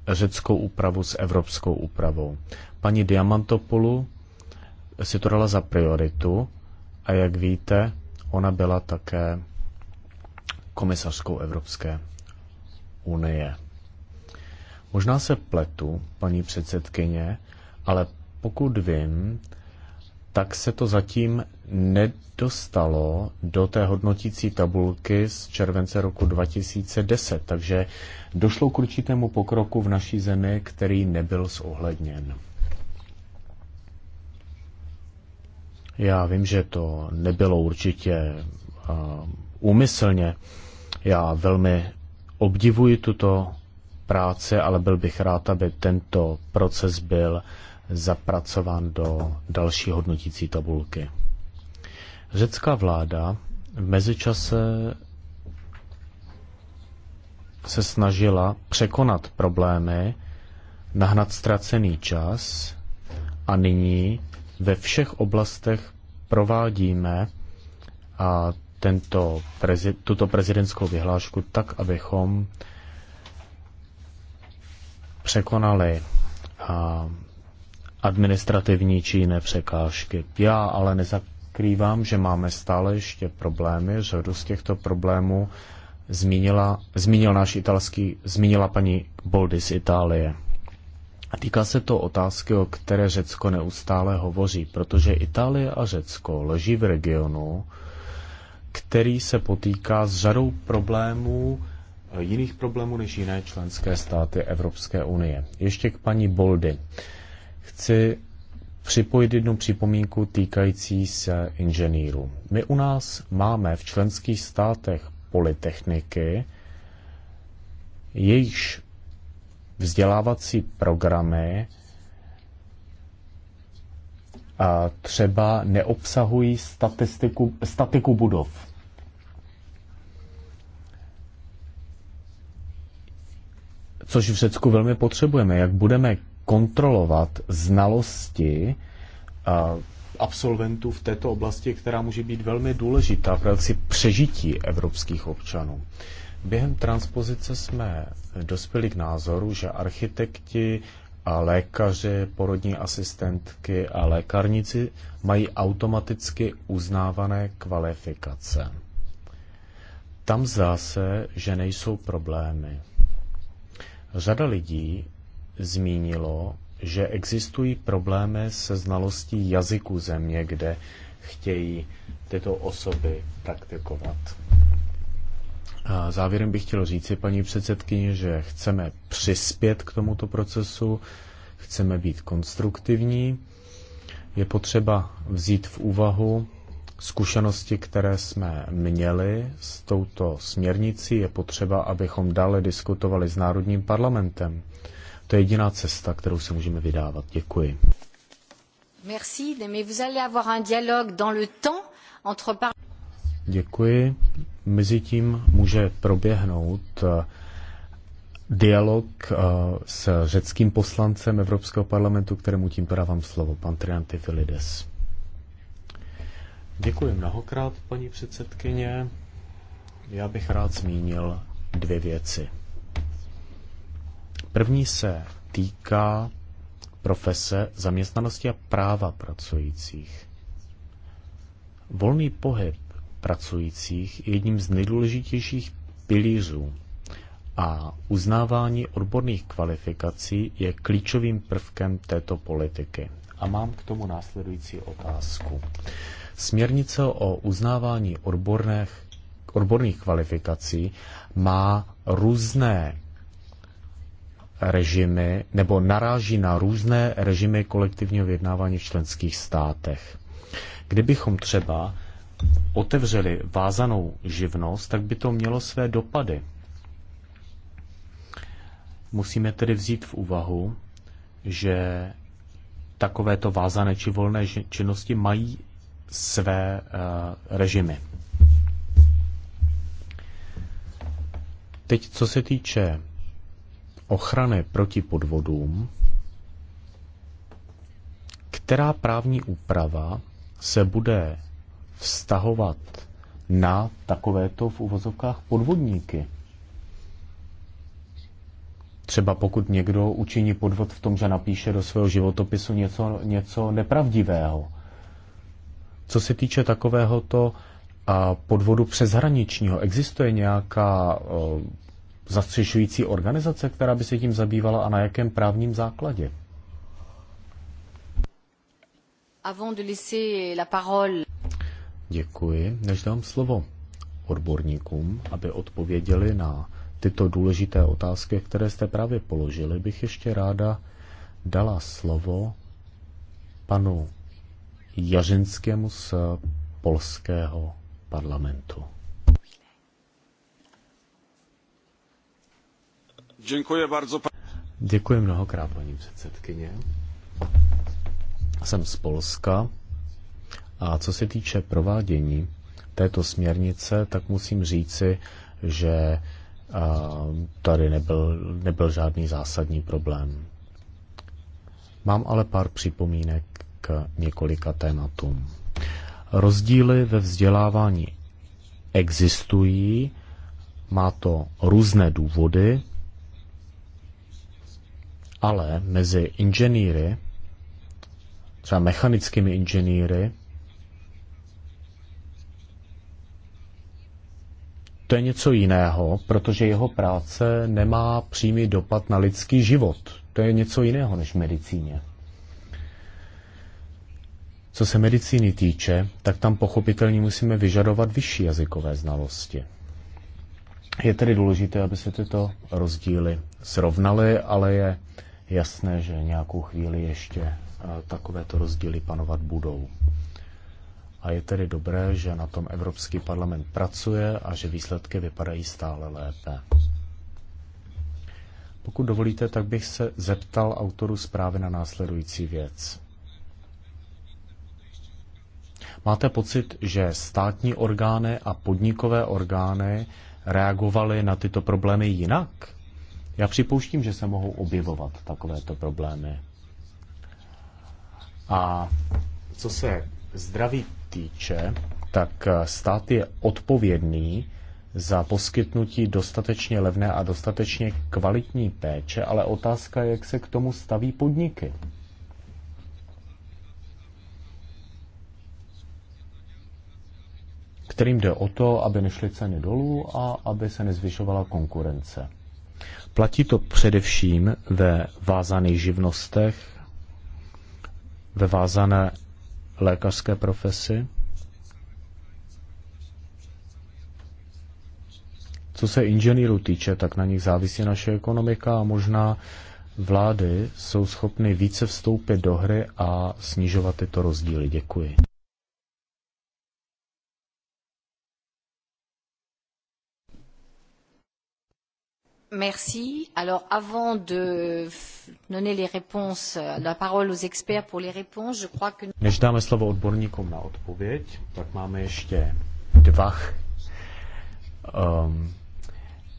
řeckou úpravu s evropskou úpravou. Paní Diamantopulu si to dala za prioritu a jak víte, ona byla také komisařskou Evropské unie. Možná se pletu, paní předsedkyně, ale pokud vím, tak se to zatím nedostalo do té hodnotící tabulky z července roku 2010, takže došlo k určitému pokroku v naší zemi, který nebyl zohledněn. Já vím, že to nebylo určitě eh, úmyslně. Já velmi obdivuji tuto práci, ale byl bych rád, aby tento proces byl zapracován do další hodnotící tabulky. Řecká vláda v mezičase se snažila překonat problémy, nahnat ztracený čas a nyní ve všech oblastech provádíme a tento, prezi, tuto prezidentskou vyhlášku tak, abychom překonali a, administrativní či jiné překážky. Já ale nezakrývám, že máme stále ještě problémy. Řadu z těchto problémů zmínila, zmínil náš italský, zmínila paní Boldy z Itálie. A týká se to otázky, o které Řecko neustále hovoří, protože Itálie a Řecko leží v regionu, který se potýká s řadou problémů, eh, jiných problémů než jiné členské státy Evropské unie. Ještě k paní Boldy. Chci připojit jednu připomínku týkající se inženýrů. My u nás máme v členských státech polytechniky, jejichž vzdělávací programy a třeba neobsahují statistiku, statiku budov. Což v Řecku velmi potřebujeme. Jak budeme kontrolovat znalosti absolventů v této oblasti, která může být velmi důležitá pro přežití evropských občanů. Během transpozice jsme dospěli k názoru, že architekti a lékaři, porodní asistentky a lékárnici mají automaticky uznávané kvalifikace. Tam zdá se, že nejsou problémy. Řada lidí zmínilo, že existují problémy se znalostí jazyku země, kde chtějí tyto osoby praktikovat. Závěrem bych chtěl říci, paní předsedkyně, že chceme přispět k tomuto procesu, chceme být konstruktivní. Je potřeba vzít v úvahu zkušenosti, které jsme měli s touto směrnicí. Je potřeba, abychom dále diskutovali s Národním parlamentem. To je jediná cesta, kterou se můžeme vydávat. Děkuji. Merci, mais vous allez avoir un dialogue dans le temps entre Děkuji. Mezitím může proběhnout eh, dialog eh, s řeckým poslancem Evropského parlamentu, kterému tímto dávám slovo, pan Trianty Filides. Děkuji mnohokrát, paní předsedkyně. Já bych rád zmínil dvě věci. První se týká profese zaměstnanosti a práva pracujících. Volný pohyb pracujících je jedním z nejdůležitějších pilířů a uznávání odborných kvalifikací je klíčovým prvkem této politiky. A mám k tomu následující otázku. Směrnice o uznávání odborných, odborných kvalifikací má různé režimy nebo naráží na různé režimy kolektivního vyjednávání v členských státech. Kdybychom třeba otevřeli vázanou živnost, tak by to mělo své dopady. Musíme tedy vzít v úvahu, že takovéto vázané či volné činnosti mají své uh, režimy. Teď, co se týče ochrany proti podvodům, která právní úprava se bude vztahovat na takovéto v uvozovkách podvodníky. Třeba pokud někdo učiní podvod v tom, že napíše do svého životopisu něco, něco nepravdivého. Co se týče takovéhoto podvodu přeshraničního, existuje nějaká zastřešující organizace, která by se tím zabývala a na jakém právním základě? Avant de laisser la parole Děkuji. Než dám slovo odborníkům, aby odpověděli na tyto důležité otázky, které jste právě položili, bych ještě ráda dala slovo panu Jařinskému z polského parlamentu. Děkuji bardzo. Děkuji mnohokrát, paní předsedkyně. Jsem z Polska a co se týče provádění této směrnice, tak musím říci, že tady nebyl, nebyl žádný zásadní problém. Mám ale pár připomínek k několika tématům. Rozdíly ve vzdělávání existují, má to různé důvody, ale mezi inženýry, třeba mechanickými inženýry, to je něco jiného, protože jeho práce nemá přímý dopad na lidský život. To je něco jiného než medicíně. Co se medicíny týče, tak tam pochopitelně musíme vyžadovat vyšší jazykové znalosti. Je tedy důležité, aby se tyto rozdíly srovnaly, ale je jasné, že nějakou chvíli ještě eh, takovéto rozdíly panovat budou. A je tedy dobré, že na tom Evropský parlament pracuje a že výsledky vypadají stále lépe. Pokud dovolíte, tak bych se zeptal autoru zprávy na následující věc. Máte pocit, že státní orgány a podnikové orgány reagovaly na tyto problémy jinak? Já připouštím, že se mohou objevovat takovéto problémy. A co se zdraví týče, tak eh, stát je odpovědný za poskytnutí dostatečně levné a dostatečně kvalitní péče, ale otázka je, jak se k tomu staví podniky. kterým jde o to, aby nešly ceny dolů a aby se nezvyšovala konkurence. Platí to především ve vázaných živnostech, ve vázané lékařské profesi. Co se inženýrů týče, tak na nich závisí naše ekonomika a možná vlády jsou schopny více vstoupit do hry a snižovat tyto rozdíly. Děkuji. Merci. Alors, avant de donner les réponses, euh, la parole aux experts pour les réponses, je crois que... Než dáme slovo odborníkům na odpověď, tak máme ještě dva, um,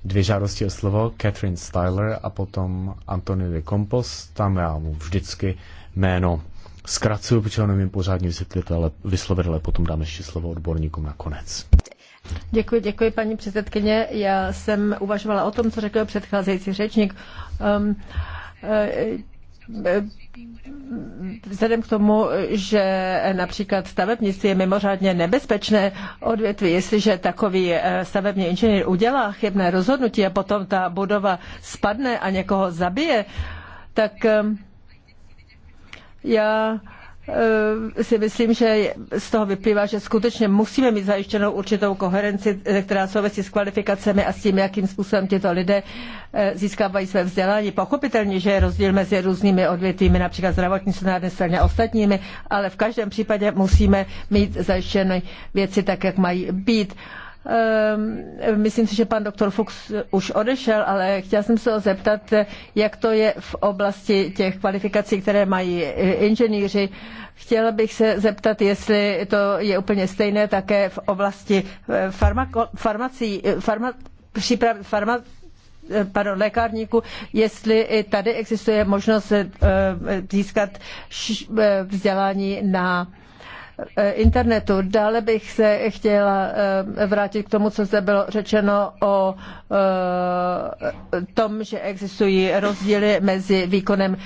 dvě žádosti o slovo, Catherine Styler a potom Antonio de Compos. Tam já mu vždycky jméno zkracuju, protože ho nevím pořádně vysvětlit, ale vyslovit, ale potom dáme ještě slovo odborníkům nakonec. konec. Děkuji, děkuji, paní předsedkyně. Já jsem uvažovala o tom, co řekl předcházející řečník. Um, eh, eh, Vzhledem k tomu, že například stavebnictví je mimořádně nebezpečné odvětví, jestliže takový eh, stavební inženýr udělá chybné rozhodnutí a potom ta budova spadne a někoho zabije, tak já Eh, si myslím, že z toho vyplývá, že skutečně musíme mít zajištěnou určitou koherenci, eh, která souvisí s kvalifikacemi a s tím, jakým způsobem tyto lidé eh, získávají své vzdělání. Pochopitelně, že je rozdíl mezi různými odvětvími, například zdravotní na straně a ostatními, ale v každém případě musíme mít zajištěné věci tak, jak mají být. Ehm, myslím si, že pan doktor Fuchs už odešel, ale chtěla jsem se ho zeptat, jak to je v oblasti těch kvalifikací, které mají inženýři, Chtěla bych se zeptat, jestli to je úplně stejné také v oblasti eh, farmako, farmací, eh, farma, příprav, farma, eh, pardon, lékárníků, jestli i tady existuje možnost získat vzdělání na internetu. Dále bych se chtěla vrátit k tomu, co zde bylo řečeno o tom, že existují rozdíly mezi výkonem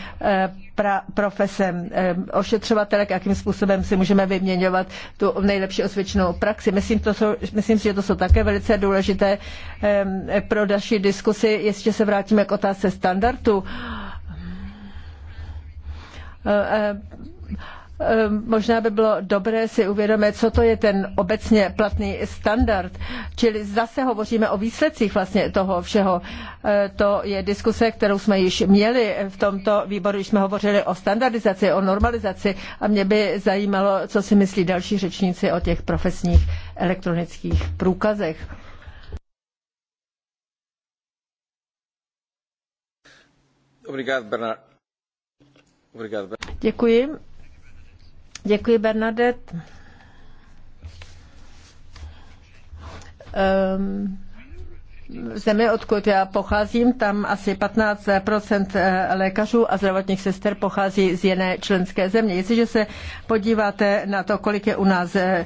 pra, profesem ošetřovatelek, jakým způsobem si můžeme vyměňovat tu nejlepší osvědčenou praxi. Myslím, to jsou, myslím si, že to jsou také velice důležité pro další diskusy. Jestliže se vrátíme k otázce standardu, Ehm, možná by bylo dobré si uvědomit, co to je ten obecně platný standard. Čili zase hovoříme o výsledcích vlastně toho všeho. Ehm, to je diskuse, kterou jsme již měli v tomto výboru, když jsme hovořili o standardizaci, o normalizaci a mě by zajímalo, co si myslí další řečníci o těch profesních elektronických průkazech. Děkuji. Děkuji, Bernadette. Um, odkud já pocházím, tam asi 15 eh, lékařů a zdravotních sester pochází z jiné členské země. Jestliže se podíváte na to, kolik je u nás eh,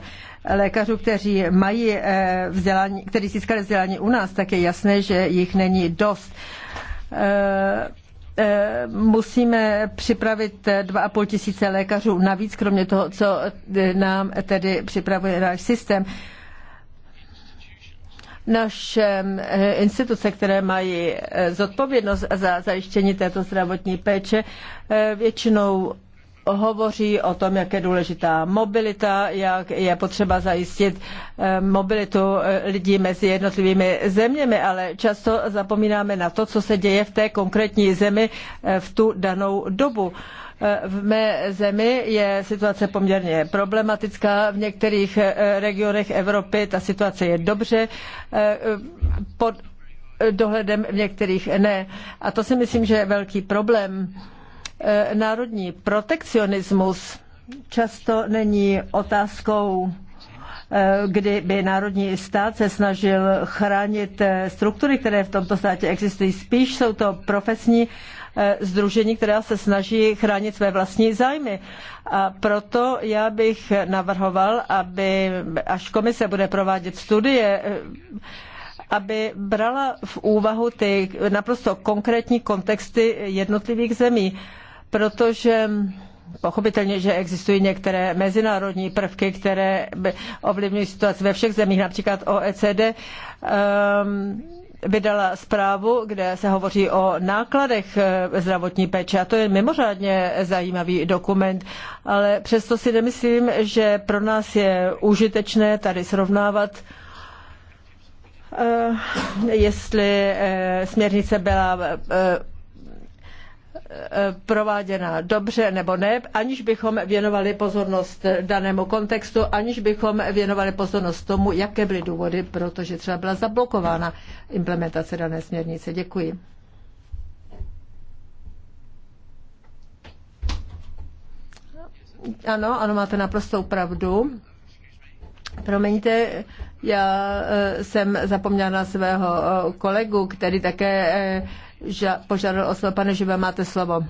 lékařů, kteří mají eh, vzdělání, kteří získali vzdělání u nás, tak je jasné, že jich není dost Eh, musíme připravit 2,5 eh, tisíce lékařů navíc, kromě toho, co eh, nám tedy připravuje náš systém naše instituce, které mají zodpovědnost za zajištění této zdravotní péče, většinou hovoří o tom, jak je důležitá mobilita, jak je potřeba zajistit eh, mobilitu eh, lidí mezi jednotlivými zeměmi, ale často zapomínáme na to, co se děje v té konkrétní zemi eh, v tu danou dobu. V mé zemi je situace poměrně problematická. V některých regionech Evropy ta situace je dobře. Pod dohledem v některých ne. A to si myslím, že je velký problém Eh, národní protekcionismus často není otázkou eh, kdyby národní stát se snažil chránit eh, struktury, které v tomto státě existují. Spíš jsou to profesní združení, která se snaží chránit své vlastní zájmy. A proto já bych navrhoval, aby až komise bude provádět studie, aby brala v úvahu ty naprosto konkrétní kontexty jednotlivých zemí protože Pochopitelně, že existují některé mezinárodní prvky, které ovlivňují situaci ve všech zemích, například OECD. Um, ehm, vydala zprávu, kde se hovoří o nákladech eh, zdravotní péče a to je mimořádně zajímavý dokument, ale přesto si nemyslím, že pro nás je užitečné tady srovnávat eh, jestli eh, směrnice byla prováděna dobře nebo ne, aniž bychom věnovali pozornost danému kontextu, aniž bychom věnovali pozornost tomu, jaké byly důvody, protože třeba byla zablokována implementace dané směrnice. Děkuji. Ano, ano, máte naprostou pravdu. Promiňte, já eh, jsem zapomněla na svého eh, kolegu, který také eh, požádal o slovo. Pane Živé, máte slovo.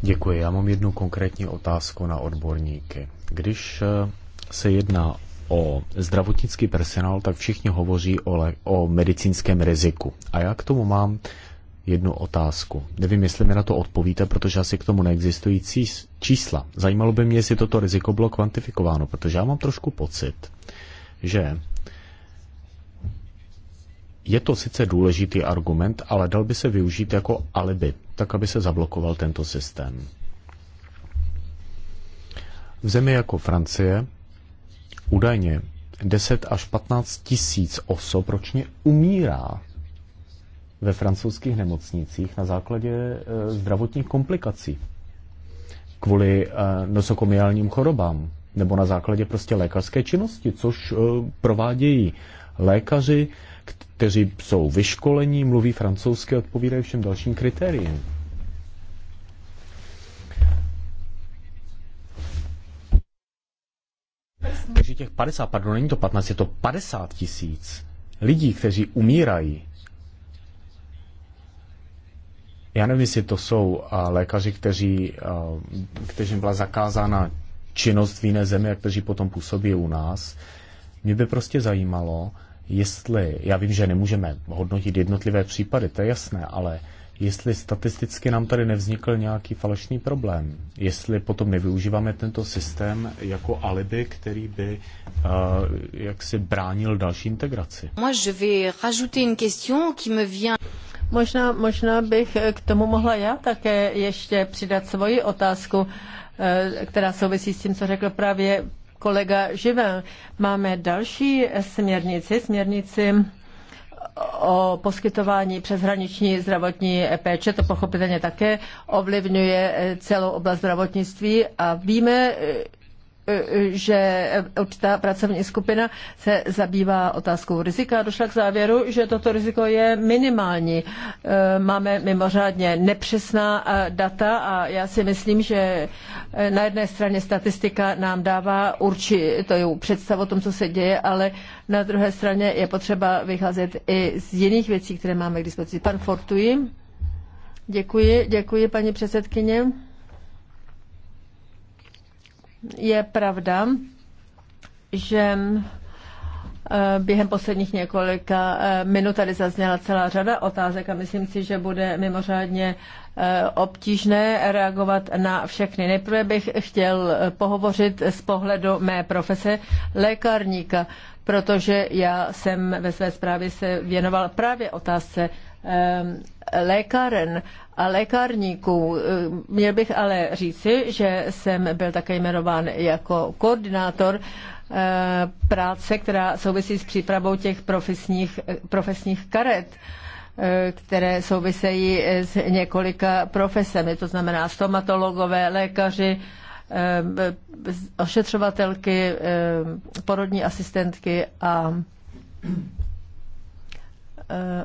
Děkuji, já mám jednu konkrétní otázku na odborníky. Když eh, se jedná o zdravotnický personál, tak všichni hovoří o, le- o medicínském riziku. A já k tomu mám jednu otázku. Nevím, jestli mi na to odpovíte, protože asi k tomu neexistují čísla. Zajímalo by mě, jestli toto riziko bylo kvantifikováno, protože já mám trošku pocit, že je to sice důležitý argument, ale dal by se využít jako alibi, tak aby se zablokoval tento systém. V zemi jako Francie údajně 10 až 15 tisíc osob ročně umírá ve francouzských nemocnicích na základě e, zdravotních komplikací kvůli e, nosokomiálním chorobám nebo na základě prostě lékařské činnosti, což e, provádějí lékaři, kteří jsou vyškolení, mluví francouzsky, odpovídají všem dalším kritériím. Takže těch 50, pardon, není to 15, je to 50 tisíc lidí, kteří umírají. Já nevím, jestli to jsou a eh, lékaři, kteří, eh, kteřím byla zakázána činnost v jiné zemi a kteří potom působí u nás. Mě by prostě zajímalo, jestli, já vím, že nemůžeme hodnotit jednotlivé případy, to je jasné, ale jestli statisticky nám tady nevznikl nějaký falešný problém, jestli potom nevyužíváme tento systém jako alibi, který by uh, jaksi bránil další integraci. Možná, možná bych k tomu mohla já také ještě přidat svoji otázku, eh, která souvisí s tím, co řekl právě kolega Živel. Máme další směrnici, směrnici o poskytování přeshraniční zdravotní péče, to pochopitelně také ovlivňuje celou oblast zdravotnictví a víme, že určitá pracovní skupina se zabývá otázkou rizika a došla k závěru, že toto riziko je minimální. E, máme mimořádně nepřesná e, data a já si myslím, že e, na jedné straně statistika nám dává určitou představu o tom, co se děje, ale na druhé straně je potřeba vycházet i z jiných věcí, které máme k dispozici. Pan Fortuji. Děkuji, děkuji paní předsedkyně. Je pravda, že eh, Během posledních několika eh, minut tady zazněla celá řada otázek a myslím si, že bude mimořádně eh, obtížné reagovat na všechny. Nejprve bych chtěl pohovořit z pohledu mé profese lékárníka, protože já jsem ve své zprávě se věnoval právě otázce lékáren lékárníků. Eh, měl bych ale říci, že jsem byl také jmenován jako koordinátor eh, práce, která souvisí s přípravou těch profesních, eh, profesních karet které souvisejí s několika profesemi, to znamená stomatologové, lékaři, ošetřovatelky, porodní asistentky a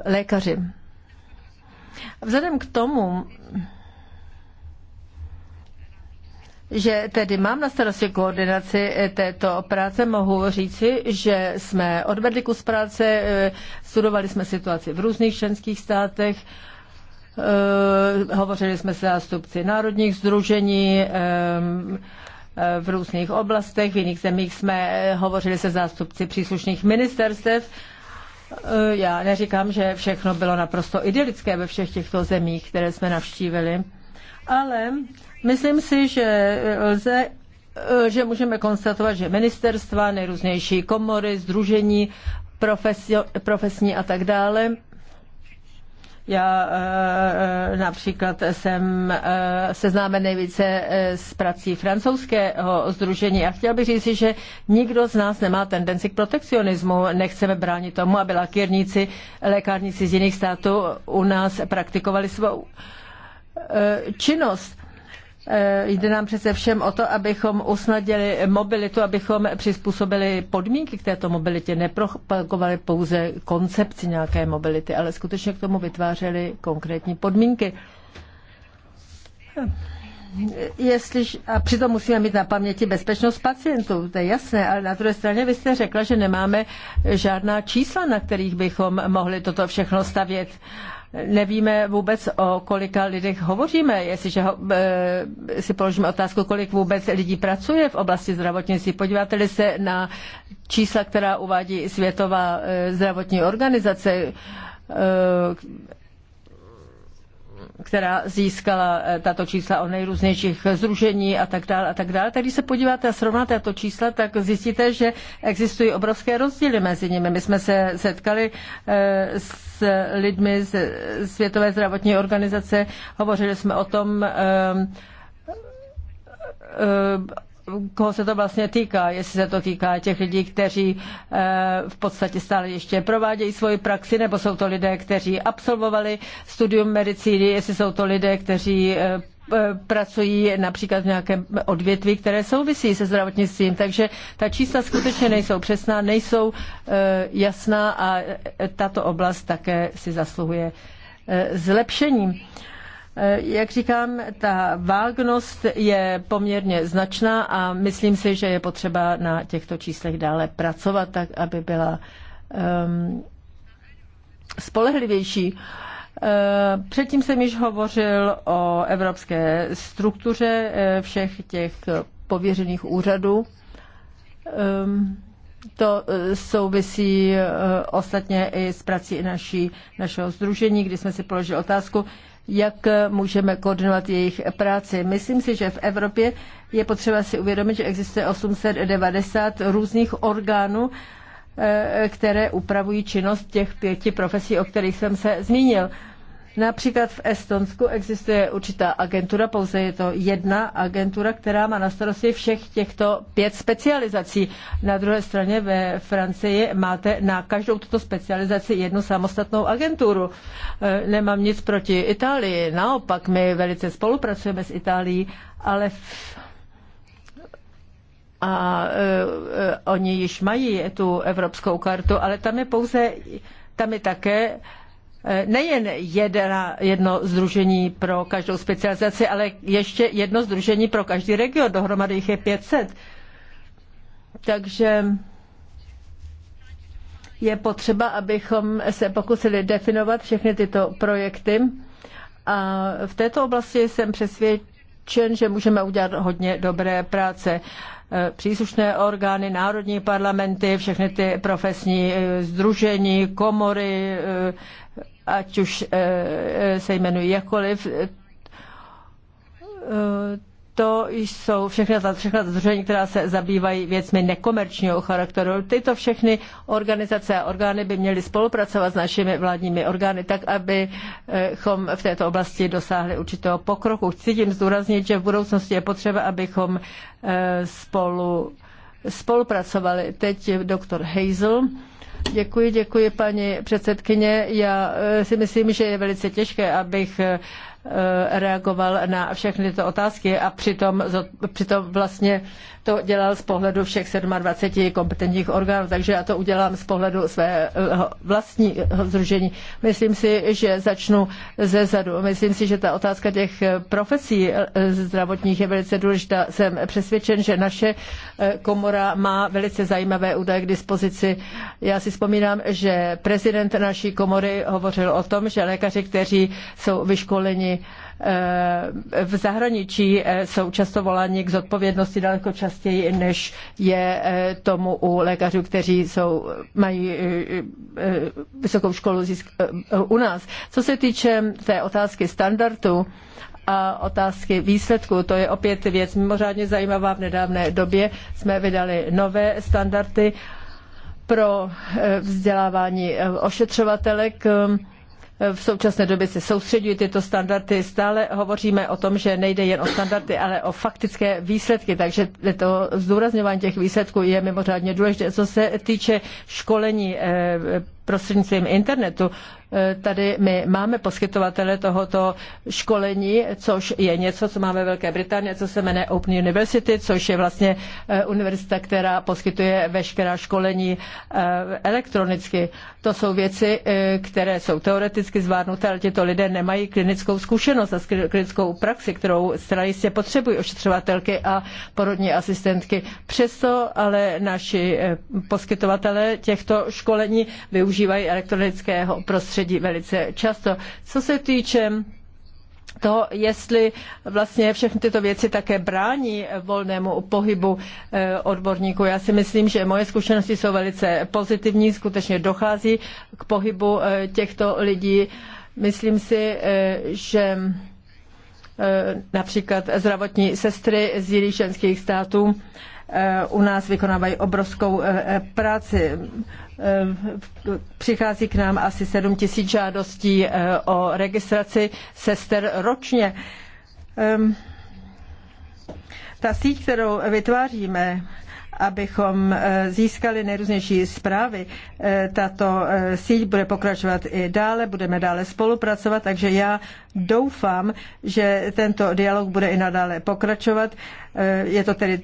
lékaři. Vzhledem k tomu, že tedy mám na starosti koordinaci eh, této práce, mohu říci, že jsme odvedli kus práce, eh, studovali jsme situaci v různých členských státech, eh, hovořili jsme se zástupci národních združení, v různých oblastech, v jiných zemích jsme hovořili se zástupci příslušných ministerstev Eh, já neříkám, že všechno bylo naprosto idylické ve všech těchto zemích, které jsme navštívili, ale myslím si, že eh, lze eh, že můžeme konstatovat, že ministerstva, nejrůznější komory, združení, profesio, profesní a tak dále, já e, e, například jsem e, seznámen nejvíce s prací francouzského združení a chtěl bych říct, že nikdo z nás nemá tendenci k protekcionismu. Nechceme bránit tomu, aby lakírníci, lékárníci z jiných států u nás praktikovali svou činnost Eh, jde nám přece všem o to, abychom usnadili mobilitu, abychom přizpůsobili podmínky k této mobilitě, nepropagovali pouze koncepci nějaké mobility, ale skutečně k tomu vytvářeli konkrétní podmínky. Eh, Jestli, a přitom musíme mít na paměti bezpečnost pacientů, to je jasné, ale na druhé straně vy jste řekla, že nemáme žádná čísla, na kterých bychom mohli toto všechno stavět. Uh, nevíme vůbec, o kolika lidech hovoříme. Jestliže ho, e, si položíme otázku, kolik vůbec lidí pracuje v oblasti zdravotnictví, podíváte se na čísla, která uvádí Světová e, zdravotní organizace, e, která získala eh, tato čísla o nejrůznějších zružení a tak dále a tak dále. Tak když se podíváte a srovnáte tato čísla, tak zjistíte, že existují obrovské rozdíly mezi nimi. My jsme se setkali eh, s lidmi z Světové zdravotní organizace, hovořili jsme o tom, eh, koho se to vlastně týká, jestli se to týká těch lidí, kteří eh, v podstatě stále ještě provádějí svoji praxi, nebo jsou to lidé, kteří absolvovali studium medicíny, jestli jsou to lidé, kteří eh, pracují například v nějakém odvětví, které souvisí se zdravotnictvím. Takže ta čísla skutečně nejsou přesná, nejsou eh, jasná a tato oblast také si zasluhuje zlepšení. Eh, jak říkám, ta vágnost je poměrně značná a myslím si, že je potřeba na těchto číslech dále pracovat, tak aby byla um, spolehlivější. Eh, předtím jsem již hovořil o evropské struktuře eh, všech těch pověřených úřadů. Ehm, to souvisí ostatně i s prací naší, našeho združení, kdy jsme si položili otázku, jak můžeme koordinovat jejich práci. Myslím si, že v Evropě je potřeba si uvědomit, že existuje 890 různých orgánů, eh, které upravují činnost těch pěti profesí, o kterých jsem se zmínil. Například v Estonsku existuje určitá agentura, pouze je to jedna agentura, která má na starosti všech těchto pět specializací. Na druhé straně ve Francii máte na každou tuto specializaci jednu samostatnou agenturu. E, nemám nic proti Itálii, naopak my velice spolupracujeme s Itálií, ale v a e, e oni již mají tu evropskou kartu, ale tam je pouze, tam je také nejen jedna, jedno združení pro každou specializaci, ale ještě jedno združení pro každý region. Dohromady jich je 500. Takže je potřeba, abychom se pokusili definovat všechny tyto projekty. A v této oblasti jsem přesvědčen, že můžeme udělat hodně dobré práce. Příslušné orgány, národní parlamenty, všechny ty profesní eh, združení, komory, eh, ať už eh, eh, se jmenují jakkoliv, eh, to jsou všechna ta, všechna ta združení, která se zabývají věcmi nekomerčního charakteru. Tyto všechny organizace a orgány by měly spolupracovat s našimi vládními orgány, tak abychom v této oblasti dosáhli určitého pokroku. Chci tím zdůraznit, že v budoucnosti je potřeba, abychom spolu spolupracovali. Teď je doktor Hazel. Děkuji, děkuji paní předsedkyně. Já eh, si myslím, že je velice těžké, abych eh, Eh, reagoval na všechny tyto otázky a přitom, přitom vlastně to dělal z pohledu všech 27 kompetentních orgánů, takže já to udělám z pohledu svého vlastního združení. Myslím si, že začnu ze zadu. Myslím si, že ta otázka těch profesí eh, zdravotních je velice důležitá. Jsem přesvědčen, že naše eh, komora má velice zajímavé údaje k dispozici. Já si vzpomínám, že prezident naší komory hovořil o tom, že lékaři, kteří jsou vyškoleni Eh, v zahraničí eh, jsou často voláni k zodpovědnosti daleko častěji, než je eh, tomu u lékařů, kteří jsou, mají vysokou školu u nás. Co se týče té otázky standardu, a otázky výsledku. To je opět věc mimořádně zajímavá. V nedávné době jsme vydali nové standardy pro vzdělávání ošetřovatelek v současné době se soustředují tyto standardy. Stále hovoříme o tom, že nejde jen o standardy, ale o faktické výsledky, takže to zdůrazňování těch výsledků je mimořádně důležité. Co se týče školení eh, prostřednictvím internetu. E, tady my máme poskytovatele tohoto školení, což je něco, co máme v Velké Británii, co se jmenuje Open University, což je vlastně e, univerzita, která poskytuje veškerá školení e, elektronicky. To jsou věci, které jsou teoreticky zvládnuté, ale tito lidé nemají klinickou zkušenost a klinickou praxi, kterou zcela jistě potřebují ošetřovatelky a porodní asistentky. Přesto ale naši poskytovatelé těchto školení využívají využívají elektronického prostředí velice často. Co se týče to, jestli vlastně všechny tyto věci také brání volnému pohybu eh, odborníků. Já si myslím, že moje zkušenosti jsou velice pozitivní, skutečně dochází k pohybu eh, těchto lidí. Myslím si, eh, že například zdravotní sestry z jiných členských států u nás vykonávají obrovskou eh, eh, práci. Eh, přichází k nám asi 7 tisíc žádostí o registraci sester ročně. Ehm, ta síť, kterou vytváříme, abychom získali nejrůznější zprávy. Tato síť bude pokračovat i dále, budeme dále spolupracovat, takže já doufám, že tento dialog bude i nadále pokračovat. Je to tedy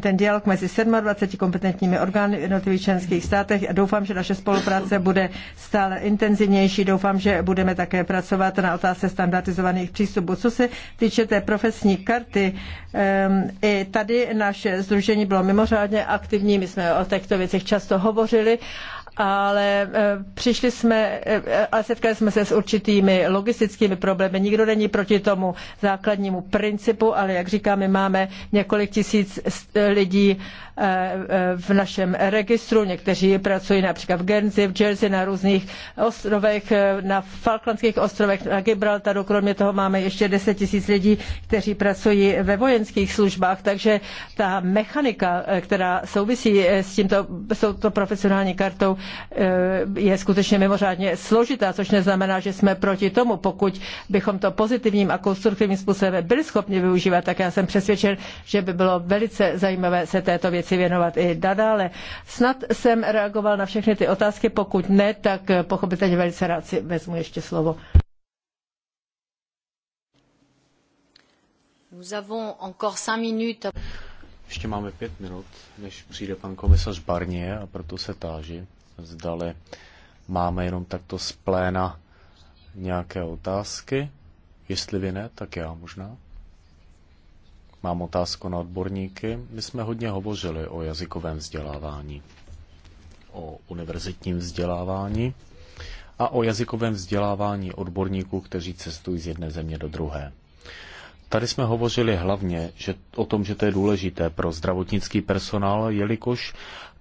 ten dialog mezi 27 kompetentními orgány v jednotlivých členských státech. Doufám, že naše spolupráce bude stále intenzivnější. Doufám, že budeme také pracovat na otázce standardizovaných přístupů. Co se týče té profesní karty, ehm, i tady naše združení bylo mimořádně aktivní. My jsme o těchto věcech často hovořili ale eh, přišli jsme eh, a setkali jsme se s určitými logistickými problémy. Nikdo není proti tomu základnímu principu, ale jak říkáme, máme několik tisíc lidí eh, v našem registru. Někteří pracují například v Guernsey, v Jersey, na různých ostrovech, na Falklandských ostrovech, na Gibraltaru. Kromě toho máme ještě 10 tisíc lidí, kteří pracují ve vojenských službách, takže ta mechanika, která souvisí s tímto, s touto profesionální kartou, je skutečně mimořádně složitá, což neznamená, že jsme proti tomu. Pokud bychom to pozitivním a konstruktivním způsobem byli schopni využívat, tak já jsem přesvědčen, že by bylo velice zajímavé se této věci věnovat i nadále. Snad jsem reagoval na všechny ty otázky, pokud ne, tak pochopitelně velice rád si vezmu ještě slovo. Ještě máme pět minut, než přijde pan komisař Barnier a proto se táži, zdali máme jenom takto z pléna nějaké otázky. Jestli vy ne, tak já možná. Mám otázku na odborníky. My jsme hodně hovořili o jazykovém vzdělávání, o univerzitním vzdělávání a o jazykovém vzdělávání odborníků, kteří cestují z jedné země do druhé. Tady jsme hovořili hlavně že, o tom, že to je důležité pro zdravotnický personál, jelikož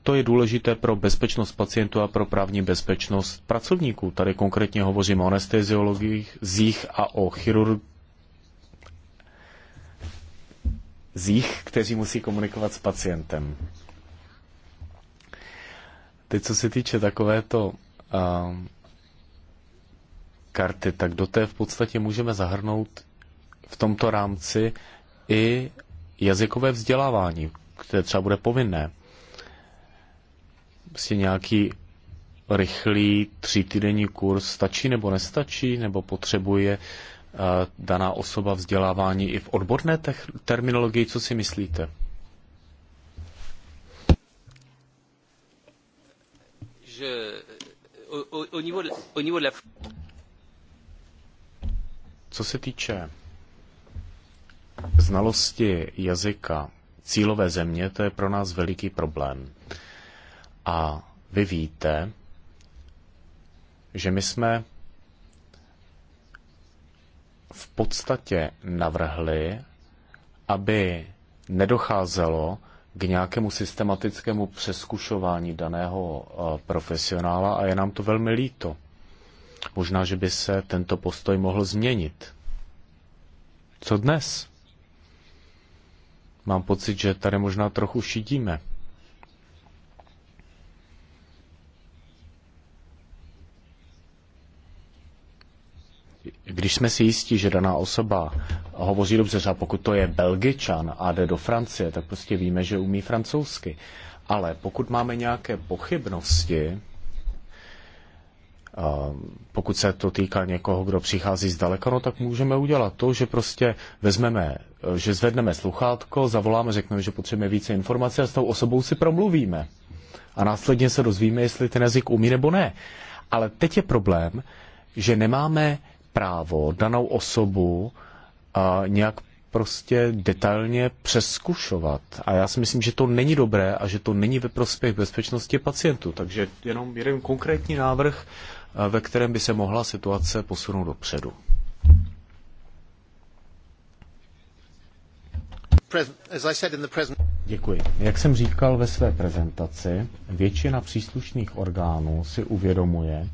to je důležité pro bezpečnost pacientů a pro právní bezpečnost pracovníků. Tady konkrétně hovořím o anesteziologích, zích a o chirurgích zích, kteří musí komunikovat s pacientem. Teď, co se týče takovéto uh, karty, tak do té v podstatě můžeme zahrnout v tomto rámci i jazykové vzdělávání, které třeba bude povinné si nějaký rychlý tři týdenní kurz stačí nebo nestačí, nebo potřebuje eh, daná osoba vzdělávání i v odborné terminologii, co si myslíte? Co se týče znalosti jazyka cílové země, to je pro nás veliký problém. A vy víte, že my jsme v podstatě navrhli, aby nedocházelo k nějakému systematickému přeskušování daného eh, profesionála a je nám to velmi líto. Možná, že by se tento postoj mohl změnit. Co dnes? Mám pocit, že tady možná trochu šidíme. Když jsme si jistí, že daná osoba hovoří dobře, třeba pokud to je Belgičan a jde do Francie, tak prostě víme, že umí francouzsky. Ale pokud máme nějaké pochybnosti, eh, pokud se to týká někoho, kdo přichází z daleka, no tak můžeme udělat to, že prostě vezmeme, eh, že zvedneme sluchátko, zavoláme, řekneme, že potřebujeme více informací a s tou osobou si promluvíme. A následně se dozvíme, jestli ten jazyk umí nebo ne. Ale teď je problém, že nemáme právo, danou osobu uh, nějak prostě detailně přeskušovat. A já si myslím, že to není dobré a že to není ve prospěch bezpečnosti pacientů. Takže jenom jeden konkrétní návrh, ve kterém by se mohla situace posunout dopředu. Děkuji. Jak jsem říkal ve své prezentaci, většina příslušných orgánů si uvědomuje,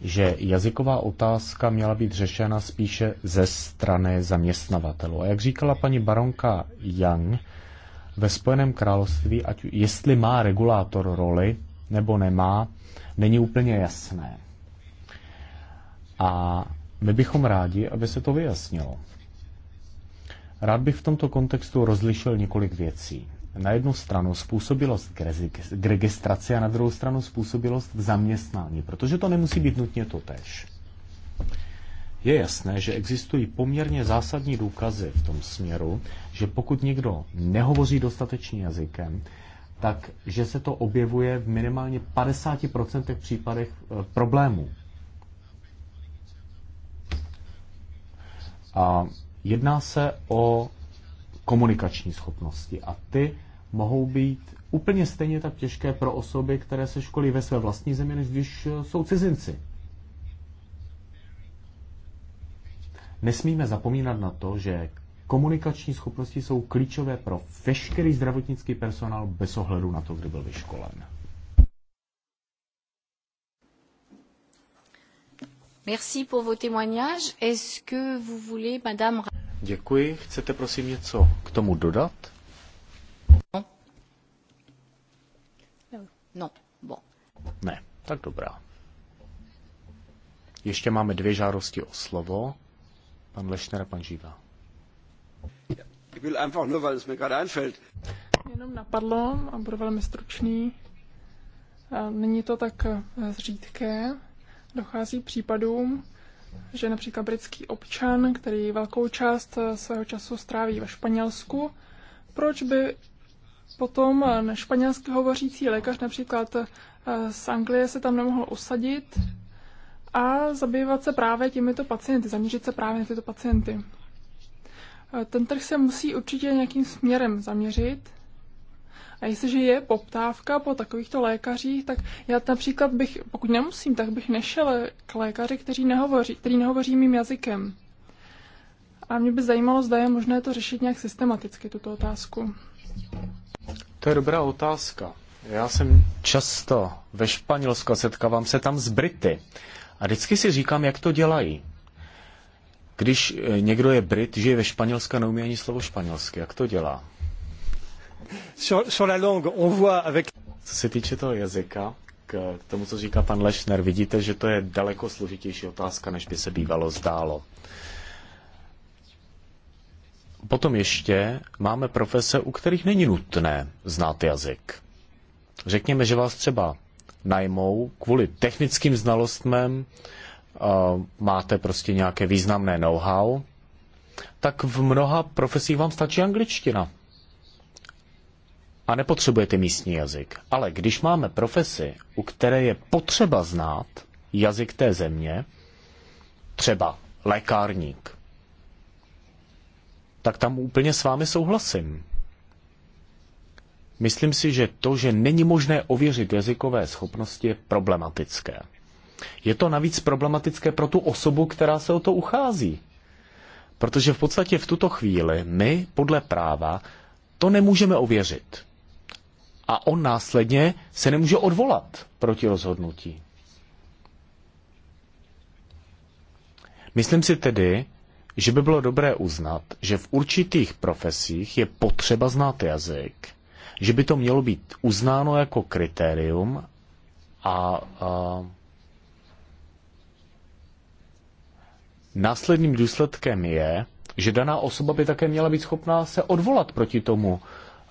že jazyková otázka měla být řešena spíše ze strany zaměstnavatelů. A jak říkala paní baronka Young, ve Spojeném království, ať jestli má regulátor roli nebo nemá, není úplně jasné. A my bychom rádi, aby se to vyjasnilo. Rád bych v tomto kontextu rozlišil několik věcí na jednu stranu způsobilost k registraci a na druhou stranu způsobilost k zaměstnání, protože to nemusí být nutně to tež. Je jasné, že existují poměrně zásadní důkazy v tom směru, že pokud někdo nehovoří dostatečným jazykem, tak že se to objevuje v minimálně 50% případech eh, problémů. A jedná se o komunikační schopnosti a ty mohou být úplně stejně tak těžké pro osoby, které se školí ve své vlastní zemi, než když eh, jsou cizinci. Nesmíme zapomínat na to, že komunikační schopnosti jsou klíčové pro veškerý zdravotnický personál bez ohledu na to, kdy byl vyškolen. Merci pour vos témoignages. Est-ce que vous voulez, madame... Děkuji. Chcete prosím něco k tomu dodat? No. No, bo. Ne, tak dobrá. Ještě máme dvě žádosti o slovo. Pan Lešner a pan Živa. Jenom napadlo a budu velmi stručný. Není to tak eh, zřídké. Dochází případům, že například britský občan, který velkou část eh, svého času stráví ve Španělsku, proč by Potom eh, španělsky hovořící lékař například eh, z Anglie se tam nemohl usadit a zabývat se právě těmito pacienty, zaměřit se právě na tyto pacienty. Eh, ten trh se musí určitě nějakým směrem zaměřit. A jestliže je poptávka po takovýchto lékařích, tak já například bych, pokud nemusím, tak bych nešel k lékaři, který nehovoří, který nehovoří mým jazykem. A mě by zajímalo, zda je možné to řešit nějak systematicky, tuto otázku. To je dobrá otázka. Já jsem často ve Španělsku setkávám se tam s Brity. A vždycky si říkám, jak to dělají. Když eh, někdo je Brit, žije ve Španělsku a neumí ani slovo španělsky, jak to dělá? Sur, la langue, on voit avec... Co se týče toho jazyka, k tomu, co říká pan Lešner, vidíte, že to je daleko složitější otázka, než by se bývalo zdálo. Potom ještě máme profese, u kterých není nutné znát jazyk. Řekněme, že vás třeba najmou kvůli technickým znalostmem, máte prostě nějaké významné know-how, tak v mnoha profesích vám stačí angličtina. A nepotřebujete místní jazyk. Ale když máme profesi, u které je potřeba znát jazyk té země, třeba lékárník, tak tam úplně s vámi souhlasím. Myslím si, že to, že není možné ověřit jazykové schopnosti, je problematické. Je to navíc problematické pro tu osobu, která se o to uchází. Protože v podstatě v tuto chvíli my, podle práva, to nemůžeme ověřit. A on následně se nemůže odvolat proti rozhodnutí. Myslím si tedy, že by bylo dobré uznat, že v určitých profesích je potřeba znát jazyk, že by to mělo být uznáno jako kritérium a, a následným důsledkem je, že daná osoba by také měla být schopná se odvolat proti tomu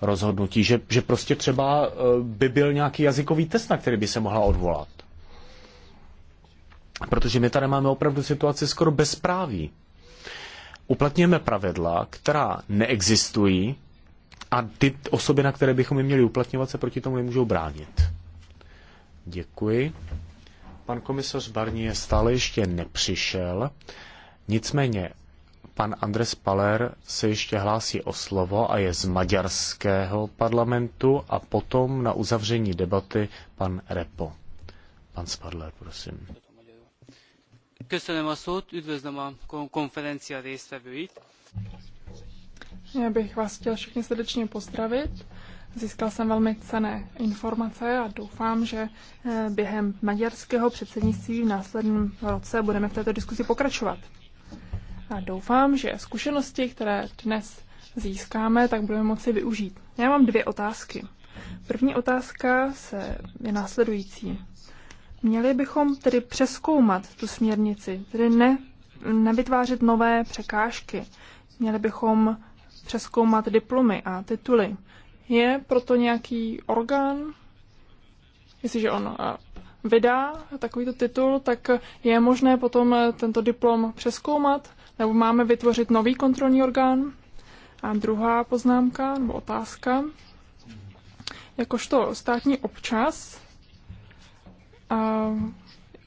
rozhodnutí, že, že prostě třeba e, by byl nějaký jazykový test, na který by se mohla odvolat. Protože my tady máme opravdu situaci skoro bezpráví uplatňujeme pravidla, která neexistují a ty osoby, na které bychom je měli uplatňovat, se proti tomu nemůžou bránit. Děkuji. Pan komisař Barnier stále ještě nepřišel, nicméně pan Andres Paler se ještě hlásí o slovo a je z maďarského parlamentu a potom na uzavření debaty pan Repo. Pan Spadler, prosím. Köszönöm a szót, üdvözlöm a konferencia résztvevőit. Já bych vás chtěl všichni srdečně pozdravit. Získal jsem velmi cené informace a doufám, že eh, během maďarského předsednictví v následném roce budeme v této diskusi pokračovat. A doufám, že zkušenosti, které dnes získáme, tak budeme moci využít. Já mám dvě otázky. První otázka se je následující. Měli bychom tedy přeskoumat tu směrnici, tedy ne, nevytvářet nové překážky. Měli bychom přeskoumat diplomy a tituly. Je proto nějaký orgán, jestliže on eh, vydá takovýto titul, tak je možné potom eh, tento diplom přeskoumat, nebo máme vytvořit nový kontrolní orgán. A druhá poznámka nebo otázka. Jakožto státní občas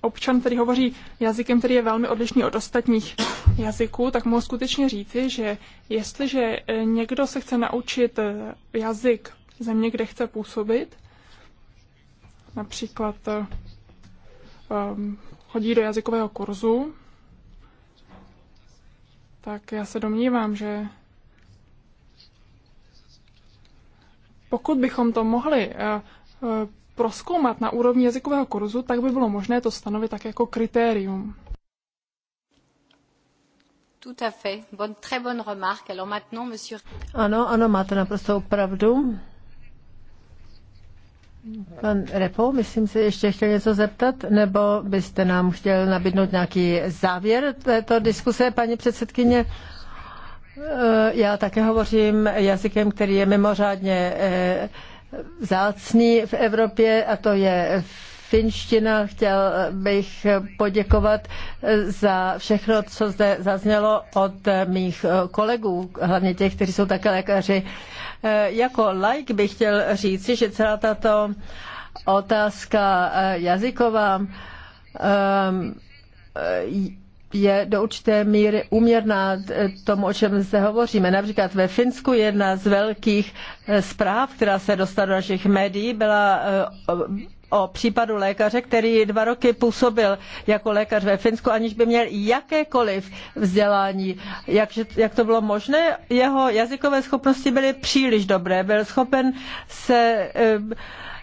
občan, který hovoří jazykem, který je velmi odlišný od ostatních jazyků, tak mohu skutečně říci, že jestliže eh, někdo se chce naučit eh, jazyk země, kde chce působit, například um, chodí do jazykového kurzu, tak já se domnívám, že pokud bychom to mohli uh, uh, proskoumat na úrovni jazykového kurzu, tak by bylo možné to stanovit tak jako kritérium. Tout à fait. Bon, très bonne remarque. Alors maintenant, monsieur... Ano, ano, máte naprosto pravdu. Pan Repo, myslím si, ještě chtěl něco zeptat, nebo byste nám chtěl nabídnout nějaký závěr této diskuse, paní předsedkyně? Eh, já také hovořím jazykem, který je mimořádně eh, zácný v Evropě a to je finština. Chtěl bych poděkovat za všechno, co zde zaznělo od mých kolegů, hlavně těch, kteří jsou také lékaři. Jako like bych chtěl říci, že celá tato otázka jazyková um, je do určité míry uměrná tomu, o čem se hovoříme. Například ve Finsku jedna z velkých eh, zpráv, která se dostala do našich médií, byla eh, o případu lékaře, který dva roky působil jako lékař ve Finsku, aniž by měl jakékoliv vzdělání. Jak, jak to bylo možné? Jeho jazykové schopnosti byly příliš dobré. Byl schopen se eh,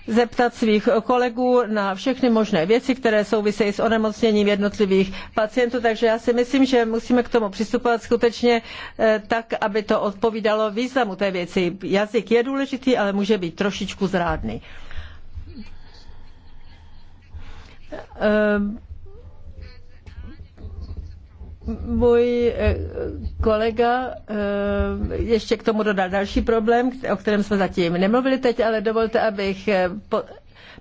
zeptat svých kolegů na všechny možné věci, které souvisejí s onemocněním jednotlivých pacientů, takže já si myslím, že musíme k tomu přistupovat skutečně eh, tak, aby to odpovídalo významu té věci. Jazyk je důležitý, ale může být trošičku zrádný. Eh, můj eh, kolega eh, ještě k tomu dodal další problém, o kterém jsme zatím nemluvili teď, ale dovolte, abych eh, po,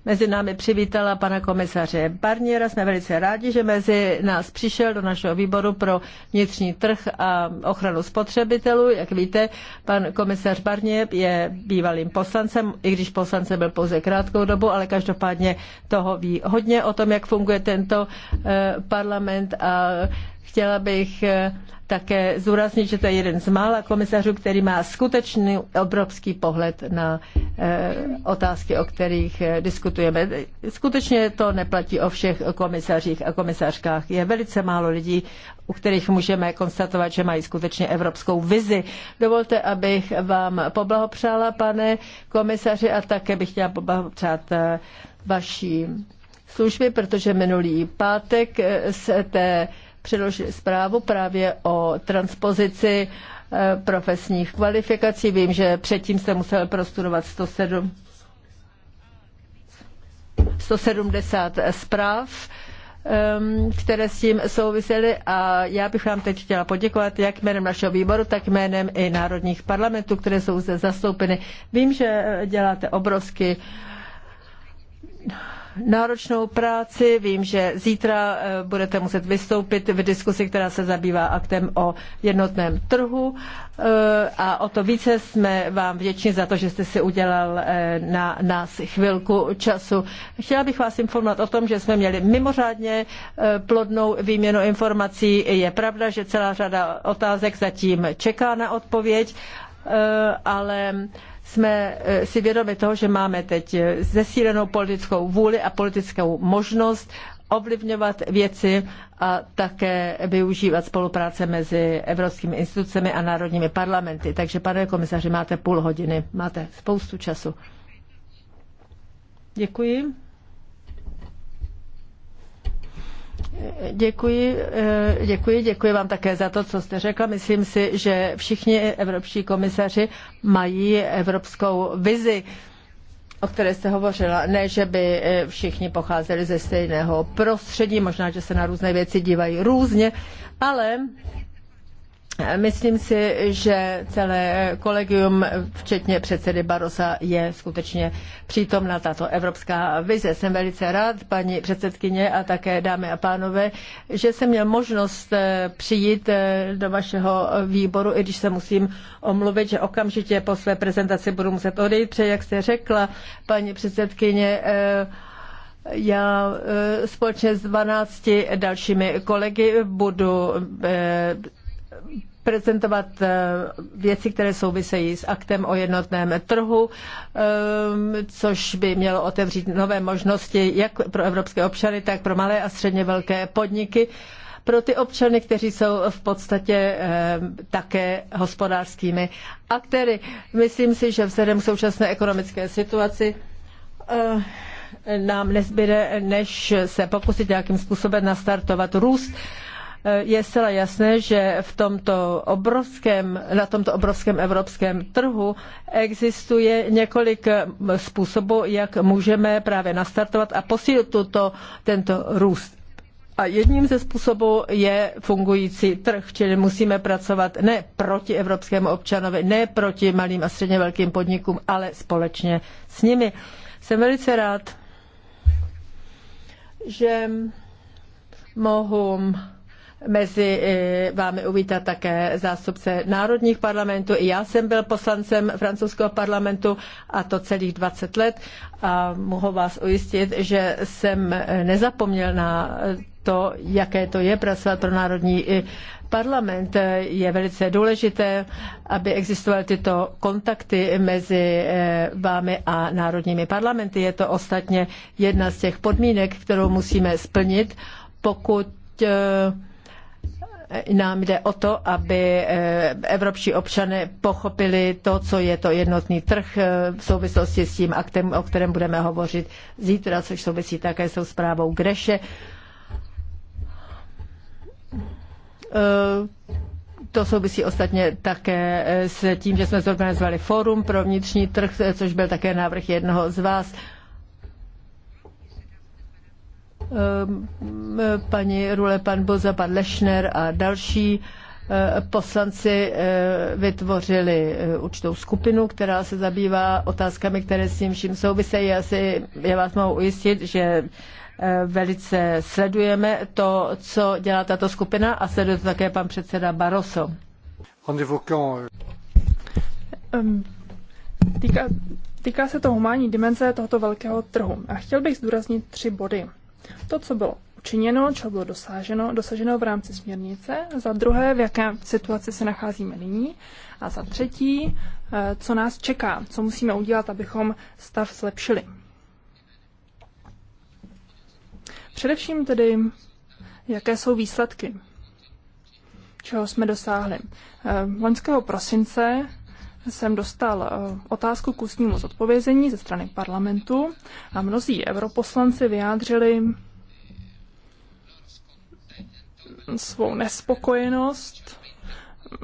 mezi námi přivítala pana komisaře Barniera. Jsme velice rádi, že mezi nás přišel do našeho výboru pro vnitřní trh a ochranu spotřebitelů. Jak víte, pan komisař Barnier je bývalým poslancem, i když poslancem byl pouze krátkou dobu, ale každopádně toho ví hodně o tom, jak funguje tento parlament a Chtěla bych eh, také zúraznit, že to je jeden z mála komisařů, který má skutečný obrovský pohled na eh, otázky, o kterých eh, diskutujeme. Skutečně to neplatí o všech komisařích a komisařkách. Je velice málo lidí, u kterých můžeme konstatovat, že mají skutečně evropskou vizi. Dovolte, abych vám poblahopřála, pane komisaři, a také bych chtěla poblahopřát vaší služby, protože minulý pátek té předložili zprávu právě o transpozici eh, profesních kvalifikací. Vím, že předtím jste musel prostudovat 107, 170 zpráv ehm, které s tím souvisely a já bych vám teď chtěla poděkovat jak jménem našeho výboru, tak jménem i národních parlamentů, které jsou zde zastoupeny. Vím, že děláte obrovsky náročnou práci. Vím, že zítra eh, budete muset vystoupit v diskusi, která se zabývá aktem o jednotném trhu eh, a o to více jsme vám vděční za to, že jste si udělal eh, na nás chvilku času. Chtěla bych vás informovat o tom, že jsme měli mimořádně plodnou výměnu informací. Je pravda, že celá řada otázek zatím čeká na odpověď, ale jsme eh, si vědomi toho, že máme teď eh, zesílenou politickou vůli a politickou možnost ovlivňovat věci a také využívat spolupráce mezi evropskými institucemi a národními parlamenty. Takže, pane komisaři, máte půl hodiny, máte spoustu času. Děkuji. Děkuji, eh, děkuji, děkuji vám také za to, co jste řekla. Myslím si, že všichni evropští komisaři mají evropskou vizi, o které jste hovořila. Ne, že by eh, všichni pocházeli ze stejného prostředí, možná, že se na různé věci dívají různě, ale Myslím si, že celé kolegium, včetně předsedy Barosa, je skutečně přítomna tato evropská vize. Jsem velice rád, paní předsedkyně a také dámy a pánové, že jsem měl možnost eh, přijít eh, do vašeho výboru, i když se musím omluvit, že okamžitě po své prezentaci budu muset odejít, protože, jak jste řekla, paní předsedkyně, eh, já společně s 12 dalšími kolegy budu prezentovat eh, věci, které souvisejí s aktem o jednotném trhu, ehm, což by mělo otevřít nové možnosti jak pro evropské občany, tak pro malé a středně velké podniky, pro ty občany, kteří jsou v podstatě ehm, také hospodářskými aktéry. Myslím si, že vzhledem k současné ekonomické situaci eh, nám nezbyde, než se pokusit nějakým způsobem nastartovat růst Eh, je zcela jasné, že v tomto obrovském, na tomto obrovském evropském trhu existuje několik eh, způsobů, jak můžeme právě nastartovat a posílit tuto, tento růst. A jedním ze způsobů je fungující trh, čili musíme pracovat ne proti evropskému občanovi, ne proti malým a středně velkým podnikům, ale společně s nimi. Jsem velice rád, že mohu mezi e, vámi uvítat také zástupce národních parlamentů. I já jsem byl poslancem francouzského parlamentu a to celých 20 let a mohu vás ujistit, že jsem nezapomněl na to, jaké to je pracovat pro národní e, parlament. Je velice důležité, aby existovaly tyto kontakty mezi e, vámi a národními parlamenty. Je to ostatně jedna z těch podmínek, kterou musíme splnit, pokud nám jde o to, aby eh, evropští občané pochopili to, co je to jednotný trh eh, v souvislosti s tím aktem, o kterém budeme hovořit zítra, což souvisí také se zprávou Greše. Eh, to souvisí ostatně také s tím, že jsme zorganizovali fórum pro vnitřní trh, což byl také návrh jednoho z vás. Ehm, paní Rule, pan Boza, pan Lešner a další eh, poslanci eh, vytvořili eh, určitou skupinu, která se zabývá otázkami, které s tím vším souvisejí. Já, si, já vás mohu ujistit, že velice sledujeme to, co dělá tato skupina a sleduje to také pan předseda Barroso. Euh, ehm, týká, týká se to humánní dimenze tohoto velkého trhu. A chtěl bych zdůraznit tři body to, co bylo učiněno, co bylo dosaženo, dosaženo v rámci směrnice, za druhé, v jaké situaci se nacházíme nyní a za třetí, eh, co nás čeká, co musíme udělat, abychom stav zlepšili. Především tedy, jaké jsou výsledky, čeho jsme dosáhli. Eh, loňského prosince jsem dostal eh, otázku k ústnímu zodpovězení ze strany parlamentu a mnozí europoslanci vyjádřili svou nespokojenost.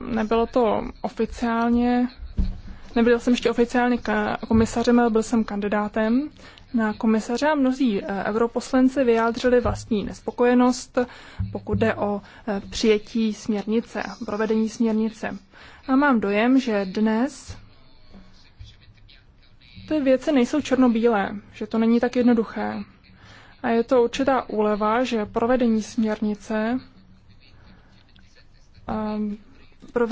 Nebylo to oficiálně, nebyl jsem ještě oficiálně komisařem, ale byl jsem kandidátem na komisaře a mnozí eh, europoslenci vyjádřili vlastní nespokojenost, pokud jde o eh, přijetí směrnice, provedení směrnice. A mám dojem, že dnes ty věci nejsou černobílé, že to není tak jednoduché. A je to určitá úleva, že provedení směrnice ehm,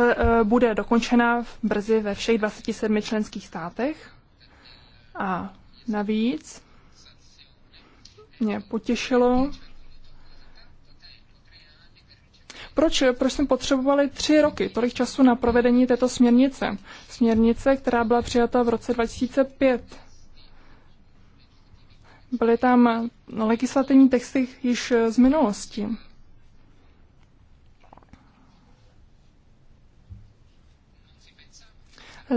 eh, bude dokončena brzy ve všech 27 členských státech a Navíc mě potěšilo, proč, proč jsme potřebovali tři roky, tolik času na provedení této směrnice. Směrnice, která byla přijata v roce 2005. Byly tam legislativní texty již z minulosti.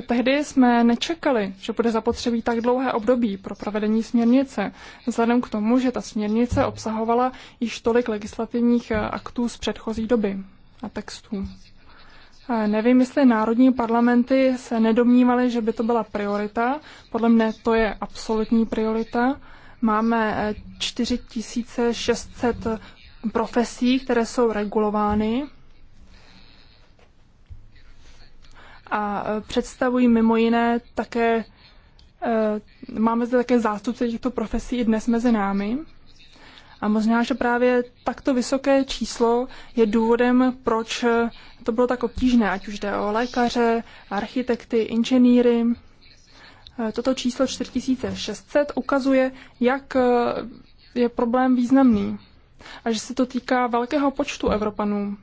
Tehdy jsme nečekali, že bude zapotřebí tak dlouhé období pro provedení směrnice, vzhledem k tomu, že ta směrnice obsahovala již tolik legislativních eh, aktů z předchozí doby a textů. Eh, nevím, jestli národní parlamenty se nedomnívaly, že by to byla priorita. Podle mne to je absolutní priorita. Máme 4600 eh, profesí, které jsou regulovány a e, představují mimo jiné také, e, máme zde také zástupce těchto profesí i dnes mezi námi. A možná, že právě takto vysoké číslo je důvodem, proč e, to bylo tak obtížné, ať už jde o lékaře, architekty, inženýry. Toto číslo 4600 ukazuje, jak je problém významný a že se to týká velkého počtu Evropanů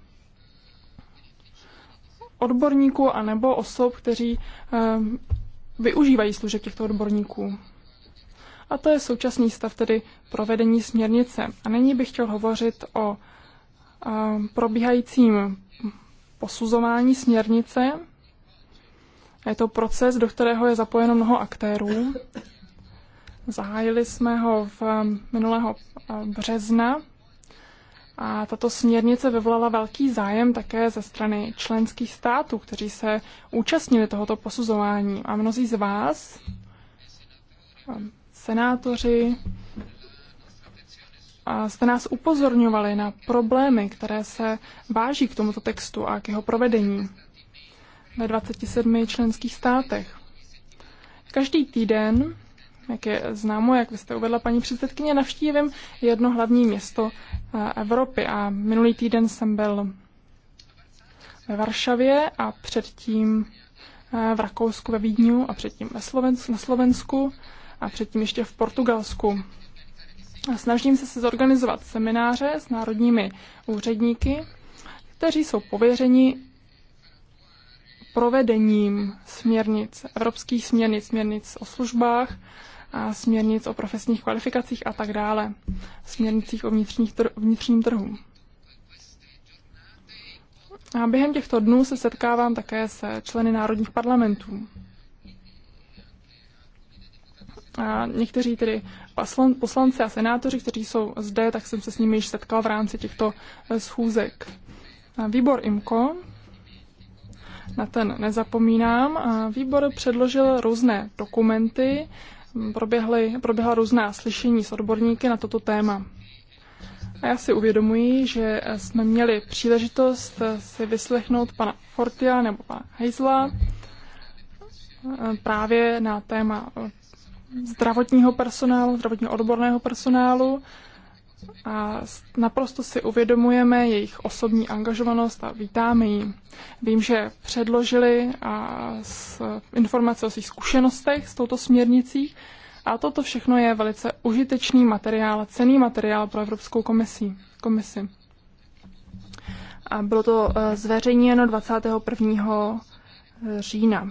odborníků anebo osob, kteří ehm, využívají služeb těchto odborníků. A to je současný stav tedy provedení směrnice. A nyní bych chtěl hovořit o ehm, probíhajícím posuzování směrnice. Je to proces, do kterého je zapojeno mnoho aktérů. Zahájili jsme ho v ehm, minulého března a tato směrnice vyvolala velký zájem také ze strany členských států, kteří se účastnili tohoto posuzování. A mnozí z vás, ehm, senátoři, jste nás upozorňovali na problémy, které se váží k tomuto textu a k jeho provedení ve 27 členských státech. Každý týden jak je známo, jak vy jste uvedla paní předsedkyně, navštívím jedno hlavní město eh, Evropy a minulý týden jsem byl ve Varšavě a předtím eh, v Rakousku ve Vídňu a předtím ve Slovensku, na Slovensku a předtím ještě v Portugalsku. A snažím se se zorganizovat semináře s národními úředníky, kteří jsou pověřeni provedením směrnic, evropských směrnic, směrnic o službách a směrnic o profesních kvalifikacích a tak dále, směrnicích o vnitřních tr- vnitřním trhu. A během těchto dnů se setkávám také se členy národních parlamentů. A někteří tedy poslanci a senátoři, kteří jsou zde, tak jsem se s nimi již setkal v rámci těchto eh, schůzek. A výbor IMCO, na ten nezapomínám, a výbor předložil různé dokumenty, proběhly, proběhla různá slyšení s odborníky na toto téma. A já si uvědomuji, že jsme měli příležitost si vyslechnout pana Fortia nebo pana Heisla eh, právě na téma zdravotního personálu, zdravotního odborného personálu a naprosto si uvědomujeme jejich osobní angažovanost a vítáme ji. Vím, že předložili a s, informace o svých zkušenostech s touto směrnicí a toto všechno je velice užitečný materiál, cený materiál pro Evropskou komisí, komisi. A bylo to e, zveřejněno 21. E, října.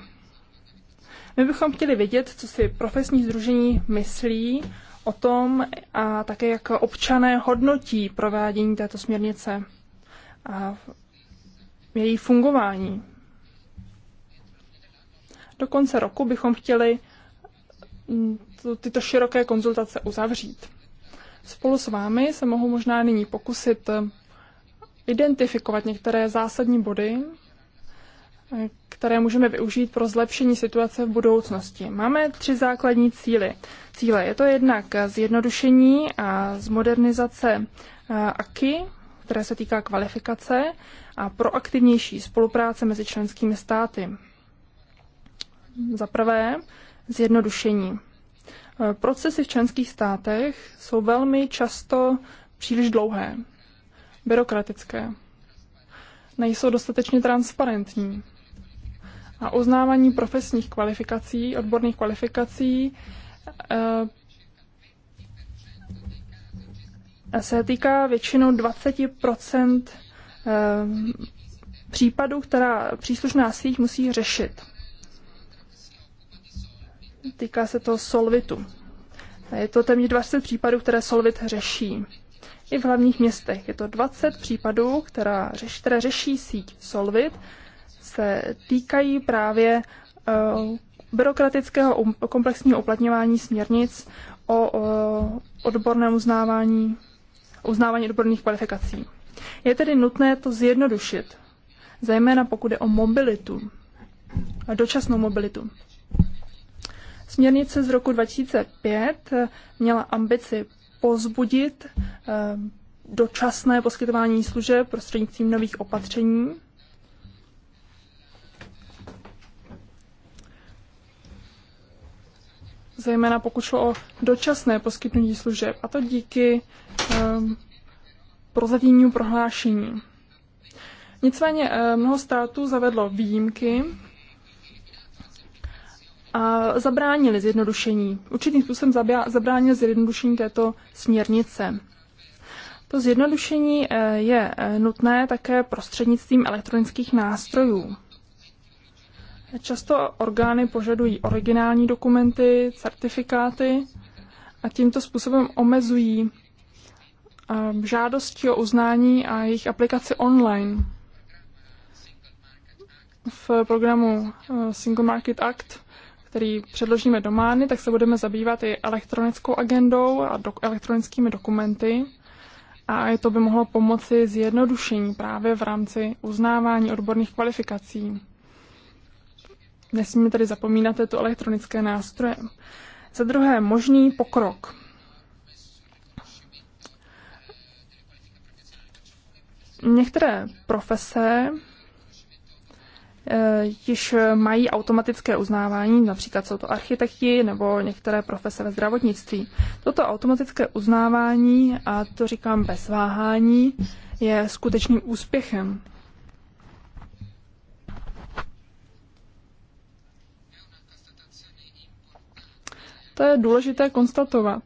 My bychom chtěli vědět, co si profesní združení myslí o tom a také jak občané hodnotí provádění této směrnice a její fungování. Do konce roku bychom chtěli mm, tyto široké konzultace uzavřít. Spolu s vámi se mohu možná nyní pokusit identifikovat některé zásadní body, které můžeme využít pro zlepšení situace v budoucnosti. Máme tři základní cíly. Cíle je to jednak zjednodušení a zmodernizace eh, AKI, které se týká kvalifikace a proaktivnější spolupráce mezi členskými státy. Za prvé, zjednodušení. Eh, procesy v členských státech jsou velmi často příliš dlouhé, byrokratické, nejsou dostatečně transparentní. A uznávání profesních kvalifikací, odborných kvalifikací eh, se týká většinou 20 eh, případů, která příslušná síť musí řešit. Týká se to Solvitu. Je to téměř 20 případů, které Solvit řeší. I v hlavních městech je to 20 případů, která řeš, které řeší síť Solvit se týkají právě eh, byrokratického um, komplexního uplatňování směrnic o odborném uznávání, uznávání odborných kvalifikací. Je tedy nutné to zjednodušit, zejména pokud je o mobilitu, dočasnou mobilitu. Směrnice z roku 2005 eh, měla ambici pozbudit eh, dočasné poskytování služeb prostřednictvím nových opatření zejména pokud šlo o dočasné poskytnutí služeb, a to díky um, prozatímnímu prohlášení. Nicméně eh, mnoho států zavedlo výjimky a zabránili zjednodušení. Určitým způsobem zabránili zjednodušení této směrnice. To zjednodušení eh, je eh, nutné také prostřednictvím elektronických nástrojů. Často orgány požadují originální dokumenty, certifikáty a tímto způsobem omezují um, žádosti o uznání a jejich aplikaci online. V programu uh, Single Market Act, který předložíme do Mány, tak se budeme zabývat i elektronickou agendou a do, elektronickými dokumenty. A to by mohlo pomoci zjednodušení právě v rámci uznávání odborných kvalifikací. Nesmíme tedy zapomínat tyto elektronické nástroje. Za druhé, možný pokrok. Některé profese eh, již mají automatické uznávání, například jsou to architekti nebo některé profese ve zdravotnictví. Toto automatické uznávání, a to říkám bez váhání, je skutečným úspěchem. To je důležité konstatovat.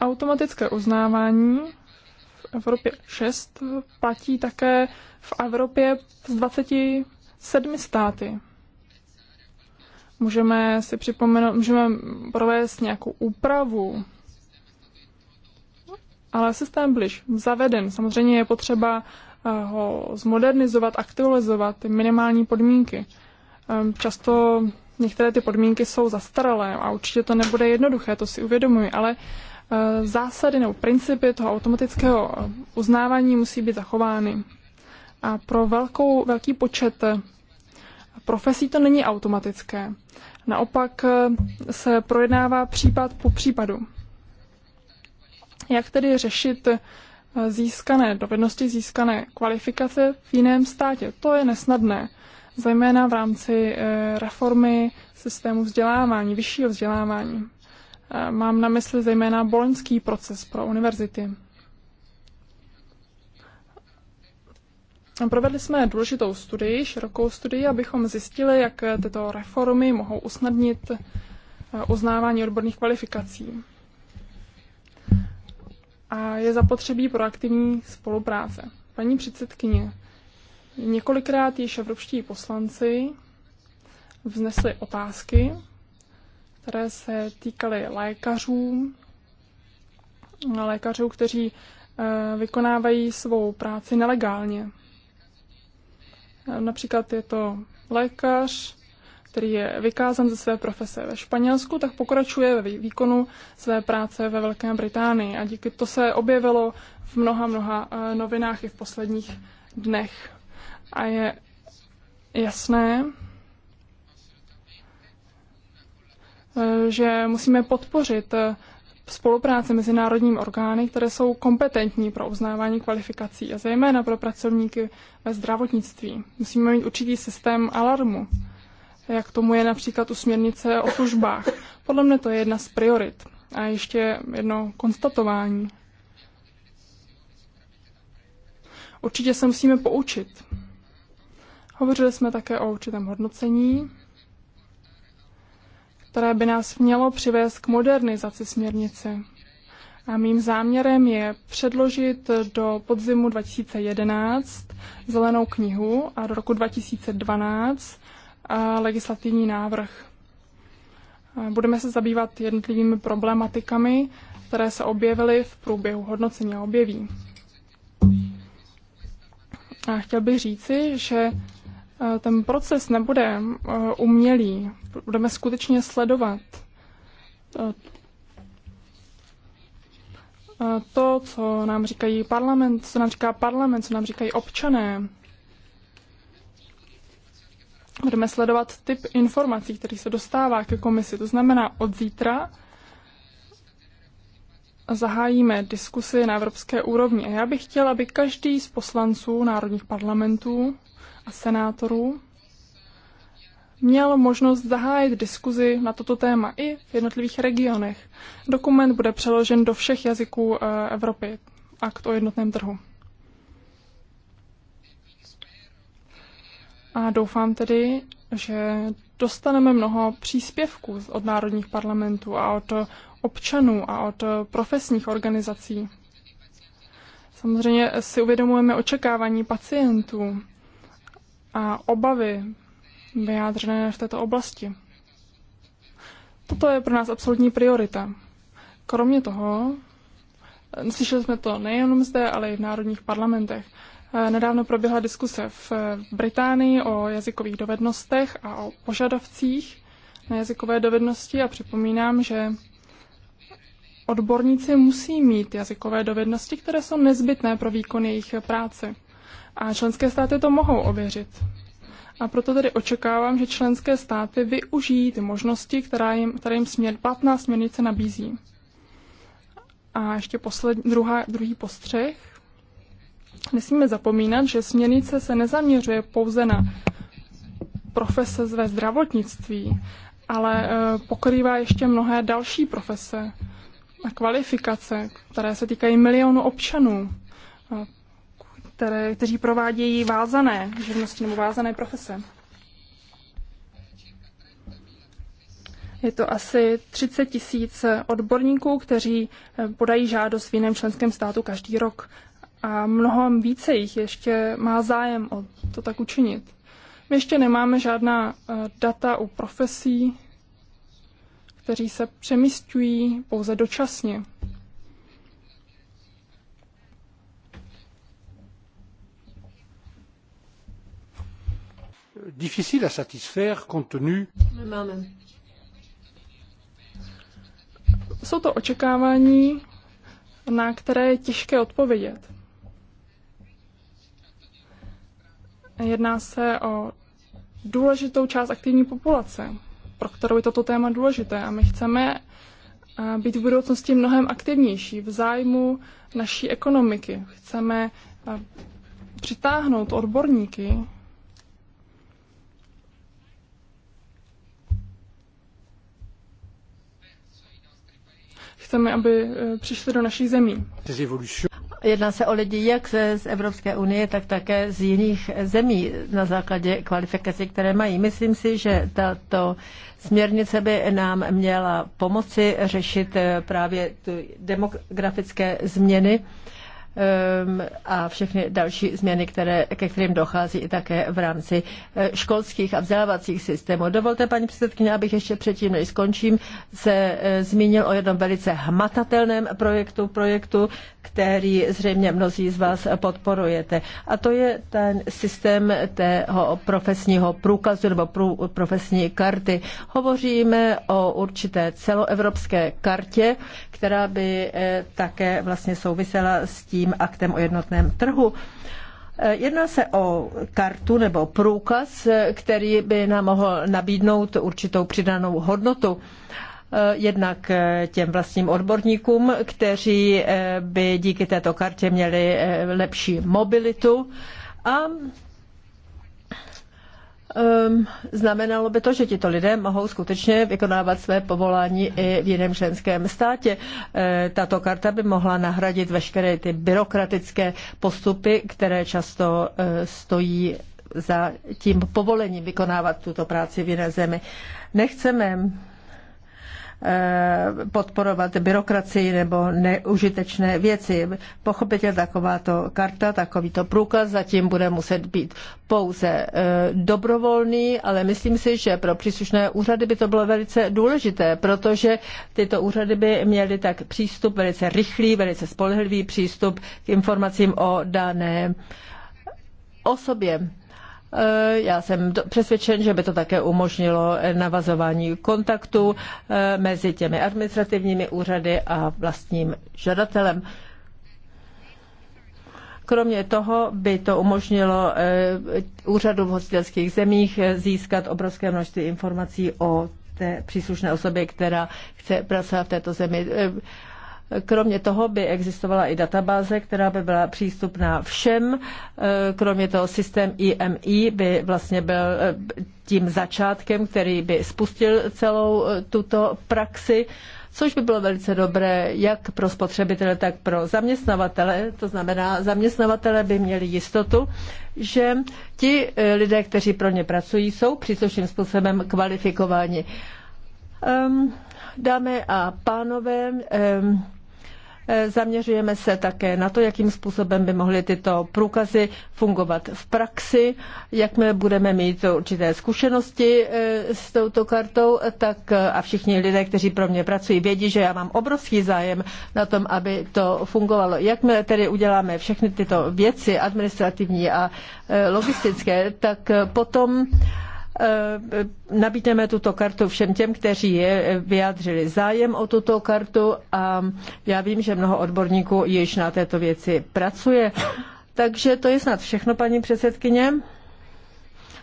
Automatické uznávání v Evropě 6 platí také v Evropě z 27 státy. Můžeme si připomenout, můžeme provést nějakou úpravu, ale systém byl zaveden. Samozřejmě je potřeba eh, ho zmodernizovat, aktualizovat ty minimální podmínky. Ehm, často některé ty podmínky jsou zastaralé a určitě to nebude jednoduché, to si uvědomuji, ale eh, zásady nebo principy toho automatického eh, uznávání musí být zachovány. A pro velkou, velký počet eh, profesí to není automatické. Naopak se projednává případ po případu. Jak tedy řešit získané dovednosti, získané kvalifikace v jiném státě? To je nesnadné zejména v rámci eh, reformy systému vzdělávání, vyššího vzdělávání. Mám na mysli zejména boloňský proces pro univerzity. Provedli jsme důležitou studii, širokou studii, abychom zjistili, jak tyto reformy mohou usnadnit eh, uznávání odborných kvalifikací. A je zapotřebí proaktivní spolupráce. Paní předsedkyně, Několikrát již evropští poslanci vznesli otázky, které se týkaly lékařů, lékařů, kteří eh, vykonávají svou práci nelegálně. Například je to lékař, který je vykázan ze své profese ve Španělsku, tak pokračuje ve výkonu své práce ve Velké Británii. A díky to se objevilo v mnoha, mnoha eh, novinách i v posledních dnech. A je jasné, eh, že musíme podpořit eh, spolupráci mezi národními orgány, které jsou kompetentní pro uznávání kvalifikací a zejména pro pracovníky ve zdravotnictví. Musíme mít určitý systém alarmu, jak tomu je například u směrnice o službách. Podle mě to je jedna z priorit. A ještě jedno konstatování. Určitě se musíme poučit Hovořili jsme také o určitém hodnocení, které by nás mělo přivést k modernizaci směrnice. A mým záměrem je předložit do podzimu 2011 zelenou knihu a do roku 2012 eh, legislativní návrh. Eh, budeme se zabývat jednotlivými problematikami, které se objevily v průběhu hodnocení a objeví. A chtěl bych říci, že Eh, ten proces nebude eh, umělý, budeme skutečně sledovat eh, to, co nám říkají parlament, co nám říká parlament, co nám říkají občané. Budeme sledovat typ informací, který se dostává ke komisi. To znamená, od zítra zahájíme diskusy na evropské úrovni. A já bych chtěla, aby každý z poslanců národních parlamentů a senátorů měl možnost zahájit diskuzi na toto téma i v jednotlivých regionech. Dokument bude přeložen do všech jazyků eh, Evropy, akt o jednotném trhu. A doufám tedy, že dostaneme mnoho příspěvků od národních parlamentů a od občanů a od profesních organizací. Samozřejmě si uvědomujeme očekávání pacientů a obavy vyjádřené v této oblasti. Toto je pro nás absolutní priorita. Kromě toho, slyšeli jsme to nejenom zde, ale i v národních parlamentech. Eh, nedávno proběhla diskuse v eh, Británii o jazykových dovednostech a o požadavcích na jazykové dovednosti a připomínám, že odborníci musí mít jazykové dovednosti, které jsou nezbytné pro výkon jejich práce. A členské státy to mohou ověřit. A proto tedy očekávám, že členské státy využijí ty možnosti, která jim, které jim směr, platná směrnice nabízí. A ještě posled, druhá, druhý postřeh. Nesmíme zapomínat, že směrnice se nezaměřuje pouze na profese ve zdravotnictví, ale e, pokrývá ještě mnohé další profese a kvalifikace, které se týkají milionu občanů které, kteří provádějí vázané živnosti nebo vázané profese. Je to asi 30 tisíc odborníků, kteří eh, podají žádost v jiném členském státu každý rok. A mnohem více jich ještě má zájem o to tak učinit. My ještě nemáme žádná eh, data u profesí, kteří se přemysťují pouze dočasně. difficile à satisfaire compte tenu. Jsou to očekávání, na které je těžké odpovědět. Jedná se o důležitou část aktivní populace, pro kterou je toto téma důležité a my chceme eh, být v budoucnosti mnohem aktivnější v zájmu naší ekonomiky. Chceme eh, přitáhnout odborníky chceme, aby eh, přišli do naší zemí. Jedná se o lidi jak z Evropské unie, tak také z jiných zemí na základě kvalifikací, které mají. Myslím si, že tato směrnice by nám měla pomoci řešit eh, právě demografické změny Ehm, a všechny další změny, které, ke kterým dochází i také v rámci eh, školských a vzdělávacích systémů. Dovolte, paní předsedkyně, abych ještě předtím, než skončím, se eh, zmínil o jednom velice hmatatelném projektu, projektu, který zřejmě mnozí z vás podporujete. A to je ten systém tého profesního průkazu nebo prů, profesní karty. Hovoříme o určité celoevropské kartě, která by eh, také vlastně souvisela s tím, novým aktem o jednotném trhu. Eh, jedná se o kartu nebo průkaz, eh, který by nám mohl nabídnout určitou přidanou hodnotu eh, jednak těm vlastním odborníkům, kteří by díky této kartě měli lepší mobilitu a um, znamenalo by to, že tito lidé mohou skutečně vykonávat své povolání i v jiném členském státě. E, tato karta by mohla nahradit veškeré ty byrokratické postupy, které často e, stojí za tím povolením vykonávat tuto práci v jiné zemi. Nechceme Eh, podporovat byrokracii nebo neužitečné věci. Pochopitelně takováto karta, takovýto průkaz zatím bude muset být pouze eh, dobrovolný, ale myslím si, že pro příslušné úřady by to bylo velice důležité, protože tyto úřady by měly tak přístup, velice rychlý, velice spolehlivý přístup k informacím o dané osobě. Eh, já jsem přesvědčen, že by to také umožnilo navazování kontaktu eh, mezi těmi administrativními úřady a vlastním žadatelem. Kromě toho by to umožnilo eh, úřadu v hostitelských zemích získat obrovské množství informací o té příslušné osobě, která chce pracovat v této zemi. Kromě toho by existovala i databáze, která by byla přístupná všem. Eh, Kromě toho systém IMI by vlastně byl eh, tím začátkem, který by spustil celou eh, tuto praxi což by bylo velice dobré jak pro spotřebitele, tak pro zaměstnavatele. To znamená, zaměstnavatele by měli jistotu, že ti lidé, kteří pro ně pracují, jsou příslušným způsobem kvalifikováni. Um, dámy a pánové, um, Zaměřujeme se také na to, jakým způsobem by mohly tyto průkazy fungovat v praxi. my budeme mít určité zkušenosti eh, s touto kartou, tak eh, a všichni lidé, kteří pro mě pracují, vědí, že já mám obrovský zájem na tom, aby to fungovalo. Jakmile tedy uděláme všechny tyto věci, administrativní a eh, logistické, tak potom Eh, nabídneme tuto kartu všem těm, kteří je eh, vyjádřili zájem o tuto kartu a já vím, že mnoho odborníků již na této věci pracuje. Takže to je snad všechno, paní předsedkyně,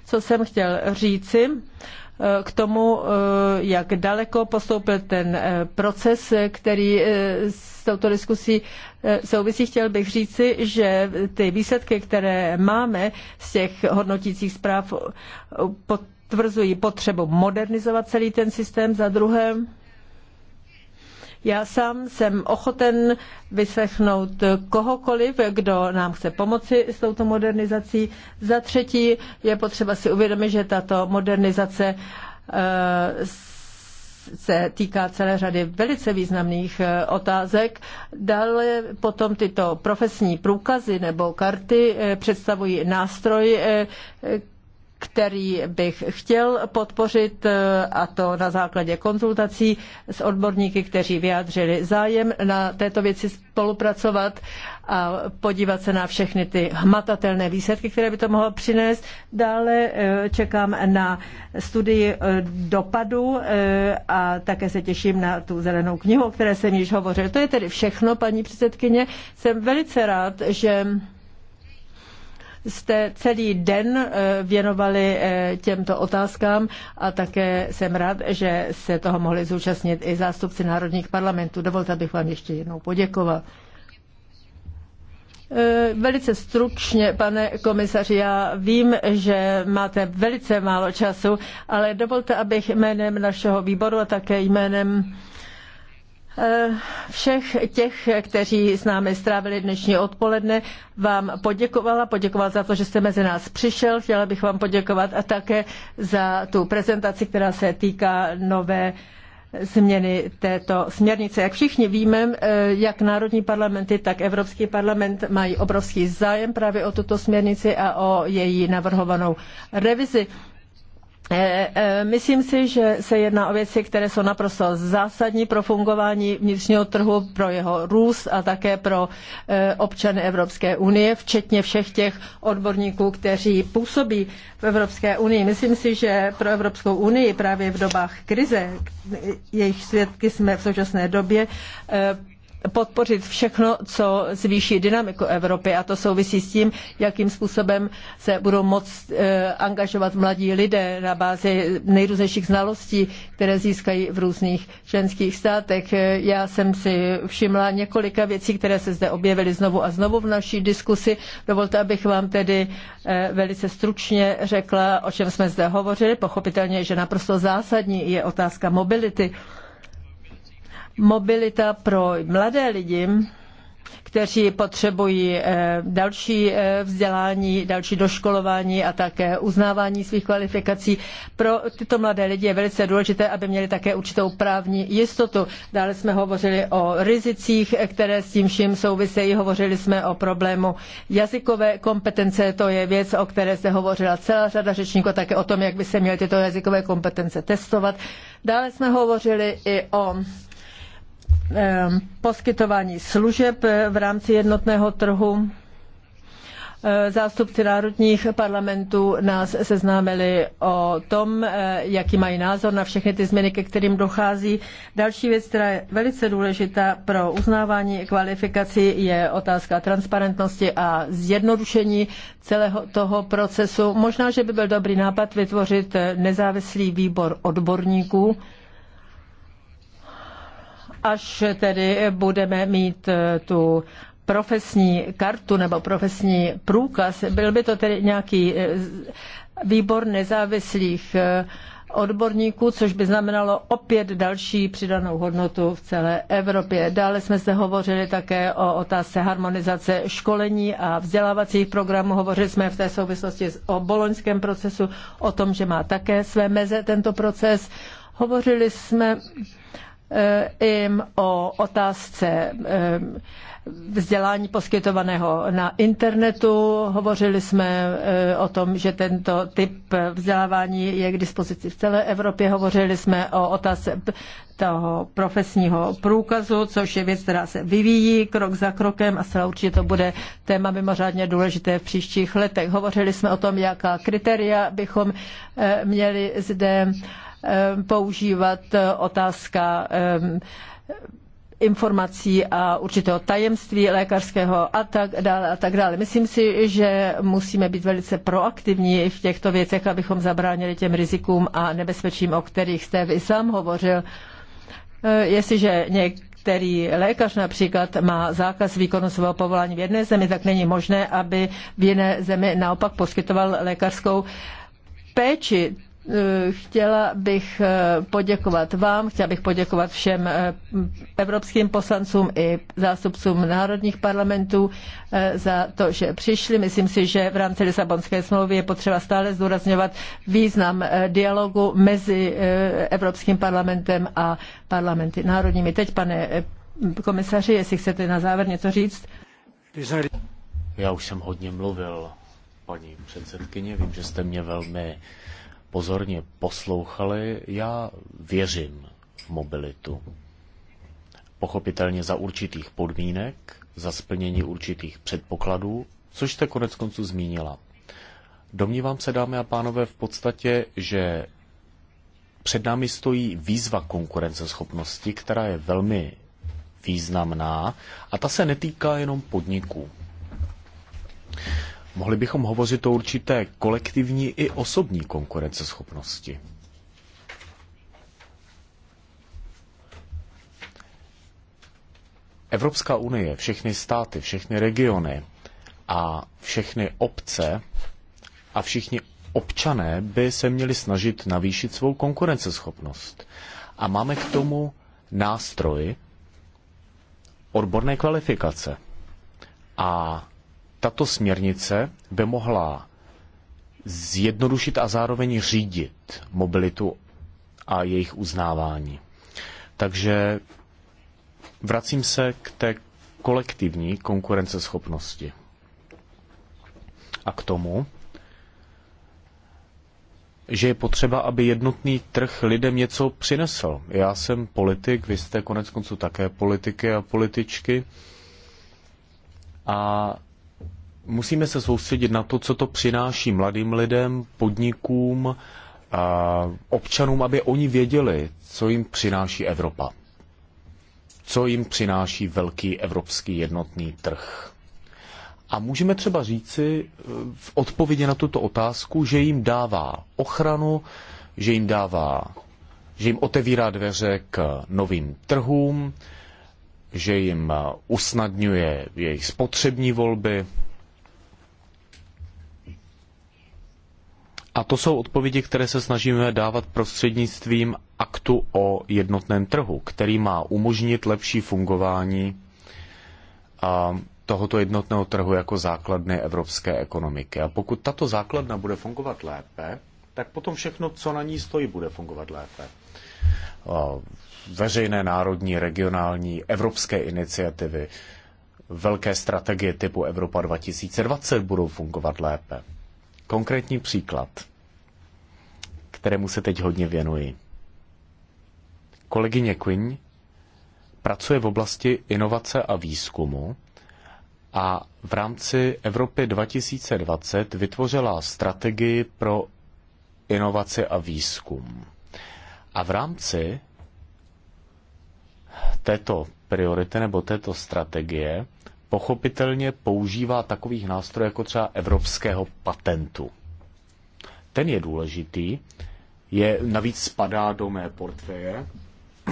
co jsem chtěl říci eh, k tomu, jak daleko postoupil ten proces, který touto diskusí eh, souvisí, chtěl bych říci, že ty výsledky, které máme z těch hodnotících zpráv, eh, potvrzují potřebu modernizovat celý ten systém. Za druhé, já sám jsem ochoten vyslechnout kohokoliv, kdo nám chce pomoci s touto modernizací. Za třetí je potřeba si uvědomit, že tato modernizace eh, se týká celé řady velice významných eh, otázek. Dále potom tyto profesní průkazy nebo karty eh, představují nástroj, eh, který bych chtěl podpořit, a to na základě konzultací s odborníky, kteří vyjádřili zájem na této věci spolupracovat a podívat se na všechny ty hmatatelné výsledky, které by to mohlo přinést. Dále eh, čekám na studii eh, dopadu eh, a také se těším na tu zelenou knihu, o které jsem již hovořil. To je tedy všechno, paní předsedkyně. Jsem velice rád, že jste celý den věnovali těmto otázkám a také jsem rád, že se toho mohli zúčastnit i zástupci národních parlamentů. Dovolte, abych vám ještě jednou poděkoval. Eh, velice stručně, pane komisaři, já vím, že máte velice málo času, ale dovolte, abych jménem našeho výboru a také jménem eh, všech těch, kteří s námi strávili dnešní odpoledne, vám poděkovala. Poděkovala za to, že jste mezi nás přišel. Chtěla bych vám poděkovat a také za tu prezentaci, která se týká nové změny této směrnice. Jak všichni víme, eh, jak národní parlamenty, tak Evropský parlament mají obrovský zájem právě o tuto směrnici a o její navrhovanou revizi. Eh, eh, myslím si, že se jedná o věci, které jsou naprosto zásadní pro fungování vnitřního trhu, pro jeho růst a také pro eh, občany Evropské unie, včetně všech těch odborníků, kteří působí v Evropské unii. Myslím si, že pro Evropskou unii právě v dobách krize, jejich svědky jsme v současné době, podpořit všechno, co zvýší dynamiku Evropy a to souvisí s tím, jakým způsobem se budou moct eh, angažovat mladí lidé na bázi nejrůznějších znalostí, které získají v různých členských státech. Eh, já jsem si všimla několika věcí, které se zde objevily znovu a znovu v naší diskusi. Dovolte, abych vám tedy eh, velice stručně řekla, o čem jsme zde hovořili. Pochopitelně, že naprosto zásadní je otázka mobility Mobilita pro mladé lidi kteří potřebují eh, další eh, vzdělání, další doškolování a také uznávání svých kvalifikací. Pro tyto mladé lidi je velice důležité, aby měli také určitou právní jistotu. Dále jsme hovořili o rizicích, které s tím vším souvisejí. Hovořili jsme o problému jazykové kompetence. To je věc, o které se hovořila celá řada řečníků, také o tom, jak by se měly tyto jazykové kompetence testovat. Dále jsme hovořili i o Ehm, poskytování služeb eh, v rámci jednotného trhu. Eh, zástupci národních parlamentů nás seznámili o tom, eh, jaký mají názor na všechny ty změny, ke kterým dochází. Další věc, která je velice důležitá pro uznávání kvalifikací, je otázka transparentnosti a zjednodušení celého toho procesu. Možná, že by byl dobrý nápad vytvořit nezávislý výbor odborníků, až tedy budeme mít eh, tu profesní kartu nebo profesní průkaz. Byl by to tedy nějaký eh, výbor nezávislých eh, odborníků, což by znamenalo opět další přidanou hodnotu v celé Evropě. Dále jsme se hovořili také o otázce harmonizace školení a vzdělávacích programů. Hovořili jsme v té souvislosti o boloňském procesu, o tom, že má také své meze tento proces. Hovořili jsme jim eh, o otázce eh, vzdělání poskytovaného na internetu. Hovořili jsme eh, o tom, že tento typ vzdělávání je k dispozici v celé Evropě. Hovořili jsme o otázce toho profesního průkazu, což je věc, která se vyvíjí krok za krokem a zcela určitě to bude téma mimořádně důležité v příštích letech. Hovořili jsme o tom, jaká kritéria bychom měli zde Eh, používat eh, otázka eh, informací a určitého tajemství lékařského a tak dále a tak dále. Myslím si, že musíme být velice proaktivní v těchto věcech, abychom zabránili těm rizikům a nebezpečím, o kterých jste vy sám hovořil. Jestliže některý lékař například má zákaz výkonu svého povolání v jedné zemi, tak není možné, aby v jiné zemi naopak poskytoval lékařskou péči Eh, chtěla bych eh, poděkovat vám, chtěla bych poděkovat všem eh, evropským poslancům i zástupcům národních parlamentů za to, že přišli. Myslím si, že v rámci Lisabonské smlouvy je potřeba stále zdůrazňovat význam dialogu mezi Evropským parlamentem a parlamenty národními. Teď, pane komisaři, jestli chcete na závěr něco říct. Já už jsem hodně mluvil, paní předsedkyně, vím, že jste mě velmi pozorně poslouchali. Já věřím v mobilitu. Pochopitelně za určitých podmínek, za splnění určitých předpokladů, což jste konec konců zmínila. Domnívám se, dámy a pánové, v podstatě, že před námi stojí výzva konkurenceschopnosti, která je velmi významná a ta se netýká jenom podniků. Mohli bychom hovořit o určité kolektivní i osobní konkurenceschopnosti. Evropská unie, všechny státy, všechny regiony a všechny obce a všichni občané by se měli snažit navýšit svou konkurenceschopnost. A máme k tomu nástroj odborné kvalifikace. A tato směrnice by mohla zjednodušit a zároveň řídit mobilitu a jejich uznávání. Takže vracím se k té kolektivní konkurenceschopnosti a k tomu, že je potřeba, aby jednotný trh lidem něco přinesl. Já jsem politik, vy jste konec konců také politiky a političky. A musíme se soustředit na to, co to přináší mladým lidem, podnikům, a občanům, aby oni věděli, co jim přináší Evropa. Co jim přináší velký evropský jednotný trh. A můžeme třeba říci eh, v odpovědi na tuto otázku, že jim dává ochranu, že jim dává, že jim otevírá dveře k novým trhům, že jim eh, usnadňuje jejich spotřební volby, A to jsou odpovědi, které se snažíme dávat prostřednictvím aktu o jednotném trhu, který má umožnit lepší fungování tohoto jednotného trhu jako základny evropské ekonomiky. A pokud tato základna bude fungovat lépe, tak potom všechno, co na ní stojí, bude fungovat lépe. Veřejné, národní, regionální, evropské iniciativy, velké strategie typu Evropa 2020 budou fungovat lépe. Konkrétní příklad, kterému se teď hodně věnuji. Kolegyně Quinn pracuje v oblasti inovace a výzkumu a v rámci Evropy 2020 vytvořila strategii pro inovaci a výzkum. A v rámci této priority nebo této strategie pochopitelně používá takových nástrojů jako třeba evropského patentu. Ten je důležitý, je navíc spadá do mé portfeje,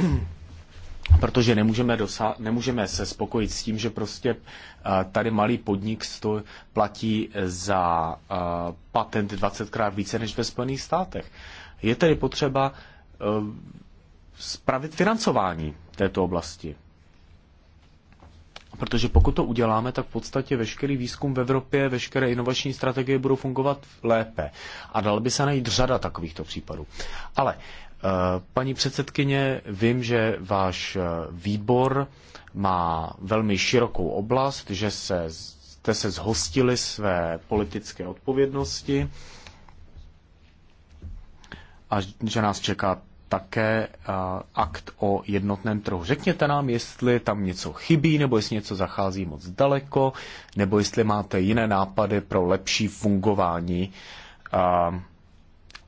protože nemůžeme, dosa- nemůžeme se spokojit s tím, že prostě eh, tady malý podnik stoj- platí za eh, patent 20krát více než ve Spojených státech. Je tedy potřeba eh, spravit financování této oblasti. Protože pokud to uděláme, tak v podstatě veškerý výzkum v Evropě, veškeré inovační strategie budou fungovat lépe. A dal by se najít řada takovýchto případů. Ale eh, Paní předsedkyně, vím, že váš eh, výbor má velmi širokou oblast, že se, jste se zhostili své politické odpovědnosti a že nás čeká také eh, akt o jednotném trhu. Řekněte nám, jestli tam něco chybí, nebo jestli něco zachází moc daleko, nebo jestli máte jiné nápady pro lepší fungování eh,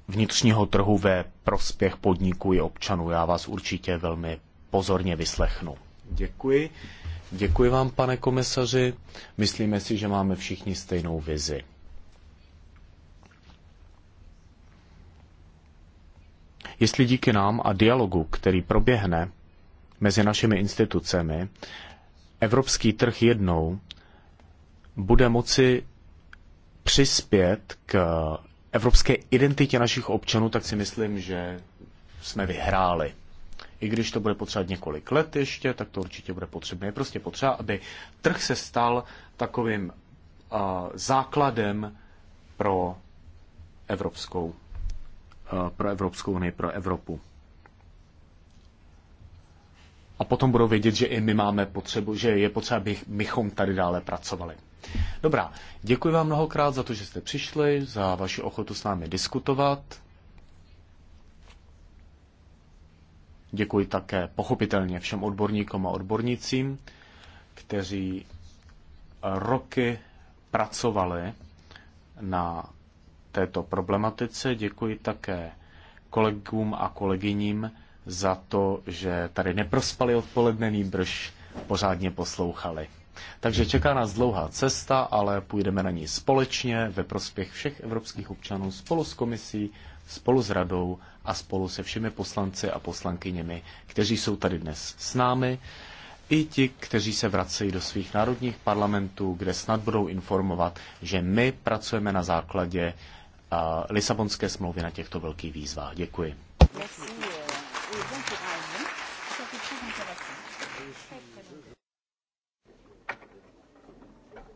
vnitřního trhu ve prospěch podniků i občanů. Já vás určitě velmi pozorně vyslechnu. Děkuji. Děkuji vám, pane komisaři. Myslíme si, že máme všichni stejnou vizi. jestli díky nám a dialogu, který proběhne mezi našimi institucemi, evropský trh jednou bude moci přispět k evropské identitě našich občanů, tak si myslím, že jsme vyhráli. I když to bude potřebovat několik let ještě, tak to určitě bude potřeba. Je prostě potřeba, aby trh se stal takovým uh, základem pro evropskou pro Evropskou unii, pro Evropu. A potom budou vědět, že i my máme potřebu, že je potřeba, abychom tady dále pracovali. Dobrá, děkuji vám mnohokrát za to, že jste přišli, za vaši ochotu s námi diskutovat. Děkuji také pochopitelně všem odborníkům a odbornicím, kteří roky pracovali na této problematice. Děkuji také kolegům a kolegyním za to, že tady neprospali odpoledne, brž pořádně poslouchali. Takže čeká nás dlouhá cesta, ale půjdeme na ní společně ve prospěch všech evropských občanů spolu s komisí, spolu s radou a spolu se všemi poslanci a poslankyněmi, kteří jsou tady dnes s námi, i ti, kteří se vracejí do svých národních parlamentů, kde snad budou informovat, že my pracujeme na základě Lisabonské smlouvy na těchto velkých výzvách. Děkuji.